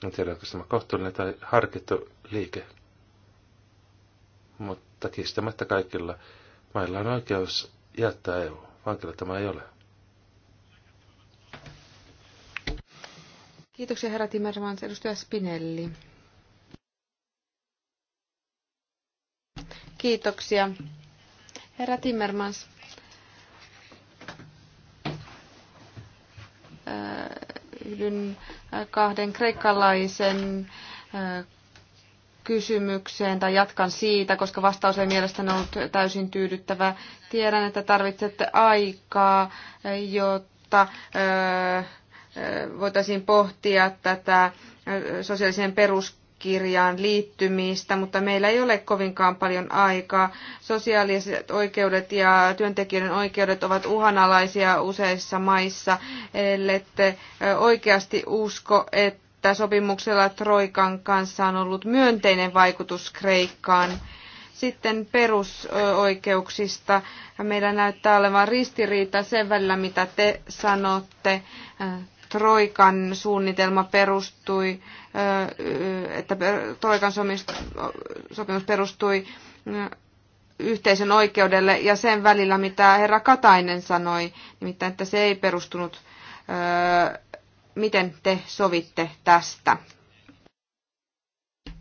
En tiedä, onko tämä kohtuullinen tai harkittu liike. Mutta mutta kiistämättä kaikilla mailla on oikeus jättää EU. Vankila tämä ei ole. Kiitoksia herra Timmermans. Edustaja Spinelli. Kiitoksia. Herra Timmermans. Äh, yhdyn kahden kreikkalaisen äh, kysymykseen tai jatkan siitä, koska vastaus ei mielestäni ollut täysin tyydyttävä. Tiedän, että tarvitsette aikaa, jotta voitaisiin pohtia tätä sosiaaliseen peruskirjaan liittymistä, mutta meillä ei ole kovinkaan paljon aikaa. Sosiaaliset oikeudet ja työntekijöiden oikeudet ovat uhanalaisia useissa maissa, ellette oikeasti usko, että että sopimuksella Troikan kanssa on ollut myönteinen vaikutus Kreikkaan. Sitten perusoikeuksista. Meillä näyttää olevan ristiriita sen välillä, mitä te sanotte. Troikan suunnitelma perustui, että Troikan sopimus perustui yhteisön oikeudelle ja sen välillä, mitä herra Katainen sanoi, nimittäin että se ei perustunut miten te sovitte tästä?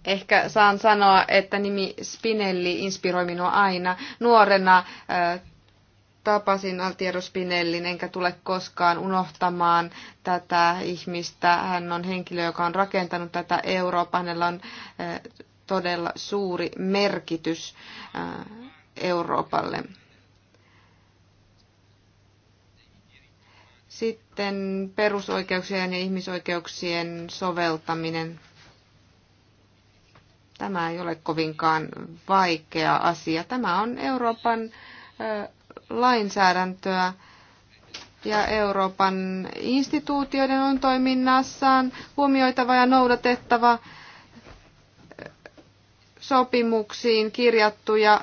Ehkä saan sanoa, että nimi Spinelli inspiroi minua aina. Nuorena tapasin Altiero Spinellin, enkä tule koskaan unohtamaan tätä ihmistä. Hän on henkilö, joka on rakentanut tätä Euroopan. Hänellä on todella suuri merkitys Euroopalle. Sitten perusoikeuksien ja ihmisoikeuksien soveltaminen. Tämä ei ole kovinkaan vaikea asia. Tämä on Euroopan lainsäädäntöä ja Euroopan instituutioiden on toiminnassaan huomioitava ja noudatettava sopimuksiin kirjattuja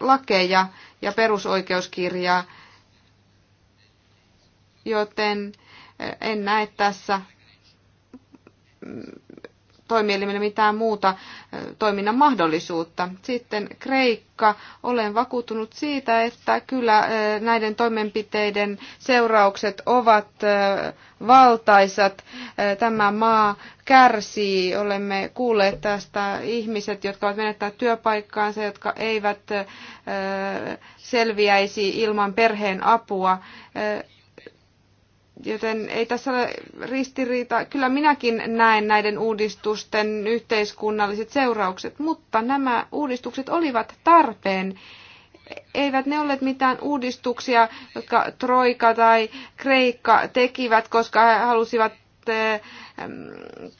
lakeja ja perusoikeuskirjaa joten en näe tässä mm, toimielimille mitään muuta toiminnan mahdollisuutta. Sitten Kreikka. Olen vakuuttunut siitä, että kyllä näiden toimenpiteiden seuraukset ovat valtaisat. Tämä maa kärsii. Olemme kuulleet tästä ihmiset, jotka ovat menettäneet työpaikkaansa, jotka eivät selviäisi ilman perheen apua. Joten ei tässä ole ristiriita. Kyllä minäkin näen näiden uudistusten yhteiskunnalliset seuraukset, mutta nämä uudistukset olivat tarpeen. Eivät ne olleet mitään uudistuksia, jotka Troika tai Kreikka tekivät, koska he halusivat eh, mm,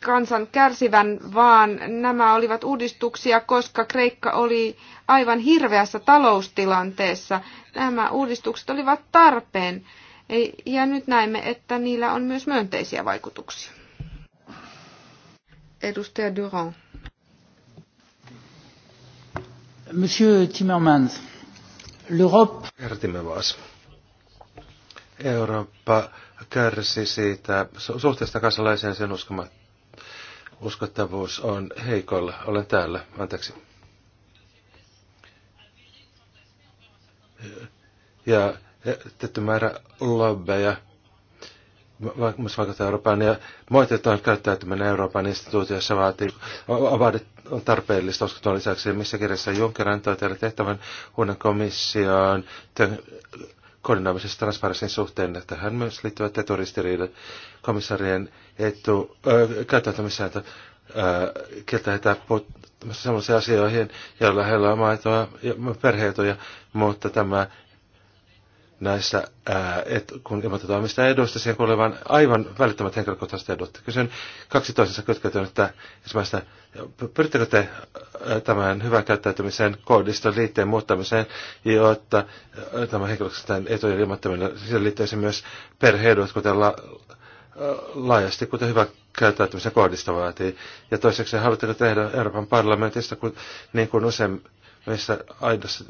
kansan kärsivän, vaan nämä olivat uudistuksia, koska Kreikka oli aivan hirveässä taloustilanteessa. Nämä uudistukset olivat tarpeen. Ja nyt näemme, että niillä on myös myönteisiä vaikutuksia. Edustaja Durand. Monsieur Timmermans, l'Europe... Herra Timmermans, Eurooppa kärsi siitä suhteesta kansalaiseen sen uskoma, uskottavuus on heikolla. Olen täällä, anteeksi. Ja tietty määrä lobbeja, myös vaikuttaa Euroopan ja moitetaan käyttäytyminen Euroopan instituutiossa vaatii, vaadit, on tarpeellista, koska tuon lisäksi missä kirjassa Juncker antoi teille tehtävän uuden komissioon koordinaamisessa transparenssin suhteen, että hän myös liittyvät eturistiriidat komissarien etu, äh, käyttäytymisääntö kieltä heitä puuttumassa sellaisiin asioihin, joilla heillä on maitoa ja perheetoja, mutta tämä näissä, ää, et, kun ilmoitetaan edoista, eduista, siihen vain aivan välittömät henkilökohtaiset edut. Kysyn kaksi toisensa että ensimmäistä, pyrittekö te tämän hyvän käyttäytymisen koodiston liitteen muuttamiseen, jotta tämä henkilökohtaisen etujen ilmoittaminen, siihen liittyisi myös perheedut, kuten la, laajasti, kuten hyvä käyttäytymisen koodista vaatii. Ja toiseksi, haluatteko tehdä Euroopan parlamentista, kun, niin kuin usein meissä aidossa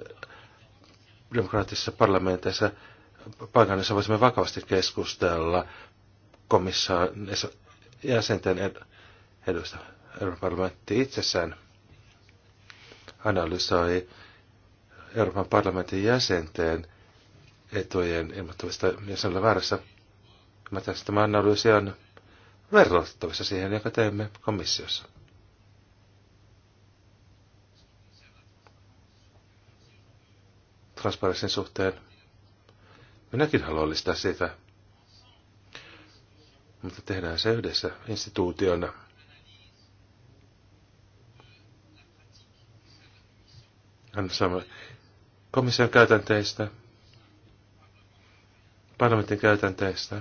demokraattisissa parlamenteissa paikallissa voisimme vakavasti keskustella komissaan jäsenten edusta. Euroopan parlamentti itsessään analysoi Euroopan parlamentin jäsenten etujen ilmoittamista, jos väärässä. Mä tässä tämä analyysi on verrattavissa siihen, joka teemme komissiossa. transparenssin suhteen. Minäkin haluan listaa sitä. Mutta tehdään se yhdessä instituutiona. Annamme komission käytänteistä, parlamentin käytänteistä,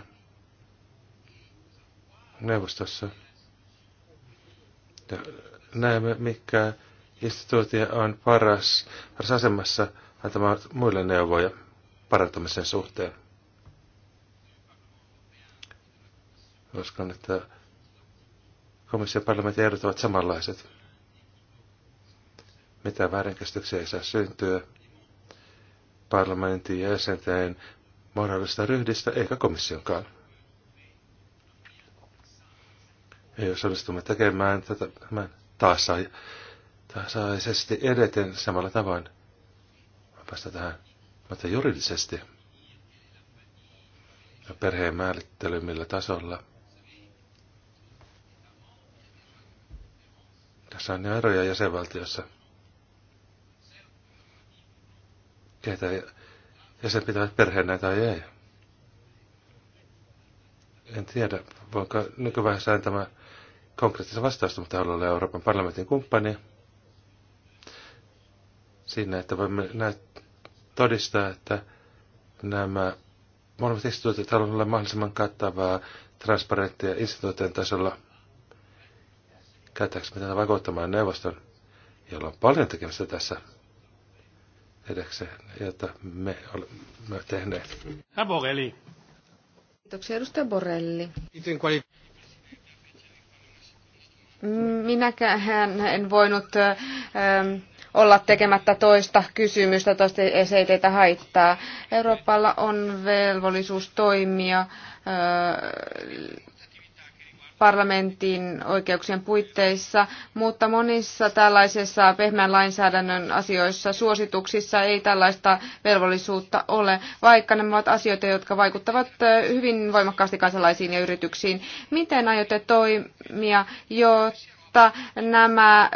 neuvostossa. Ja näemme, mikä instituutio on paras, paras asemassa antamaan muille neuvoja parantamisen suhteen. Uskon, että komission parlamentin ehdot ovat samanlaiset. Mitä väärinkäsityksiä ei saa syntyä parlamentin ja jäsenten moraalista ryhdistä eikä komissionkaan. Ja jos onnistumme tekemään tätä taas, tasaisesti edeten samalla tavoin, päästä tähän. Mutta juridisesti ja perheen määrittely millä tasolla. Tässä on jo eroja jäsenvaltiossa. Keitä jäsen pitävät perheenä tai ei. En tiedä, voinko nykyvaiheessa tämä konkreettista vastausta, mutta haluan olla Euroopan parlamentin kumppani siinä, että voimme näyttää todistaa, että nämä molemmat instituutit haluavat olla mahdollisimman kattavaa, transparenttia instituutien tasolla. Käytääkö me tätä vakuuttamaan neuvoston, jolla on paljon tekemistä tässä edekseen, jota me olemme tehneet. Borelli. Kiitoksia, edustaja Borelli. Minäkään en voinut ähm, olla tekemättä toista kysymystä, toista se ei teitä haittaa. Euroopalla on velvollisuus toimia parlamentin oikeuksien puitteissa, mutta monissa tällaisissa pehmeän lainsäädännön asioissa, suosituksissa ei tällaista velvollisuutta ole, vaikka nämä ovat asioita, jotka vaikuttavat hyvin voimakkaasti kansalaisiin ja yrityksiin. Miten aiotte toimia, jotta mutta nämä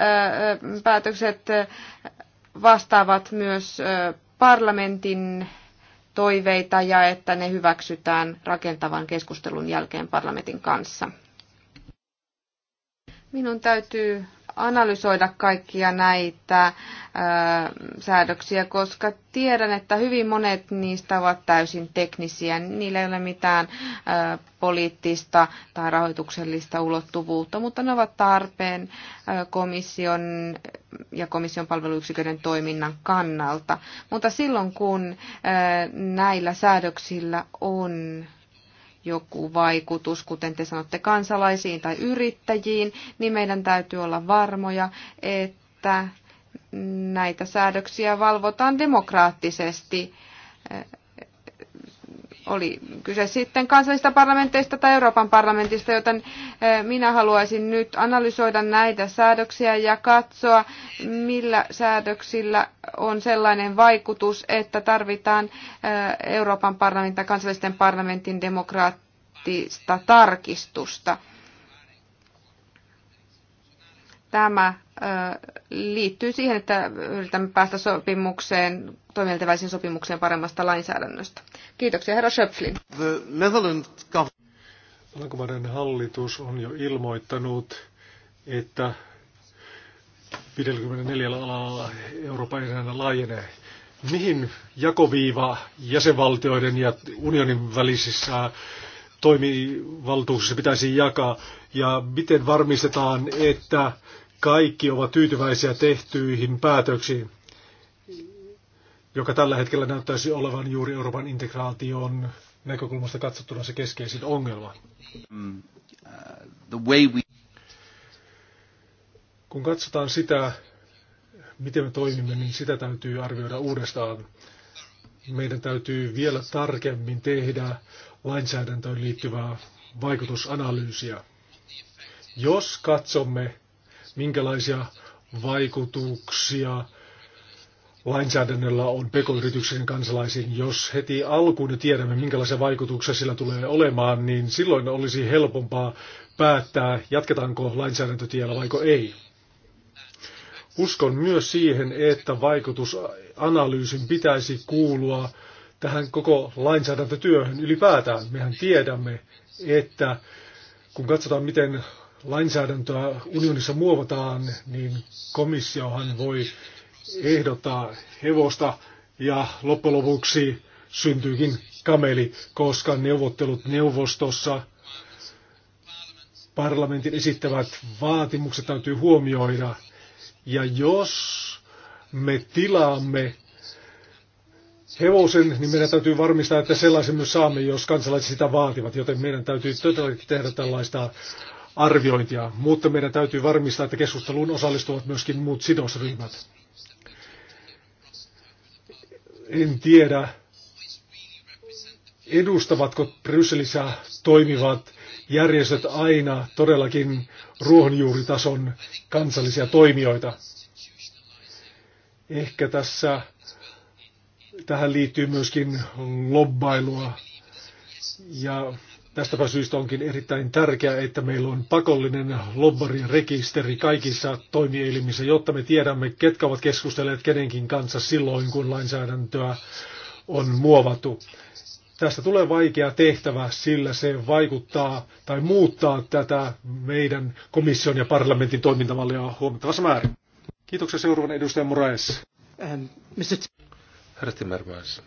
päätökset vastaavat myös parlamentin toiveita ja että ne hyväksytään rakentavan keskustelun jälkeen parlamentin kanssa. Minun täytyy analysoida kaikkia näitä säädöksiä, koska tiedän, että hyvin monet niistä ovat täysin teknisiä. Niillä ei ole mitään poliittista tai rahoituksellista ulottuvuutta, mutta ne ovat tarpeen komission ja komission palveluyksiköiden toiminnan kannalta. Mutta silloin kun näillä säädöksillä on joku vaikutus, kuten te sanotte, kansalaisiin tai yrittäjiin, niin meidän täytyy olla varmoja, että näitä säädöksiä valvotaan demokraattisesti oli kyse sitten kansallisista parlamenteista tai Euroopan parlamentista, joten eh, minä haluaisin nyt analysoida näitä säädöksiä ja katsoa, millä säädöksillä on sellainen vaikutus, että tarvitaan eh, Euroopan parlamentin tai kansallisten parlamentin demokraattista tarkistusta. Tämä liittyy siihen, että yritämme päästä sopimukseen, toimieltäväisiin sopimukseen paremmasta lainsäädännöstä. Kiitoksia, herra Schöpflin. Alankomaiden hallitus on jo ilmoittanut, että 54 alalla Euroopan enää laajenee. Mihin jakoviiva jäsenvaltioiden ja unionin välisissä toimivaltuuksissa pitäisi jakaa ja miten varmistetaan, että kaikki ovat tyytyväisiä tehtyihin päätöksiin, joka tällä hetkellä näyttäisi olevan juuri Euroopan integraation näkökulmasta katsottuna se keskeisin ongelma. Mm, uh, Kun katsotaan sitä, miten me toimimme, niin sitä täytyy arvioida uudestaan meidän täytyy vielä tarkemmin tehdä lainsäädäntöön liittyvää vaikutusanalyysiä. Jos katsomme, minkälaisia vaikutuksia lainsäädännöllä on pekoyrityksen kansalaisiin, jos heti alkuun tiedämme, minkälaisia vaikutuksia sillä tulee olemaan, niin silloin olisi helpompaa päättää, jatketaanko lainsäädäntötiellä vaiko ei. Uskon myös siihen, että vaikutusanalyysin pitäisi kuulua tähän koko lainsäädäntötyöhön ylipäätään. Mehän tiedämme, että kun katsotaan, miten lainsäädäntöä unionissa muovataan, niin komissiohan voi ehdottaa hevosta ja loppujen lopuksi syntyykin kameli, koska neuvottelut neuvostossa parlamentin esittävät vaatimukset täytyy huomioida – ja jos me tilaamme hevosen, niin meidän täytyy varmistaa, että sellaisen myös saamme, jos kansalaiset sitä vaativat. Joten meidän täytyy todellakin tehdä tällaista arviointia, mutta meidän täytyy varmistaa, että keskusteluun osallistuvat myöskin muut sidosryhmät. En tiedä, edustavatko Brysselissä toimivat järjestöt aina todellakin ruohonjuuritason kansallisia toimijoita. Ehkä tässä tähän liittyy myöskin lobbailua ja Tästäpä syystä onkin erittäin tärkeää, että meillä on pakollinen lobbarirekisteri kaikissa toimielimissä, jotta me tiedämme, ketkä ovat keskustelleet kenenkin kanssa silloin, kun lainsäädäntöä on muovattu. Tästä tulee vaikea tehtävä, sillä se vaikuttaa tai muuttaa tätä meidän komission ja parlamentin toimintamallia huomattavassa määrin. Kiitoksia seuraavan edustajan Moraes. Ähm, Mr. Herra Timmermans.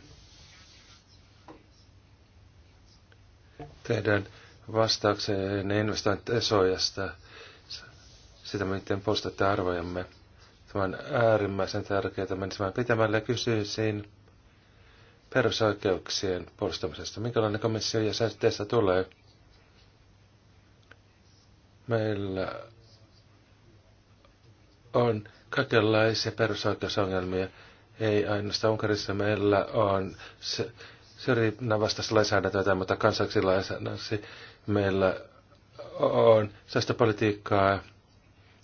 Teidän vastaukseen investointisojasta, sitä miten poistatte arvojamme. Tämä on äärimmäisen tärkeää Mennään pitämällä kysyisin, perusoikeuksien puolustamisesta. Minkälainen komissio jäsenteistä tulee? Meillä on kaikenlaisia perusoikeusongelmia. Ei ainoastaan Unkarissa meillä on syrjinnän vastaista lainsäädäntöä, mutta kansaksi lainsäädännöksi meillä on sellaista politiikkaa,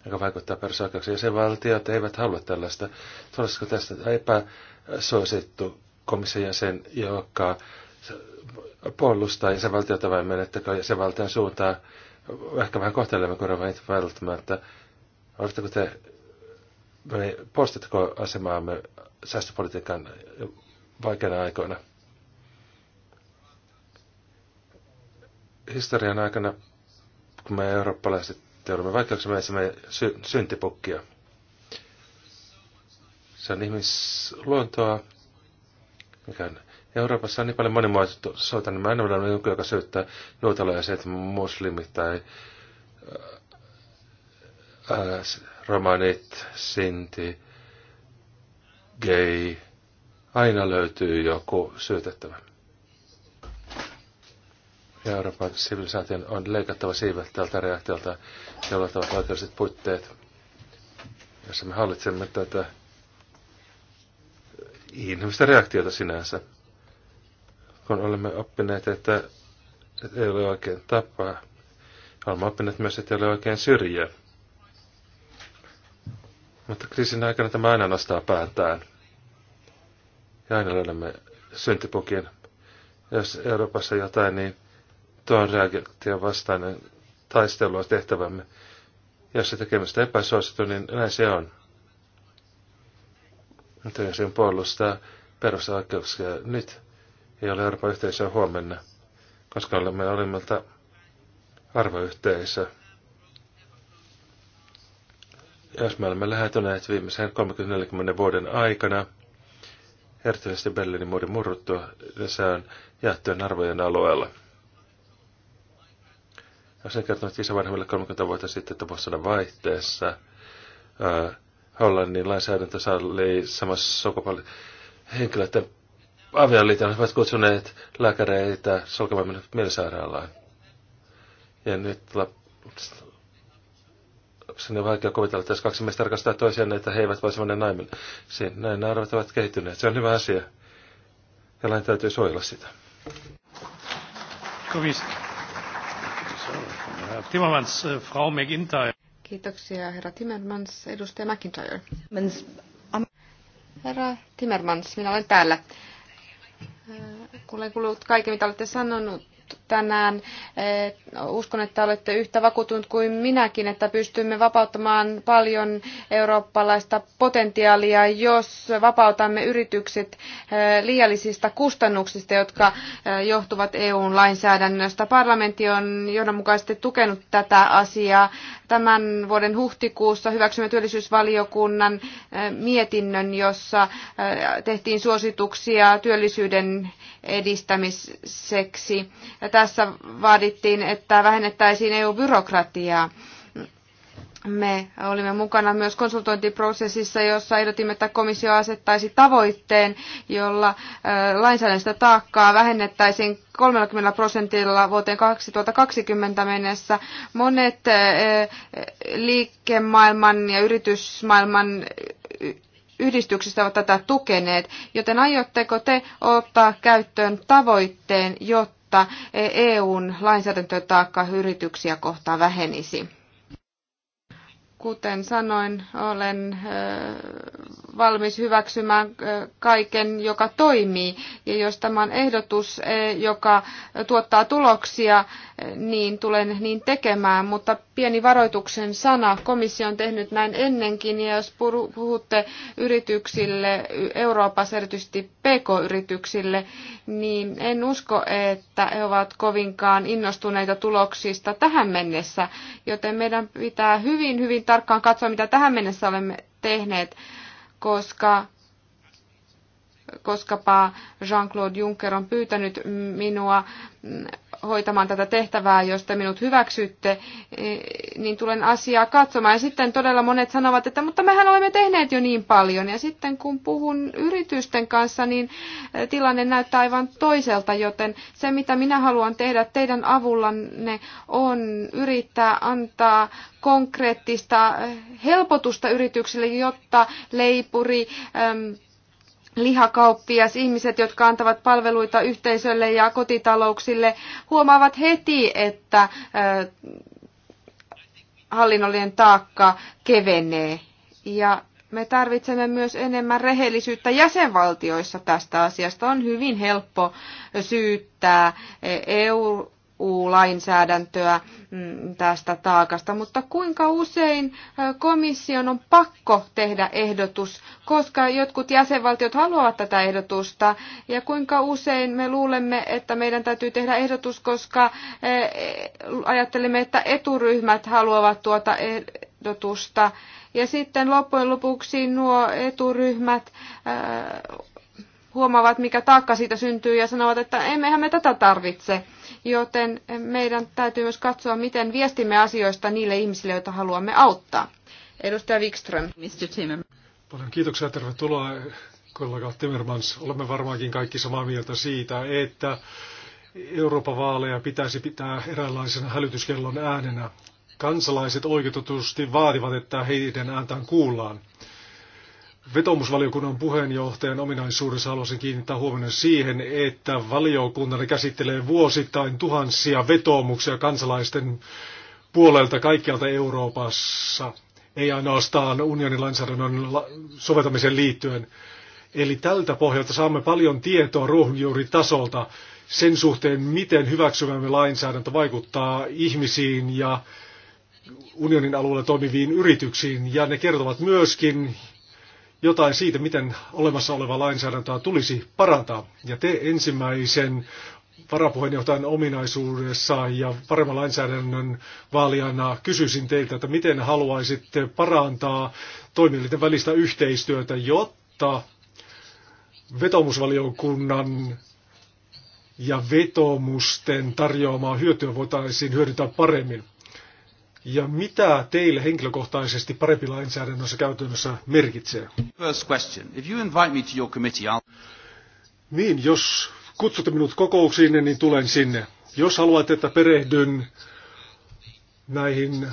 joka vaikuttaa perusoikeuksiin. ja valtiot eivät halua tällaista. Tulisiko tästä epäsuosittu komission jäsen, joka puolustaa jäsenvaltiota vai menettäkö jäsenvaltion suuntaan. Ehkä vähän kohtelemme korvaita välttämättä. Oletteko te, me poistatteko asemaamme säästöpolitiikan vaikeina aikoina? Historian aikana, kun me eurooppalaiset joudumme vaikeuksia, me etsimme sy- syntipukkia. Se on ihmisluontoa, mikä on. Euroopassa on niin paljon monimuotoisuutta, niin mä en ole joku, joka syyttää että muslimit tai ää, äh, äh, romanit, sinti, gay. Aina löytyy joku syytettävä. Euroopan sivilisaation on leikattava siivet tältä reaktiolta, jolla ovat oikeiset puitteet, jossa me hallitsemme tätä inhimillistä reaktiota sinänsä, kun olemme oppineet, että, ei ole oikein tapaa. Olemme oppineet myös, että ei ole oikein syrjää. Mutta kriisin aikana tämä aina nostaa päätään. Ja aina löydämme syntipukin. Jos Euroopassa jotain, niin tuon reaktion vastainen taistelu on tehtävämme. Jos se tekemistä epäsuosittu, niin näin se on. Antoniusin puolustaa perusoikeuksia nyt, ei ole Euroopan yhteisöä huomenna, koska olemme olemmalta arvoyhteisö. Jos me olemme lähetyneet viimeisen 30-40 vuoden aikana, erityisesti Berliinin muodin murruttua, se on jaettujen arvojen alueella. Jos en kertonut isovanhemmille 30 vuotta sitten, että vuosina vaihteessa ää, Hollannin lainsäädäntö sallii samassa sukupuolella henkilöt avioliiton ovat kutsuneet lääkäreitä sulkemaan mielisairaalaan. Ja nyt lapsen on vaikea kuvitella, että jos kaksi miestä tarkastaa toisiaan, että he eivät voisi mennä naimisiin. Näin nämä arvot ovat kehittyneet. Se on hyvä asia. Ja lain täytyy suojella sitä. Timmermans, eh, Frau McIntyre. Kiitoksia herra Timmermans. Edustaja McIntyre. Herra Timmermans, minä olen täällä. Äh, Kun olen kuullut kaiken, mitä olette sanonut, tänään. Eh, uskon, että olette yhtä vakuutunut kuin minäkin, että pystymme vapauttamaan paljon eurooppalaista potentiaalia, jos vapautamme yritykset eh, liiallisista kustannuksista, jotka eh, johtuvat EUn lainsäädännöstä. Parlamentti on johdonmukaisesti tukenut tätä asiaa. Tämän vuoden huhtikuussa hyväksymme työllisyysvaliokunnan mietinnön, jossa tehtiin suosituksia työllisyyden edistämiseksi. Tämä tässä vaadittiin, että vähennettäisiin EU-byrokratiaa. Me olimme mukana myös konsultointiprosessissa, jossa ehdotimme, että komissio asettaisi tavoitteen, jolla lainsäädännöstä taakkaa vähennettäisiin 30 prosentilla vuoteen 2020 mennessä. Monet liikemaailman ja yritysmaailman yhdistyksistä ovat tätä tukeneet, joten aiotteko te ottaa käyttöön tavoitteen, jotta jotta e EUn lainsäädäntötaakka yrityksiä kohtaan vähenisi. Kuten sanoin, olen valmis hyväksymään kaiken, joka toimii. Ja jos tämä on ehdotus, e, joka tuottaa tuloksia, e, niin tulen niin tekemään, mutta pieni varoituksen sana. Komissio on tehnyt näin ennenkin ja jos puhutte yrityksille Euroopassa, erityisesti PK-yrityksille, niin en usko, että he ovat kovinkaan innostuneita tuloksista tähän mennessä, joten meidän pitää hyvin, hyvin tarkkaan katsoa, mitä tähän mennessä olemme tehneet, koska koskapa Jean-Claude Juncker on pyytänyt minua hoitamaan tätä tehtävää, jos te minut hyväksytte, e, niin tulen asiaa katsomaan. Ja sitten todella monet sanovat, että mutta mehän olemme tehneet jo niin paljon. Ja sitten kun puhun yritysten kanssa, niin e, tilanne näyttää aivan toiselta, joten se mitä minä haluan tehdä teidän avullanne on yrittää antaa konkreettista e, helpotusta yrityksille, jotta leipuri, ähm, lihakauppias, ihmiset, jotka antavat palveluita yhteisölle ja kotitalouksille, huomaavat heti, että hallinnollinen taakka kevenee. Ja me tarvitsemme myös enemmän rehellisyyttä jäsenvaltioissa tästä asiasta. On hyvin helppo syyttää e, EU EU-lainsäädäntöä mm, tästä taakasta, mutta kuinka usein komission on pakko tehdä ehdotus, koska jotkut jäsenvaltiot haluavat tätä ehdotusta, ja kuinka usein me luulemme, että meidän täytyy tehdä ehdotus, koska ajattelemme, että eturyhmät haluavat tuota ehdotusta, ja sitten loppujen lopuksi nuo eturyhmät huomaavat, mikä taakka siitä syntyy ja sanovat, että emmehän me tätä tarvitse joten meidän täytyy myös katsoa, miten viestimme asioista niille ihmisille, joita haluamme auttaa. Edustaja Wikström. Paljon kiitoksia ja tervetuloa kollega Timmermans. Olemme varmaankin kaikki samaa mieltä siitä, että Euroopan vaaleja pitäisi pitää eräänlaisena hälytyskellon äänenä. Kansalaiset oikeutetusti vaativat, että heidän ääntään kuullaan. Vetomusvaliokunnan puheenjohtajan ominaisuudessa haluaisin kiinnittää huomioon siihen, että valiokunta käsittelee vuosittain tuhansia vetoomuksia kansalaisten puolelta kaikkialta Euroopassa, ei ainoastaan unionin lainsäädännön soveltamiseen liittyen. Eli tältä pohjalta saamme paljon tietoa ruohonjuuritasolta sen suhteen, miten hyväksymämme lainsäädäntö vaikuttaa ihmisiin ja unionin alueella toimiviin yrityksiin. Ja ne kertovat myöskin jotain siitä, miten olemassa olevaa lainsäädäntöä tulisi parantaa. Ja te ensimmäisen varapuheenjohtajan ominaisuudessa ja paremman lainsäädännön vaalijana kysyisin teiltä, että miten haluaisitte parantaa toimielinten välistä yhteistyötä, jotta vetomusvaliokunnan ja vetomusten tarjoamaa hyötyä voitaisiin hyödyntää paremmin. Ja mitä teille henkilökohtaisesti parempi lainsäädännössä käytännössä merkitsee? First question. If you invite me to your committee, I'll... Niin, jos kutsutte minut kokouksiin, niin tulen sinne. Jos haluat, että perehdyn näihin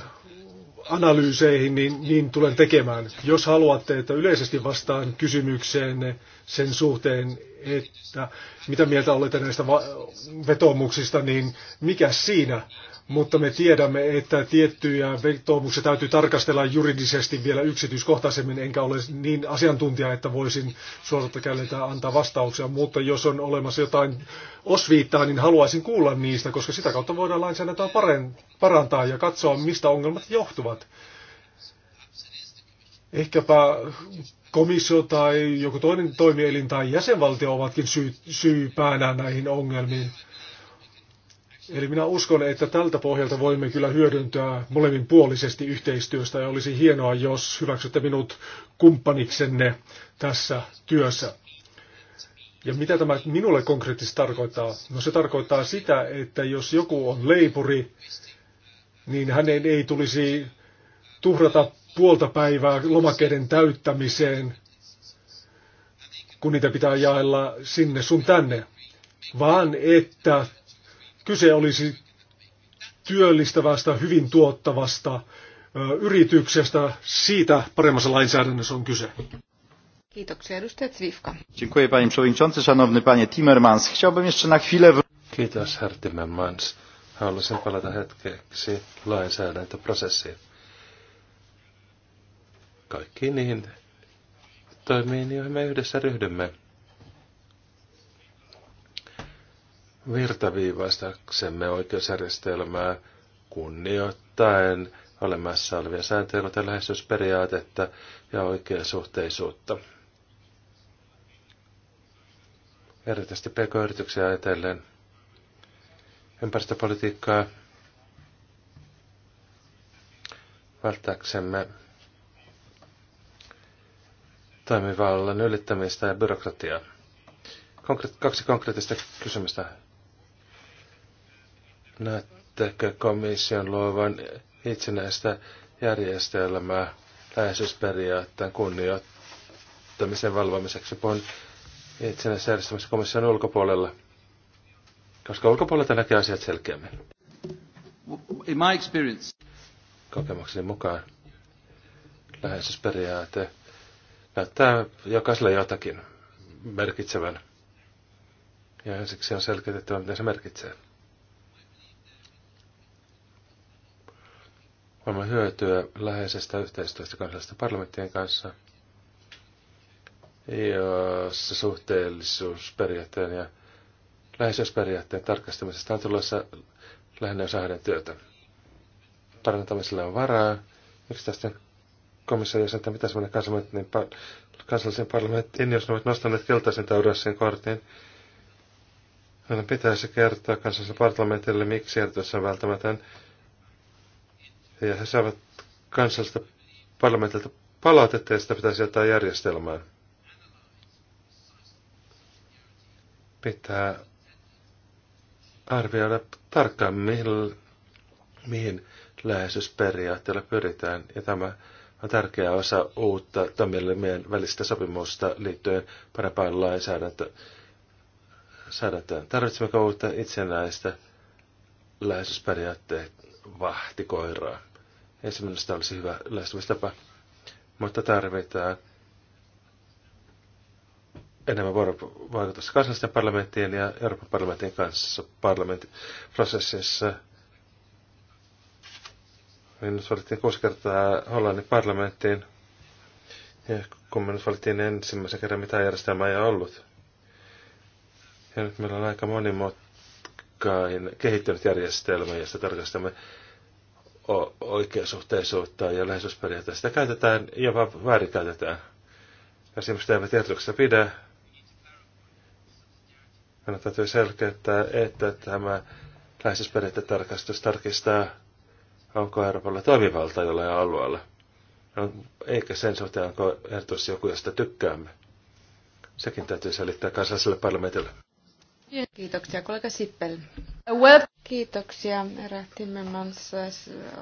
analyyseihin, niin, niin tulen tekemään. Jos haluatte, että yleisesti vastaan kysymykseen sen suhteen, että mitä mieltä olette näistä va- vetomuksista, niin mikä siinä? mutta me tiedämme, että tiettyjä vetoomuksia täytyy tarkastella juridisesti vielä yksityiskohtaisemmin, enkä ole niin asiantuntija, että voisin suosatta käydä antaa vastauksia, mutta jos on olemassa jotain osviittaa, niin haluaisin kuulla niistä, koska sitä kautta voidaan lainsäädäntöä parantaa ja katsoa, mistä ongelmat johtuvat. Ehkäpä komissio tai joku toinen toimielin tai jäsenvaltio ovatkin syy, syypäänä näihin ongelmiin. Eli minä uskon, että tältä pohjalta voimme kyllä hyödyntää molemminpuolisesti yhteistyöstä ja olisi hienoa, jos hyväksytte minut kumppaniksenne tässä työssä. Ja mitä tämä minulle konkreettisesti tarkoittaa? No se tarkoittaa sitä, että jos joku on leipuri, niin hänen ei tulisi tuhrata puolta päivää lomakkeiden täyttämiseen, kun niitä pitää jaella sinne sun tänne, vaan että Kyse olisi työllistävästä, hyvin tuottavasta yrityksestä. Siitä paremmassa lainsäädännössä on kyse. Kiitoksia. Edustaja Zwifka. Dziękuję panie przewodniczący, szanowny panie Timmermans. Chciałbym jeszcze na chwilę... Kiitos, herr Timmermans. Haluaisin palata hetkeksi lainsäädäntöprosessiin. Kaikkiin niihin toimiin, joihin me yhdessä ryhdymme. virtaviivaistaksemme oikeusjärjestelmää kunnioittaen olemassa olevia sääntöjä ja läheisyysperiaatetta ja oikeasuhteisuutta. Erityisesti pk-yrityksiä ajatellen ympäristöpolitiikkaa välttääksemme toimivallan ylittämistä ja byrokratiaa. Konkre- kaksi konkreettista kysymystä Näyttääkö komission luovan itsenäistä järjestelmää läheisyysperiaatteen kunnioittamisen valvomiseksi puhun itsenäisessä järjestelmässä komission ulkopuolella, koska ulkopuolelta näkee asiat selkeämmin. In my experience. Kokemukseni mukaan läheisyysperiaate näyttää jokaiselle jotakin merkitsevän. Ja ensiksi on selkeytettävä, mitä se merkitsee. Olemme hyötyä läheisestä yhteistyöstä kansallisten parlamenttien kanssa, se suhteellisuusperiaatteen ja läheisyysperiaatteen tarkastamisesta on tulossa lähinnä hänen työtä. Parantamisella on varaa. Yksittäisten komissaari sanoi, että mitä semmoinen kansallinen, par- kansallisen parlamentin, jos ne ovat nostaneet keltaisen taudassin kortin, meidän pitäisi kertoa kansallisen parlamentille, miksi ehdotus on välttämätön ja he saavat kansallista parlamentilta palautetta ja sitä pitäisi jättää järjestelmään. Pitää arvioida tarkkaan, mihin, mihin läheisyysperiaatteella pyritään. Ja tämä on tärkeä osa uutta toimielimien välistä sopimusta liittyen parempaan lainsäädäntöön. Tarvitsemmeko uutta itsenäistä läheisyysperiaatteen vahtikoiraa? Ja se olisi hyvä lähestymistapa. Mutta tarvitaan enemmän vuorovaikutusta kansallisten parlamenttien ja Euroopan parlamentin kanssa parlamenttiprosessissa. Minut niin valittiin kuusi kertaa Hollannin parlamenttiin. Ja kun minut valittiin ensimmäisen kerran, mitä järjestelmä ei ollut. Ja nyt meillä on aika monimutkainen kehittynyt järjestelmä, josta tarkastamme oikeasuhteisuutta ja läheisyysperiaatteita. Sitä käytetään ja väärinkäytetään. Esimerkiksi teemme tiedotuksesta pidä. Meidän täytyy selkeyttää, että tämä läheisyysperiaatetarkastus tarkistaa, onko Euroopalla toimivalta jollain alueella. No, eikä sen suhteen, onko ehdotus joku, josta tykkäämme. Sekin täytyy selittää kansalliselle parlamentille. Kiitoksia, kollega Sippel. Kiitoksia, herra Timmermans.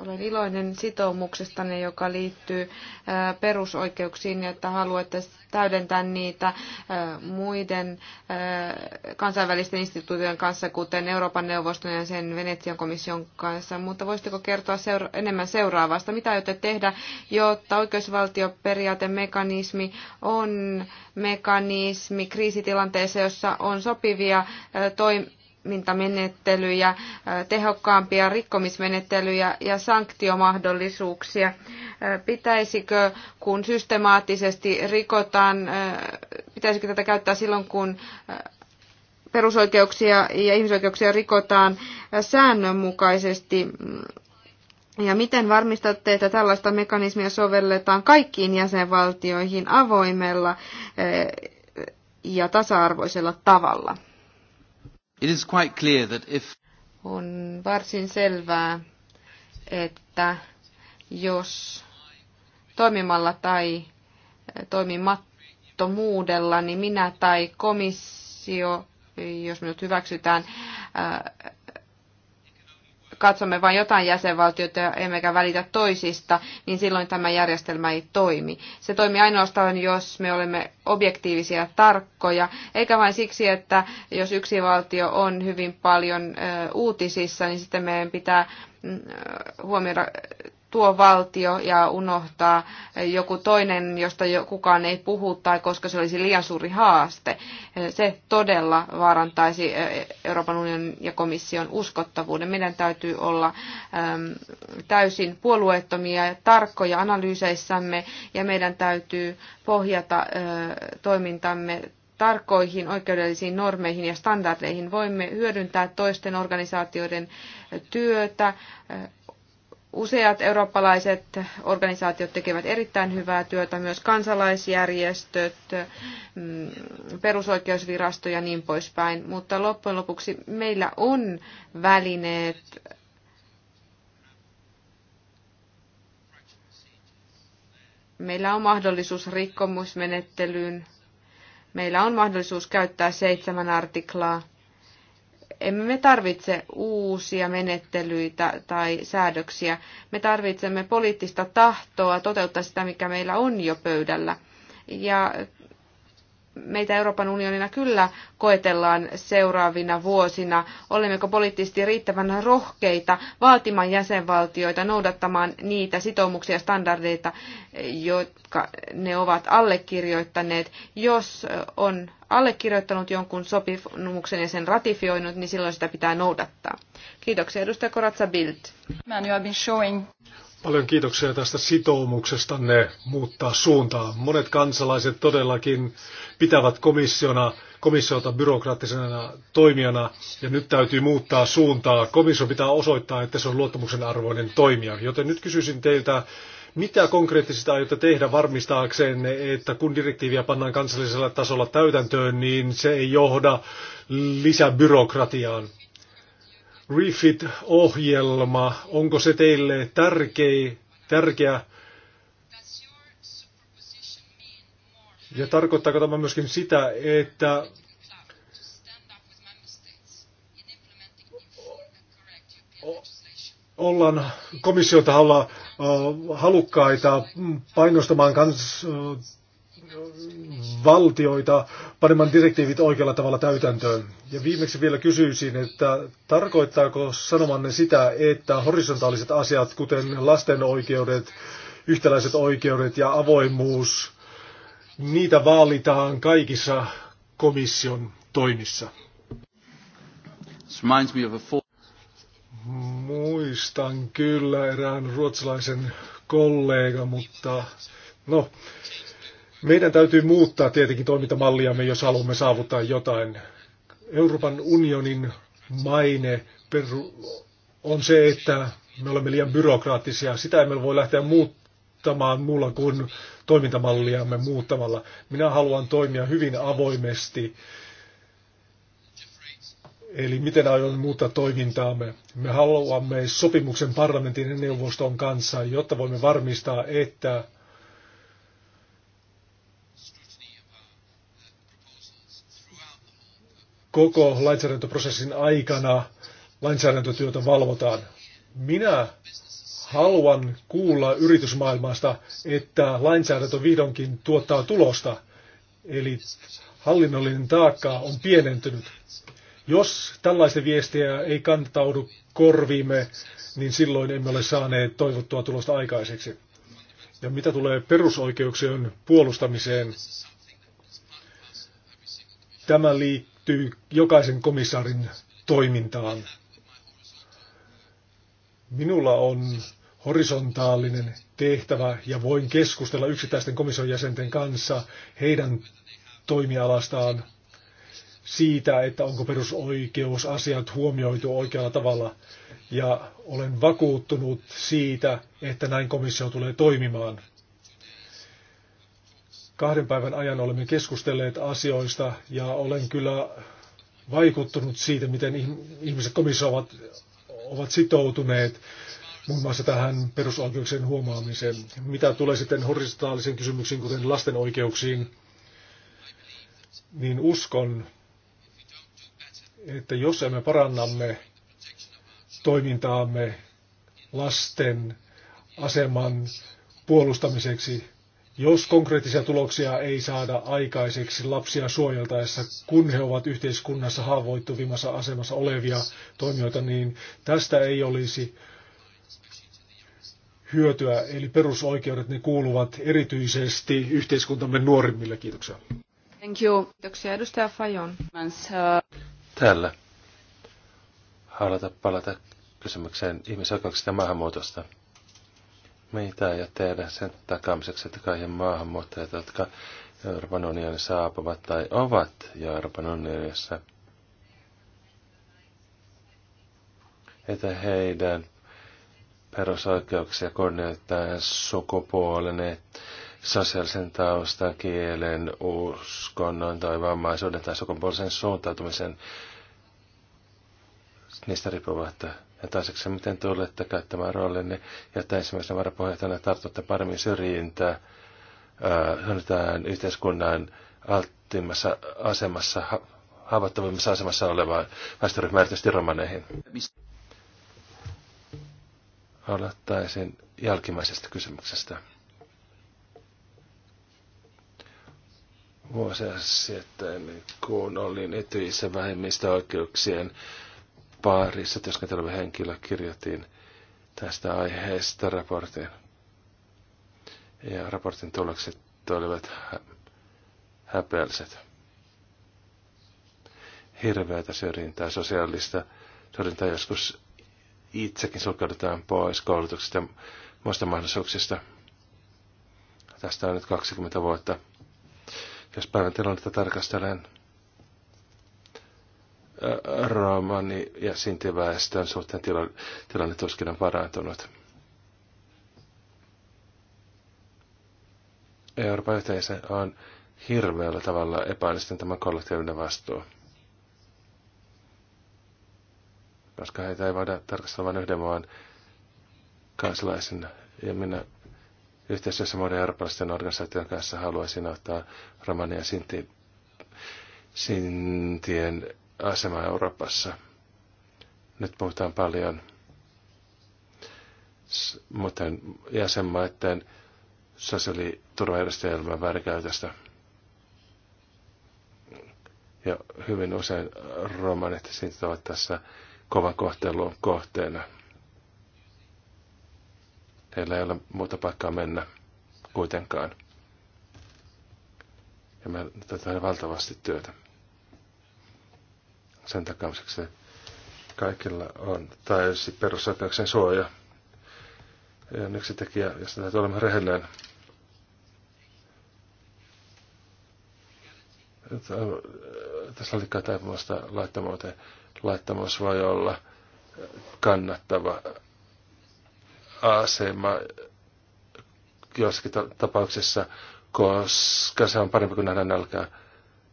Olen iloinen sitoumuksestanne, joka liittyy äh, perusoikeuksiin, että haluatte täydentää niitä äh, muiden äh, kansainvälisten instituutioiden kanssa, kuten Euroopan neuvoston ja sen Venetsian komission kanssa. Mutta voisitteko kertoa seura- enemmän seuraavasta? Mitä aiotte tehdä, jotta oikeusvaltioperiaatemekanismi on mekanismi kriisitilanteessa, jossa on sopivia toimia toimintamenettelyjä, tehokkaampia rikkomismenettelyjä ja sanktiomahdollisuuksia. Pitäisikö, kun systemaattisesti rikotaan, pitäisikö tätä käyttää silloin, kun perusoikeuksia ja ihmisoikeuksia rikotaan säännönmukaisesti ja miten varmistatte, että tällaista mekanismia sovelletaan kaikkiin jäsenvaltioihin avoimella ja tasa-arvoisella tavalla? It is quite clear that if... On varsin selvää, että jos toimimalla tai toimimattomuudella, niin minä tai komissio, jos minut hyväksytään, katsomme vain jotain jäsenvaltiota emmekä välitä toisista, niin silloin tämä järjestelmä ei toimi. Se toimii ainoastaan, jos me olemme objektiivisia ja tarkkoja, eikä vain siksi, että jos yksi valtio on hyvin paljon uutisissa, niin sitten meidän pitää mm, huomioida tuo valtio ja unohtaa joku toinen, josta kukaan ei puhu tai koska se olisi liian suuri haaste. Se todella vaarantaisi eh, Euroopan unionin ja komission uskottavuuden. Meidän täytyy olla ehm, täysin puolueettomia ja tarkkoja analyyseissämme ja meidän täytyy pohjata eh, toimintamme tarkoihin, oikeudellisiin normeihin ja standardeihin. Voimme hyödyntää toisten organisaatioiden eh, työtä, Useat eurooppalaiset organisaatiot tekevät erittäin hyvää työtä, myös kansalaisjärjestöt, mm, perusoikeusvirasto ja niin poispäin, mutta loppujen lopuksi meillä on välineet Meillä on mahdollisuus rikkomusmenettelyyn. Meillä on mahdollisuus käyttää seitsemän artiklaa. Emme me tarvitse uusia menettelyitä tai säädöksiä. Me tarvitsemme poliittista tahtoa toteuttaa sitä, mikä meillä on jo pöydällä. Ja meitä Euroopan unionina kyllä koetellaan seuraavina vuosina. Olemmeko poliittisesti riittävän rohkeita vaatimaan jäsenvaltioita noudattamaan niitä sitoumuksia ja standardeita, jotka ne ovat allekirjoittaneet, jos on allekirjoittanut jonkun sopimuksen ja sen ratifioinut, niin silloin sitä pitää noudattaa. Kiitoksia edustaja Koratsa Bild. Paljon kiitoksia tästä sitoumuksestanne muuttaa suuntaa. Monet kansalaiset todellakin pitävät komissiona, komissiota byrokraattisena toimijana ja nyt täytyy muuttaa suuntaa. Komissio pitää osoittaa, että se on luottamuksen arvoinen toimija. Joten nyt kysyisin teiltä mitä konkreettisesti aiotte tehdä varmistaakseen, että kun direktiiviä pannaan kansallisella tasolla täytäntöön, niin se ei johda lisäbyrokratiaan? Refit-ohjelma, onko se teille tärkeä, tärkeä Ja tarkoittaako tämä myöskin sitä, että ollaan komission taholla halukkaita painostamaan kans, valtioita panemaan direktiivit oikealla tavalla täytäntöön. Ja viimeksi vielä kysyisin, että tarkoittaako sanomanne sitä, että horisontaaliset asiat, kuten lasten oikeudet, yhtäläiset oikeudet ja avoimuus, niitä vaalitaan kaikissa komission toimissa? muistan kyllä erään ruotsalaisen kollega, mutta no, meidän täytyy muuttaa tietenkin toimintamalliamme, jos haluamme saavuttaa jotain. Euroopan unionin maine peru, on se, että me olemme liian byrokraattisia. Sitä emme voi lähteä muuttamaan muulla kuin toimintamalliamme muuttamalla. Minä haluan toimia hyvin avoimesti Eli miten aiomme muuttaa toimintaamme? Me haluamme sopimuksen parlamentin ja neuvoston kanssa, jotta voimme varmistaa, että koko lainsäädäntöprosessin aikana lainsäädäntötyötä valvotaan. Minä haluan kuulla yritysmaailmasta, että lainsäädäntö vihdoinkin tuottaa tulosta, eli hallinnollinen taakka on pienentynyt. Jos tällaista viestiä ei kantaudu korviimme, niin silloin emme ole saaneet toivottua tulosta aikaiseksi. Ja mitä tulee perusoikeuksien puolustamiseen, tämä liittyy jokaisen komissaarin toimintaan. Minulla on horisontaalinen tehtävä ja voin keskustella yksittäisten komission jäsenten kanssa heidän toimialastaan siitä, että onko perusoikeusasiat huomioitu oikealla tavalla. Ja olen vakuuttunut siitä, että näin komissio tulee toimimaan. Kahden päivän ajan olemme keskustelleet asioista ja olen kyllä vaikuttunut siitä, miten ihmiset komissio ovat, ovat sitoutuneet muun muassa tähän perusoikeuksien huomaamiseen. Mitä tulee sitten horisontaalisiin kysymyksiin, kuten lasten oikeuksiin, niin uskon, että jos emme parannamme toimintaamme lasten aseman puolustamiseksi, jos konkreettisia tuloksia ei saada aikaiseksi lapsia suojeltaessa, kun he ovat yhteiskunnassa haavoittuvimmassa asemassa olevia toimijoita, niin tästä ei olisi hyötyä. Eli perusoikeudet ne kuuluvat erityisesti yhteiskuntamme nuorimmille. Kiitoksia. Thank you. Kiitoksia edustaja Fajon. Uh, täällä haluta palata kysymykseen ihmisoikeuksista ja maahanmuutosta. Mitä ja tehdä sen takaamiseksi, että kaiken maahanmuuttajat, jotka Euroopan unionin saapuvat tai ovat Euroopan unionissa, että heidän perusoikeuksia kunnioittaa sukupuolen, sosiaalisen taustan, kielen, uskonnon tai vammaisuuden tai sukupuolisen suuntautumisen niistä riippuvatta. Ja toiseksi, miten tulette käyttämään roolinne, jotta ensimmäisenä varapuheenjohtajana tartutte paremmin syrjintää, sanotaan yhteiskunnan alttimmassa asemassa, ha- haavoittuvimmassa asemassa olevaan väestöryhmään, erityisesti romaneihin. Aloittaisin jälkimmäisestä kysymyksestä. vuosia sitten, kun olin etyissä vähemmistöoikeuksien parissa työskentelevä henkilö, kirjoitin tästä aiheesta raportin. Ja raportin tulokset olivat häpeälliset. Hirveätä syrjintää, sosiaalista syrjintää joskus itsekin sulkeudutaan pois koulutuksesta ja muista mahdollisuuksista. Tästä on nyt 20 vuotta jos päivän tilannetta tarkastelen romani- ja sintiväestön suhteen tilanne tuskin on parantunut. Euroopan yhteisö on hirveällä tavalla epäonnistunut tämä kollektiivinen vastuu. Koska heitä ei voida tarkastella vain yhden maan kansalaisen Ja minä yhteistyössä monen eurooppalaisten organisaation kanssa haluaisin ottaa Romania Sinti, Sintien asema Euroopassa. Nyt puhutaan paljon muuten jäsenmaiden sosiaaliturvajärjestelmän väärinkäytöstä. Ja hyvin usein romanit siitä ovat tässä kovan kohtelun kohteena – Teillä ei ole muuta paikkaa mennä kuitenkaan. Ja me tehdään valtavasti työtä sen takamiseksi, kaikilla on täysi perusoikeuksien suoja. Ja yksi tekijä, josta täytyy olemaan rehellinen. Äh, tässä oli kai taipumusta laittomuuteen. Laittomuus voi olla kannattava asema jossakin tapauksessa, koska se on parempi kuin nähdä nälkää.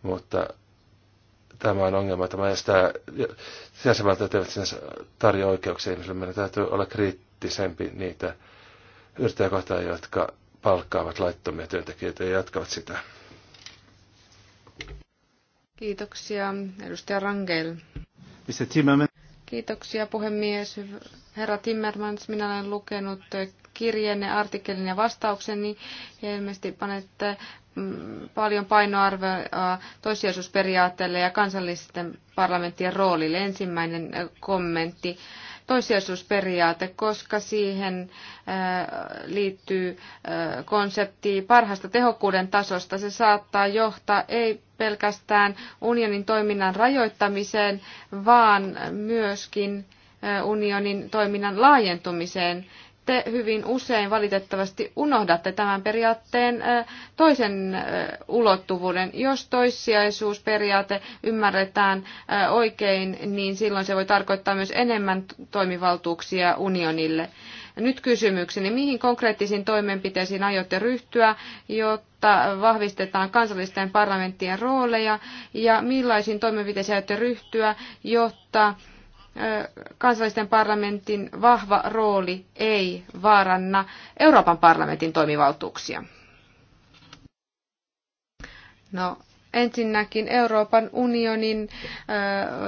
Mutta tämä on ongelma. Tämä estää, jäsenvaltiot eivät sinänsä tarjoa oikeuksia ihmisille. Meidän täytyy olla kriittisempi niitä yrittäjäkohtaa, jotka palkkaavat laittomia työntekijöitä ja jatkavat sitä. Kiitoksia. Edustaja Rangel. Mr. Timmerman. Kiitoksia puhemies. Herra Timmermans, minä olen lukenut kirjeenne, artikkelin ja vastaukseni ja ilmeisesti panette mm, paljon painoarvoa toissijaisuusperiaatteelle ja kansallisten parlamenttien roolille. Ensimmäinen kommentti toissijaisuusperiaate, koska siihen äh, liittyy äh, konsepti parhaasta tehokkuuden tasosta. Se saattaa johtaa ei pelkästään unionin toiminnan rajoittamiseen, vaan myöskin äh, unionin toiminnan laajentumiseen te hyvin usein valitettavasti unohdatte tämän periaatteen toisen ulottuvuuden. Jos toissijaisuusperiaate ymmärretään oikein, niin silloin se voi tarkoittaa myös enemmän toimivaltuuksia unionille. Nyt kysymykseni, mihin konkreettisiin toimenpiteisiin aiotte ryhtyä, jotta vahvistetaan kansallisten parlamenttien rooleja ja millaisiin toimenpiteisiin aiotte ryhtyä, jotta kansallisten parlamentin vahva rooli ei vaaranna Euroopan parlamentin toimivaltuuksia. No, ensinnäkin Euroopan unionin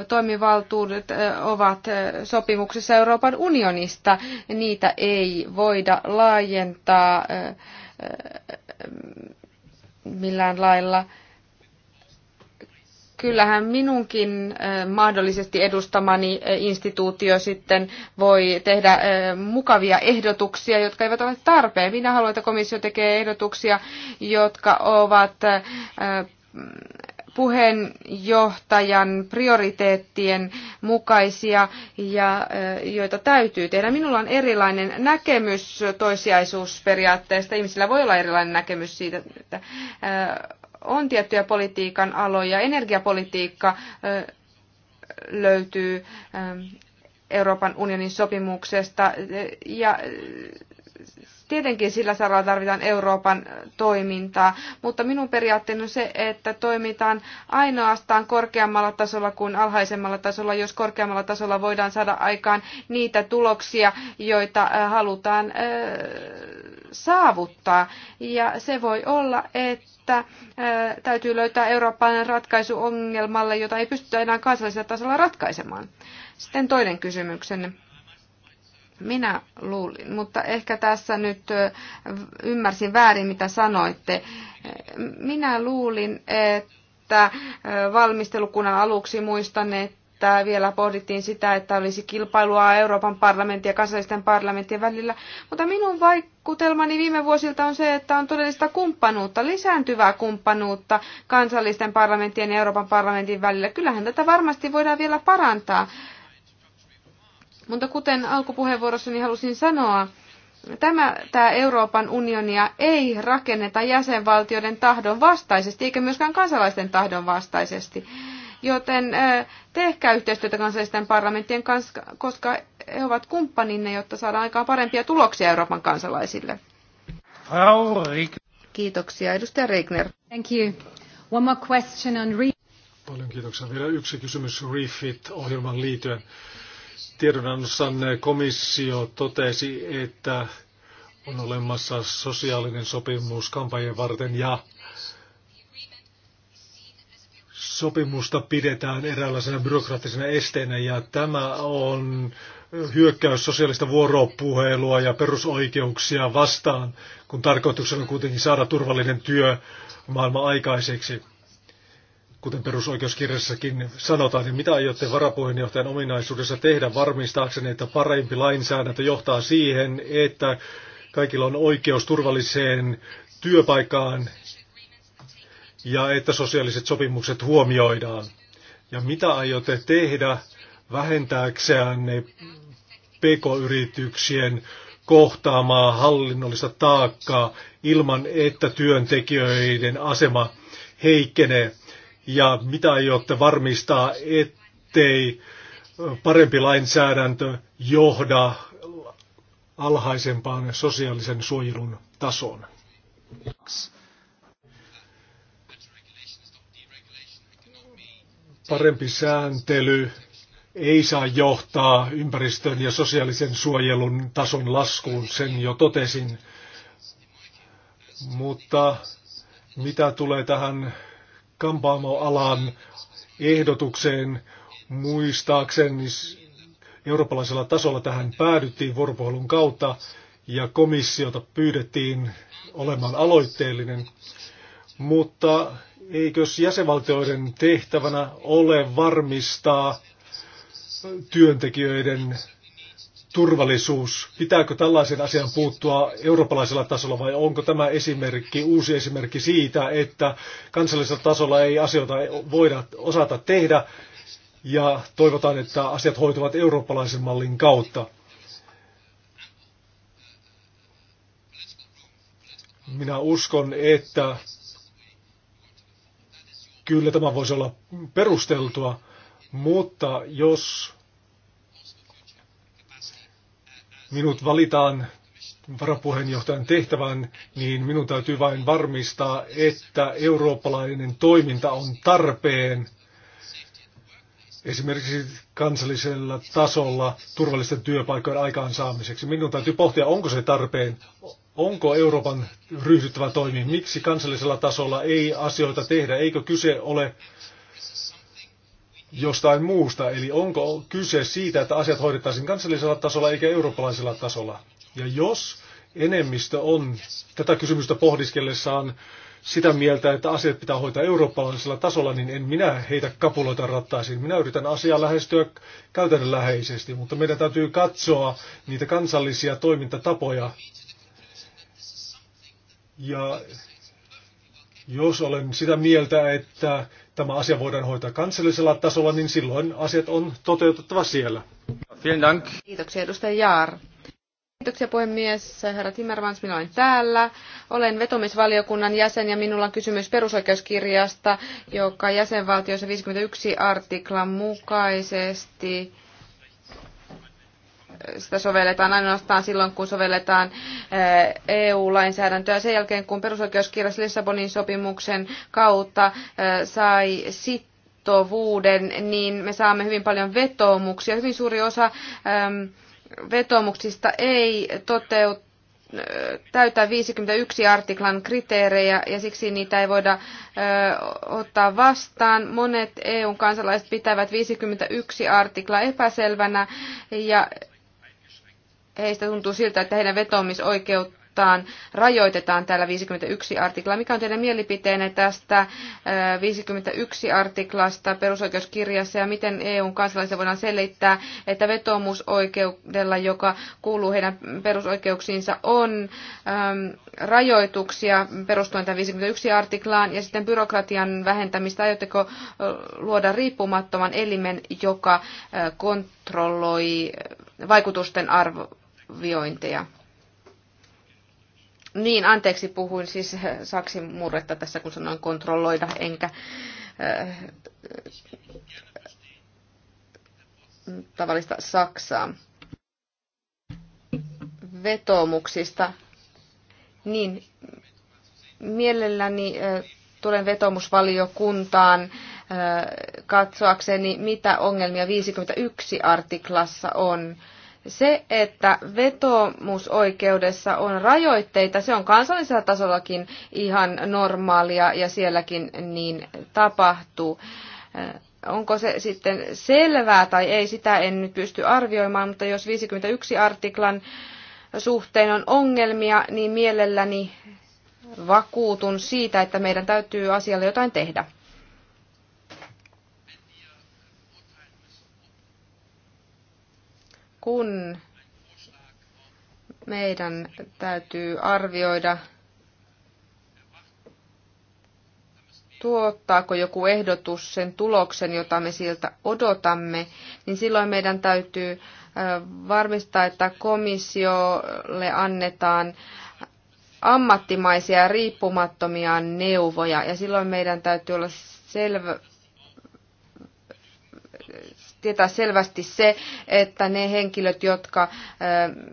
toimivaltuudet ovat sopimuksessa Euroopan unionista. Niitä ei voida laajentaa millään lailla kyllähän minunkin mahdollisesti edustamani instituutio sitten voi tehdä mukavia ehdotuksia, jotka eivät ole tarpeen. Minä haluan, että komissio tekee ehdotuksia, jotka ovat puheenjohtajan prioriteettien mukaisia ja joita täytyy tehdä. Minulla on erilainen näkemys toisiaisuusperiaatteesta. Ihmisillä voi olla erilainen näkemys siitä, että on tiettyjä politiikan aloja. Energiapolitiikka löytyy Euroopan unionin sopimuksesta ja Tietenkin sillä saralla tarvitaan Euroopan toimintaa, mutta minun periaatteeni on se, että toimitaan ainoastaan korkeammalla tasolla kuin alhaisemmalla tasolla, jos korkeammalla tasolla voidaan saada aikaan niitä tuloksia, joita äh, halutaan äh, saavuttaa. Ja se voi olla, että äh, täytyy löytää eurooppalainen ratkaisu ongelmalle, jota ei pystytä enää kansallisella tasolla ratkaisemaan. Sitten toinen kysymyksenne minä luulin, mutta ehkä tässä nyt ymmärsin väärin, mitä sanoitte. Minä luulin, että valmistelukunnan aluksi muistan, että vielä pohdittiin sitä, että olisi kilpailua Euroopan parlamentin ja kansallisten parlamenttien välillä. Mutta minun vaikutelmani viime vuosilta on se, että on todellista kumppanuutta, lisääntyvää kumppanuutta kansallisten parlamenttien ja Euroopan parlamentin välillä. Kyllähän tätä varmasti voidaan vielä parantaa mutta kuten alkupuheenvuorossani halusin sanoa, tämä, tämä Euroopan unionia ei rakenneta jäsenvaltioiden tahdon vastaisesti, eikä myöskään kansalaisten tahdon vastaisesti. Joten tehkää yhteistyötä kansallisten parlamenttien kanssa, koska he ovat kumppaninne, jotta saadaan aikaan parempia tuloksia Euroopan kansalaisille. Kiitoksia. Edustaja Reikner. Thank you. One more question on Re- Paljon kiitoksia. Vielä yksi kysymys Refit-ohjelman liittyen tiedonannossanne komissio totesi, että on olemassa sosiaalinen sopimus kampanjan varten ja sopimusta pidetään eräänlaisena byrokraattisena esteenä ja tämä on hyökkäys sosiaalista vuoropuhelua ja perusoikeuksia vastaan, kun tarkoituksena on kuitenkin saada turvallinen työ maailma aikaiseksi kuten perusoikeuskirjassakin sanotaan, niin mitä aiotte varapuheenjohtajan ominaisuudessa tehdä varmistaakseni, että parempi lainsäädäntö johtaa siihen, että kaikilla on oikeus turvalliseen työpaikkaan ja että sosiaaliset sopimukset huomioidaan? Ja mitä aiotte tehdä vähentääkseen ne pk-yrityksien kohtaamaa hallinnollista taakkaa ilman, että työntekijöiden asema heikkenee? ja mitä aiotte varmistaa, ettei parempi lainsäädäntö johda alhaisempaan sosiaalisen suojelun tasoon. Parempi sääntely ei saa johtaa ympäristön ja sosiaalisen suojelun tason laskuun, sen jo totesin. Mutta mitä tulee tähän kampaamoalan ehdotukseen muistaakseni eurooppalaisella tasolla tähän päädyttiin vuoropuhelun kautta ja komissiota pyydettiin olemaan aloitteellinen. Mutta eikös jäsenvaltioiden tehtävänä ole varmistaa työntekijöiden turvallisuus. Pitääkö tällaisen asian puuttua eurooppalaisella tasolla vai onko tämä esimerkki, uusi esimerkki siitä, että kansallisella tasolla ei asioita voida osata tehdä ja toivotaan, että asiat hoituvat eurooppalaisen mallin kautta. Minä uskon, että kyllä tämä voisi olla perusteltua, mutta jos minut valitaan varapuheenjohtajan tehtävään, niin minun täytyy vain varmistaa, että eurooppalainen toiminta on tarpeen esimerkiksi kansallisella tasolla turvallisten työpaikkojen aikaansaamiseksi. Minun täytyy pohtia, onko se tarpeen, onko Euroopan ryhdyttävä toimi, miksi kansallisella tasolla ei asioita tehdä, eikö kyse ole jostain muusta. Eli onko kyse siitä, että asiat hoidettaisiin kansallisella tasolla eikä eurooppalaisella tasolla? Ja jos enemmistö on tätä kysymystä pohdiskellessaan sitä mieltä, että asiat pitää hoitaa eurooppalaisella tasolla, niin en minä heitä kapuloita rattaisiin. Minä yritän asiaa lähestyä käytännönläheisesti, mutta meidän täytyy katsoa niitä kansallisia toimintatapoja. Ja jos olen sitä mieltä, että tämä asia voidaan hoitaa kansallisella tasolla, niin silloin asiat on toteutettava siellä. Kiitoksia edustaja Jaar. Kiitoksia puhemies. Herra Timmermans, minä olen täällä. Olen vetomisvaliokunnan jäsen ja minulla on kysymys perusoikeuskirjasta, joka jäsenvaltiossa 51 artiklan mukaisesti sitä sovelletaan ainoastaan silloin, kun sovelletaan EU-lainsäädäntöä. Eh, e Sen jälkeen, kun perusoikeuskirjas Lissabonin sopimuksen kautta eh, sai sitovuuden, niin me saamme hyvin paljon vetoomuksia. Hyvin suuri osa ehm, vetoomuksista ei toteut eh, täytä 51 artiklan kriteerejä ja siksi niitä ei voida ottaa vastaan. Monet eu kansalaiset pitävät 51 artiklaa epäselvänä ja heistä tuntuu siltä, että heidän vetoamisoikeuttaan rajoitetaan täällä 51 artiklaa. Mikä on teidän mielipiteenne tästä 51 äh, artiklasta perusoikeuskirjassa ja miten EUn kansalaisia voidaan selittää, että vetoomusoikeudella, joka kuuluu heidän perusoikeuksiinsa, on ähm, rajoituksia perustuen tämän 51 artiklaan ja sitten byrokratian vähentämistä. Aiotteko äh, luoda riippumattoman elimen, joka äh, kontrolloi vaikutusten arvo, arviointeja. Niin, anteeksi, puhuin siis eh, saksin murretta tässä, kun sanoin kontrolloida, enkä äh, tavallista Saksaa. Vetoomuksista. Niin, mielelläni äh, tulen vetomusvaliokuntaan äh, katsoakseni, mitä ongelmia 51 artiklassa on. Äh, se, että vetomusoikeudessa on rajoitteita, se on kansallisella tasollakin ihan normaalia ja sielläkin niin tapahtuu onko se sitten selvää tai ei, sitä en nyt pysty arvioimaan, mutta jos 51 artiklan suhteen on ongelmia, niin mielelläni vakuutun siitä, että meidän täytyy asialle jotain tehdä. kun meidän täytyy arvioida, tuottaako joku ehdotus sen tuloksen, jota me siltä odotamme, niin silloin meidän täytyy varmistaa, että komissiolle annetaan ammattimaisia riippumattomia neuvoja. Ja silloin meidän täytyy olla selvä, tietää selvästi se, että ne henkilöt, jotka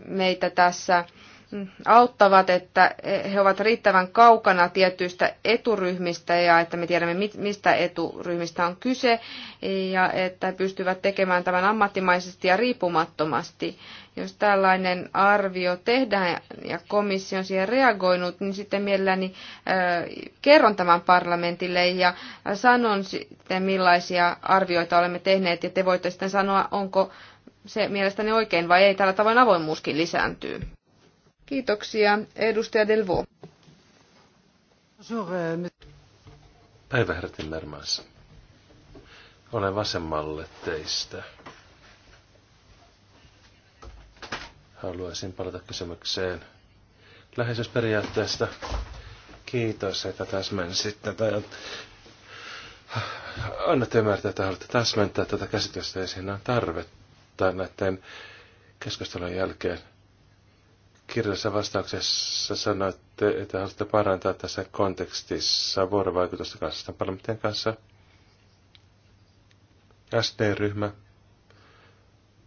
meitä tässä mm, auttavat, että e, he ovat riittävän kaukana tietyistä eturyhmistä ja että me tiedämme, mistä eturyhmistä on kyse ja että pystyvät tekemään tämän ammattimaisesti ja riippumattomasti. Jos tällainen arvio tehdään ja komissio on siihen reagoinut, niin sitten mielelläni kerron tämän parlamentille ja sanon sitten millaisia arvioita olemme tehneet ja te voitte sitten sanoa, onko se mielestäni oikein vai ei. Tällä tavoin avoimuuskin lisääntyy. Kiitoksia. Edustaja Delvo. Euh, Päivä herra Olen vasemmalle teistä. haluaisin palata kysymykseen läheisyysperiaatteesta. Kiitos, että täsmensitte. Tai annatte ymmärtää, että haluatte täsmentää tätä käsitystä ja siinä on tarvetta näiden keskustelun jälkeen. Kirjallisessa vastauksessa sanoitte, että haluatte parantaa tässä kontekstissa vuorovaikutusta kanssa parlamentin kanssa. SD-ryhmä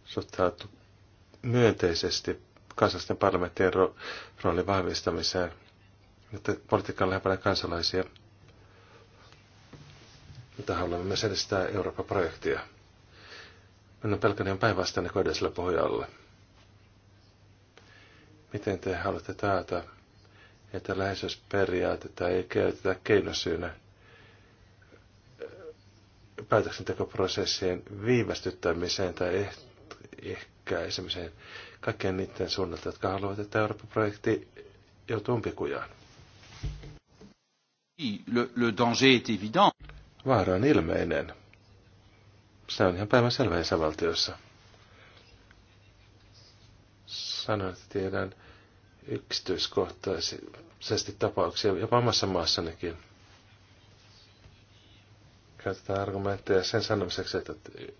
suhtautuu myönteisesti kansallisten parlamenttien ro- roolin vahvistamiseen, että politiikka on lähempänä kansalaisia. mitä haluamme myös edistää Euroopan projektia. Mennään pelkäni on päinvastainen kuin edellisellä pohjalla. Miten te haluatte taata, että läheisyysperiaatetta ei käytetä keinosyynä päätöksentekoprosessien viivästyttämiseen tai ehkä ehkäisemiseen kaikkien niiden suunnalta, jotka haluavat, että Euroopan projekti joutuu umpikujaan. Le, le danger est évident. Vaara on ilmeinen. Se on ihan selvä isävaltiossa. Sanoin, että tiedän yksityiskohtaisesti tapauksia, jopa omassa maassanikin. Käytetään argumentteja sen sanomiseksi, että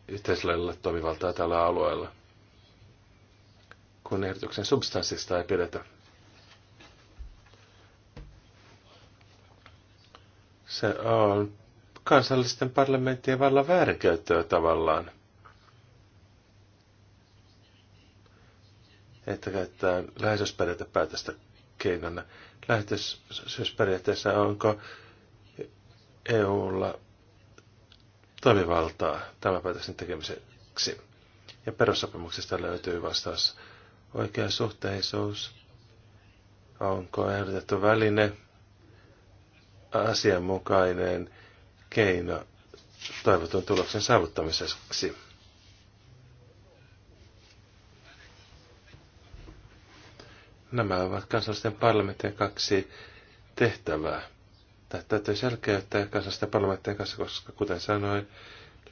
yhteisöllä ei ole toimivaltaa tällä alueella kun ehdotuksen substanssista ei pidetä. Se on kansallisten parlamenttien vallan väärinkäyttöä tavallaan. Että käyttää päätöstä keinona. Lähetysperiaatteessa onko EUlla toimivaltaa tämän päätöksen tekemiseksi. Ja perussopimuksesta löytyy vastaus oikea suhteisuus, onko ehdotettu väline asianmukainen keino toivotun tuloksen saavuttamiseksi. Nämä ovat kansallisten parlamenttien kaksi tehtävää. Tätä täytyy selkeyttää kansallisten parlamenttien kanssa, koska kuten sanoin,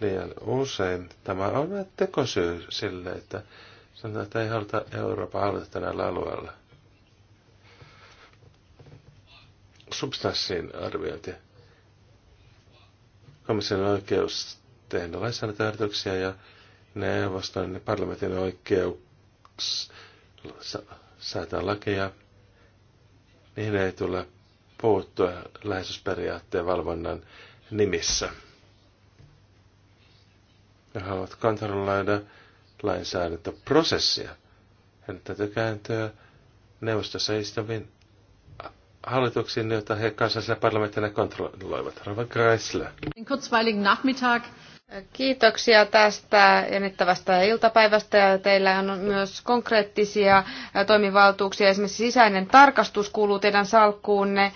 liian usein tämä on tekosyy sille, että Sanotaan, että ei haluta Euroopan hallita tällä alueella. Substanssin arviointi. Komission oikeus tehdä lainsäädäntöehdotuksia ja neuvoston ja parlamentin oikeus säätää lakeja. Niihin ei tule puuttua läheisyysperiaatteen valvonnan nimissä. Ja haluat kontrolloida lainsäädäntöprosessia. Hän täytyy kääntyä neuvostossa istuviin hallituksiin, joita he kansallisella parlamenttina kontrolloivat. kurzweiligen Kreisler. Kiitoksia tästä jännittävästä iltapäivästä ja teillä on myös konkreettisia toimivaltuuksia. Esimerkiksi sisäinen tarkastus kuuluu teidän salkkuunne.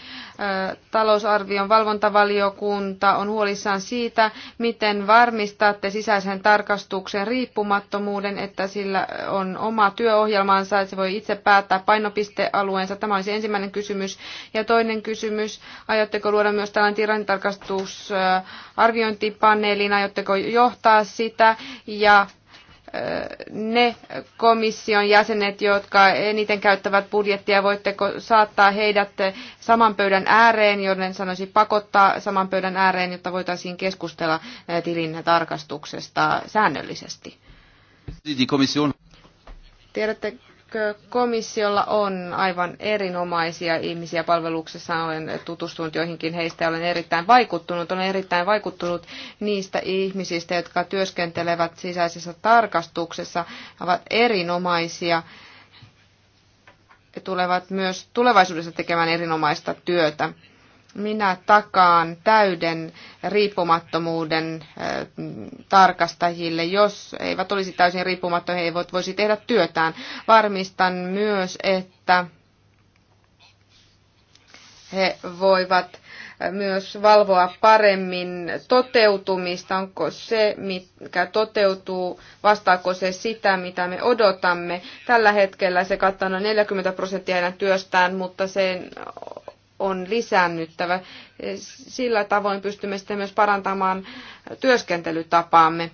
Talousarvion valvontavaliokunta on huolissaan siitä, miten varmistatte sisäisen tarkastuksen riippumattomuuden, että sillä on oma työohjelmansa, että se voi itse päättää painopistealueensa. Tämä olisi ensimmäinen kysymys. Ja toinen kysymys, aiotteko luoda myös tällainen tilantarkastusarviointipaneelin, aiotteko voimmeko johtaa sitä ja ne komission jäsenet, jotka eniten käyttävät budjettia, voitteko saattaa heidät saman pöydän ääreen, joiden sanoisi pakottaa saman pöydän ääreen, jotta voitaisiin keskustella tilin tarkastuksesta säännöllisesti? Tiedätte komissiolla on aivan erinomaisia ihmisiä palveluksessa. Olen tutustunut joihinkin heistä olen erittäin vaikuttunut. Olen erittäin vaikuttunut niistä ihmisistä, jotka työskentelevät sisäisessä tarkastuksessa. He ovat erinomaisia ja tulevat myös tulevaisuudessa tekemään erinomaista työtä minä takaan täyden riippumattomuuden tarkastajille. Jos eivät olisi täysin riippumattomia, he eivät voisi tehdä työtään. Varmistan myös, että he voivat myös valvoa paremmin toteutumista, onko se, mikä toteutuu, vastaako se sitä, mitä me odotamme. Tällä hetkellä se kattaa noin 40 prosenttia heidän työstään, mutta sen on lisännyttävä. Sillä tavoin pystymme sitten myös parantamaan työskentelytapaamme.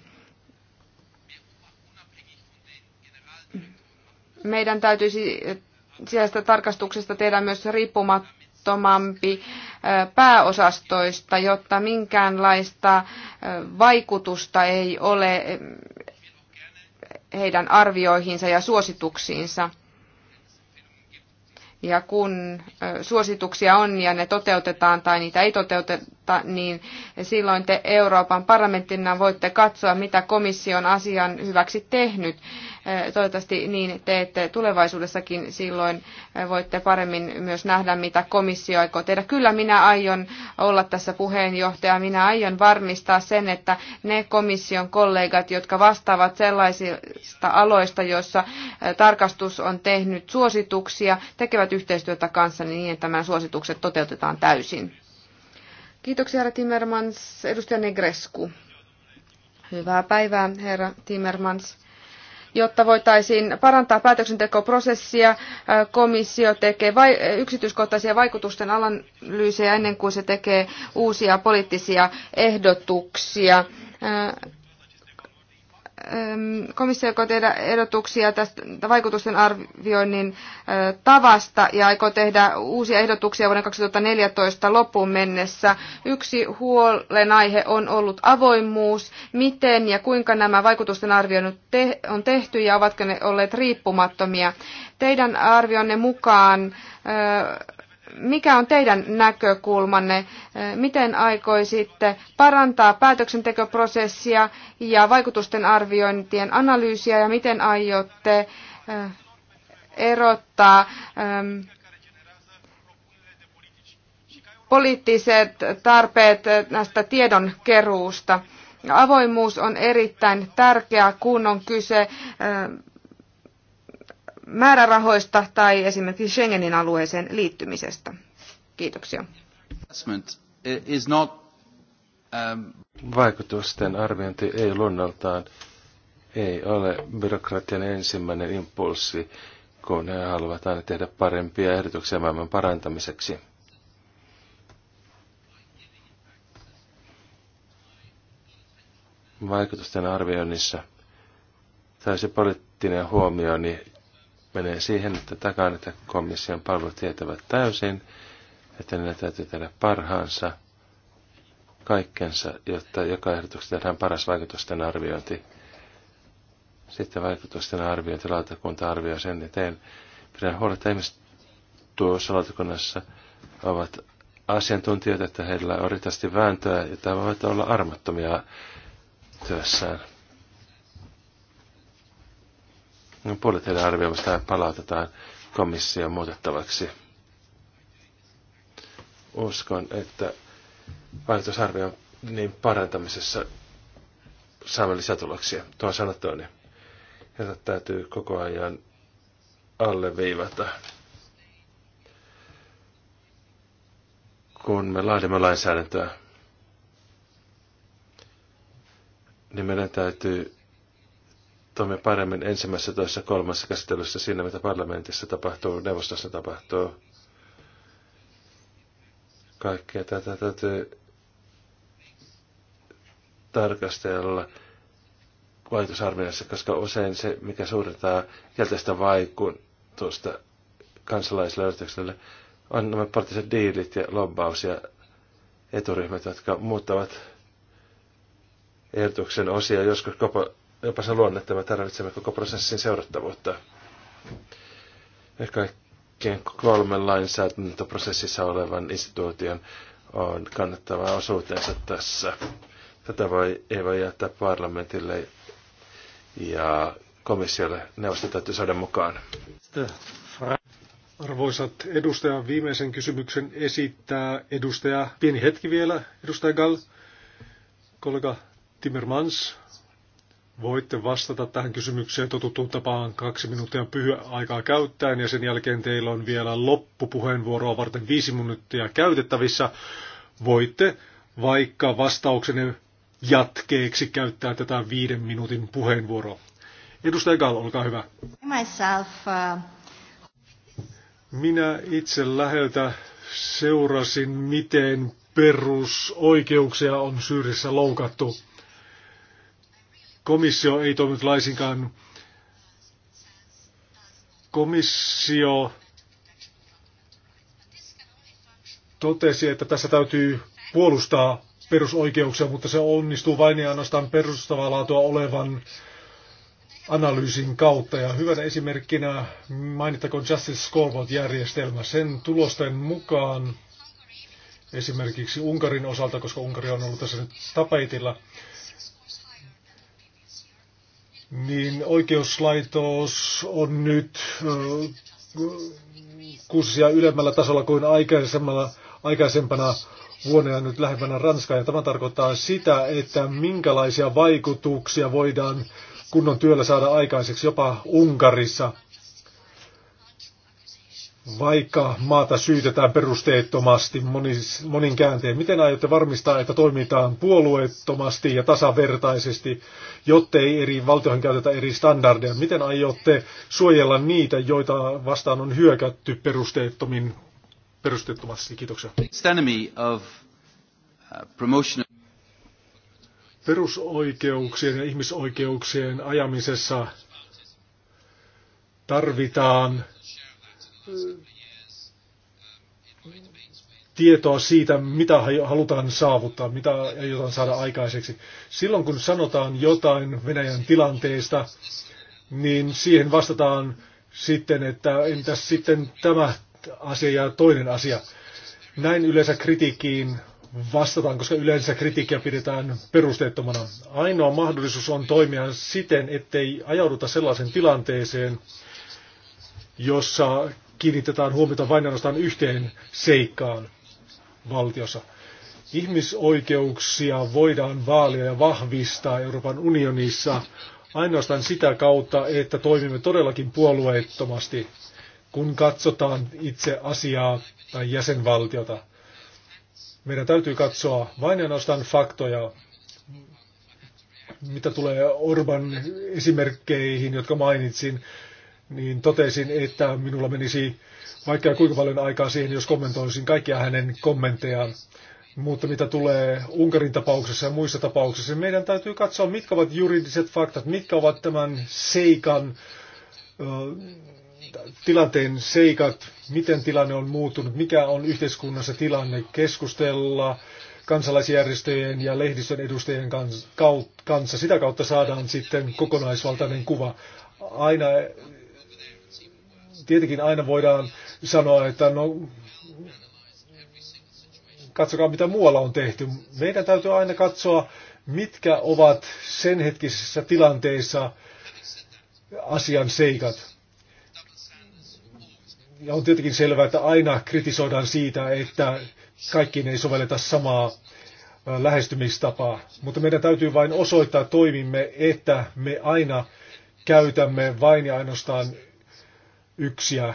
Meidän täytyisi sieltä tarkastuksesta tehdä myös riippumattomampi pääosastoista, jotta minkäänlaista vaikutusta ei ole heidän arvioihinsa ja suosituksiinsa. Ja kun suosituksia on ja ne toteutetaan tai niitä ei toteuteta, vuotta, niin silloin te Euroopan parlamenttina voitte katsoa, mitä komissio on asian hyväksi tehnyt. Eh, toivottavasti niin teette tulevaisuudessakin silloin eh, voitte paremmin myös nähdä, mitä komissio aikoo tehdä. Kyllä minä aion olla tässä puheenjohtaja. Minä aion varmistaa sen, että ne komission kollegat, jotka vastaavat sellaisista aloista, joissa eh, tarkastus on tehnyt suosituksia, tekevät yhteistyötä kanssa niin, että nämä suositukset toteutetaan täysin. Kiitoksia, herra Timmermans. Edustaja Negrescu. Hyvää päivää, herra Timmermans. Jotta voitaisiin parantaa päätöksentekoprosessia, komissio tekee vai- yksityiskohtaisia vaikutusten analyysejä ennen kuin se tekee uusia poliittisia ehdotuksia komissio aikoo tehdä ehdotuksia tästä vaikutusten arvioinnin tavasta ja aikoo tehdä uusia ehdotuksia vuoden 2014 loppuun mennessä. Yksi huolenaihe on ollut avoimuus, miten ja kuinka nämä vaikutusten arvioinnit on tehty ja ovatko ne olleet riippumattomia. Teidän arvionne mukaan mikä on teidän näkökulmanne? Eh, miten aikoisitte parantaa päätöksentekoprosessia ja vaikutusten arviointien analyysiä ja miten aiotte eh, erottaa ehm, poliittiset tarpeet eh, näistä tiedon keruusta? Avoimuus on erittäin tärkeä kun on kyse määrärahoista tai esimerkiksi Schengenin alueeseen liittymisestä. Kiitoksia. Um, Vaikutusten arviointi ei luonnoltaan ei ole byrokratian ensimmäinen impulssi, kun he haluavat aina tehdä parempia ehdotuksia maailman parantamiseksi. Vaikutusten arvioinnissa täysi poliittinen niin menee siihen, että takaan, että komission palvelut tietävät täysin, että ne täytyy tehdä parhaansa, kaikkensa, jotta joka ehdotuksessa tehdään paras vaikutusten arviointi. Sitten vaikutusten arviointi, lautakunta arvioi sen eteen. Niin Pidän huolta, että ihmiset tuossa lautakunnassa ovat asiantuntijoita, että heillä on riittävästi vääntöä, että he voivat olla armottomia työssään. No, puolet heidän arvioimasta palautetaan komission muutettavaksi. Uskon, että vaikutusarvion niin parantamisessa saamme lisätuloksia. Tuo on sanottuani. Niin Jota täytyy koko ajan alleviivata. Kun me laadimme lainsäädäntöä, niin meidän täytyy toimia paremmin ensimmäisessä, toisessa, kolmassa käsittelyssä siinä, mitä parlamentissa tapahtuu, neuvostossa tapahtuu. Kaikkea tätä täytyy tarkastella vaikutusarvioissa, koska usein se, mikä suurentaa kielteistä vaikutusta kansalaisille on nämä poliittiset diilit ja lobbaus ja eturyhmät, jotka muuttavat ehdotuksen osia joskus koko jopa luonne, että me tarvitsemme koko prosessin seurattavuutta. Ehkä kaikkien kolmen lainsäädäntöprosessissa olevan instituution on kannattava osuutensa tässä. Tätä voi, ei voi jättää parlamentille ja komissiolle. Neuvosto täytyy saada mukaan. Arvoisat edustajan viimeisen kysymyksen esittää edustaja, pieni hetki vielä, edustaja Gall, kollega Timmermans, Voitte vastata tähän kysymykseen totuttuun tapaan kaksi minuuttia pyhä aikaa käyttäen ja sen jälkeen teillä on vielä loppupuheenvuoroa varten viisi minuuttia käytettävissä. Voitte vaikka vastauksenne jatkeeksi käyttää tätä viiden minuutin puheenvuoroa. Edustaja Gall, olkaa hyvä. Myself, uh... Minä itse läheltä seurasin, miten perusoikeuksia on Syyrissä loukattu komissio ei toiminut laisinkaan. Komissio totesi, että tässä täytyy puolustaa perusoikeuksia, mutta se onnistuu vain ja ainoastaan perustavaa laatua olevan analyysin kautta. Ja hyvänä esimerkkinä mainittakoon Justice Scoreboard-järjestelmä. Sen tulosten mukaan esimerkiksi Unkarin osalta, koska Unkari on ollut tässä nyt tapetilla, niin oikeuslaitos on nyt kurssia ylemmällä tasolla kuin aikaisemmalla, aikaisempana vuonna nyt lähempänä Ranskaa. Ja tämä tarkoittaa sitä, että minkälaisia vaikutuksia voidaan kunnon työllä saada aikaiseksi jopa Unkarissa – vaikka maata syytetään perusteettomasti monin, käänteen. Miten aiotte varmistaa, että toimitaan puolueettomasti ja tasavertaisesti, jottei eri valtioihin käytetä eri standardeja? Miten aiotte suojella niitä, joita vastaan on hyökätty perusteettomin, perusteettomasti? Kiitoksia. Uh, Perusoikeuksien ja ihmisoikeuksien ajamisessa tarvitaan Mm. tietoa siitä, mitä halutaan saavuttaa, mitä aiotaan saada aikaiseksi. Silloin kun sanotaan jotain Venäjän tilanteesta, niin siihen vastataan sitten, että entäs sitten tämä asia ja toinen asia. Näin yleensä kritiikkiin vastataan, koska yleensä kritiikkiä pidetään perusteettomana. Ainoa mahdollisuus on toimia siten, ettei ajauduta sellaisen tilanteeseen, jossa kiinnitetään huomiota vain ainoastaan yhteen seikkaan valtiossa. Ihmisoikeuksia voidaan vaalia ja vahvistaa Euroopan unionissa ainoastaan sitä kautta, että toimimme todellakin puolueettomasti, kun katsotaan itse asiaa tai jäsenvaltiota. Meidän täytyy katsoa vain ainoastaan faktoja, mitä tulee Orban esimerkkeihin, jotka mainitsin niin totesin, että minulla menisi vaikka kuinka paljon aikaa siihen, jos kommentoisin kaikkia hänen kommenttejaan. Mutta mitä tulee Unkarin tapauksessa ja muissa tapauksissa, niin meidän täytyy katsoa, mitkä ovat juridiset faktat, mitkä ovat tämän seikan, tilanteen seikat, miten tilanne on muuttunut, mikä on yhteiskunnassa tilanne, keskustella kansalaisjärjestöjen ja lehdistön edustajien kanssa. Sitä kautta saadaan sitten kokonaisvaltainen kuva. Aina tietenkin aina voidaan sanoa, että no, katsokaa mitä muualla on tehty. Meidän täytyy aina katsoa, mitkä ovat sen hetkisessä tilanteessa asian seikat. Ja on tietenkin selvää, että aina kritisoidaan siitä, että kaikkiin ei sovelleta samaa lähestymistapaa. Mutta meidän täytyy vain osoittaa toimimme, että me aina käytämme vain ja ainoastaan yksi ja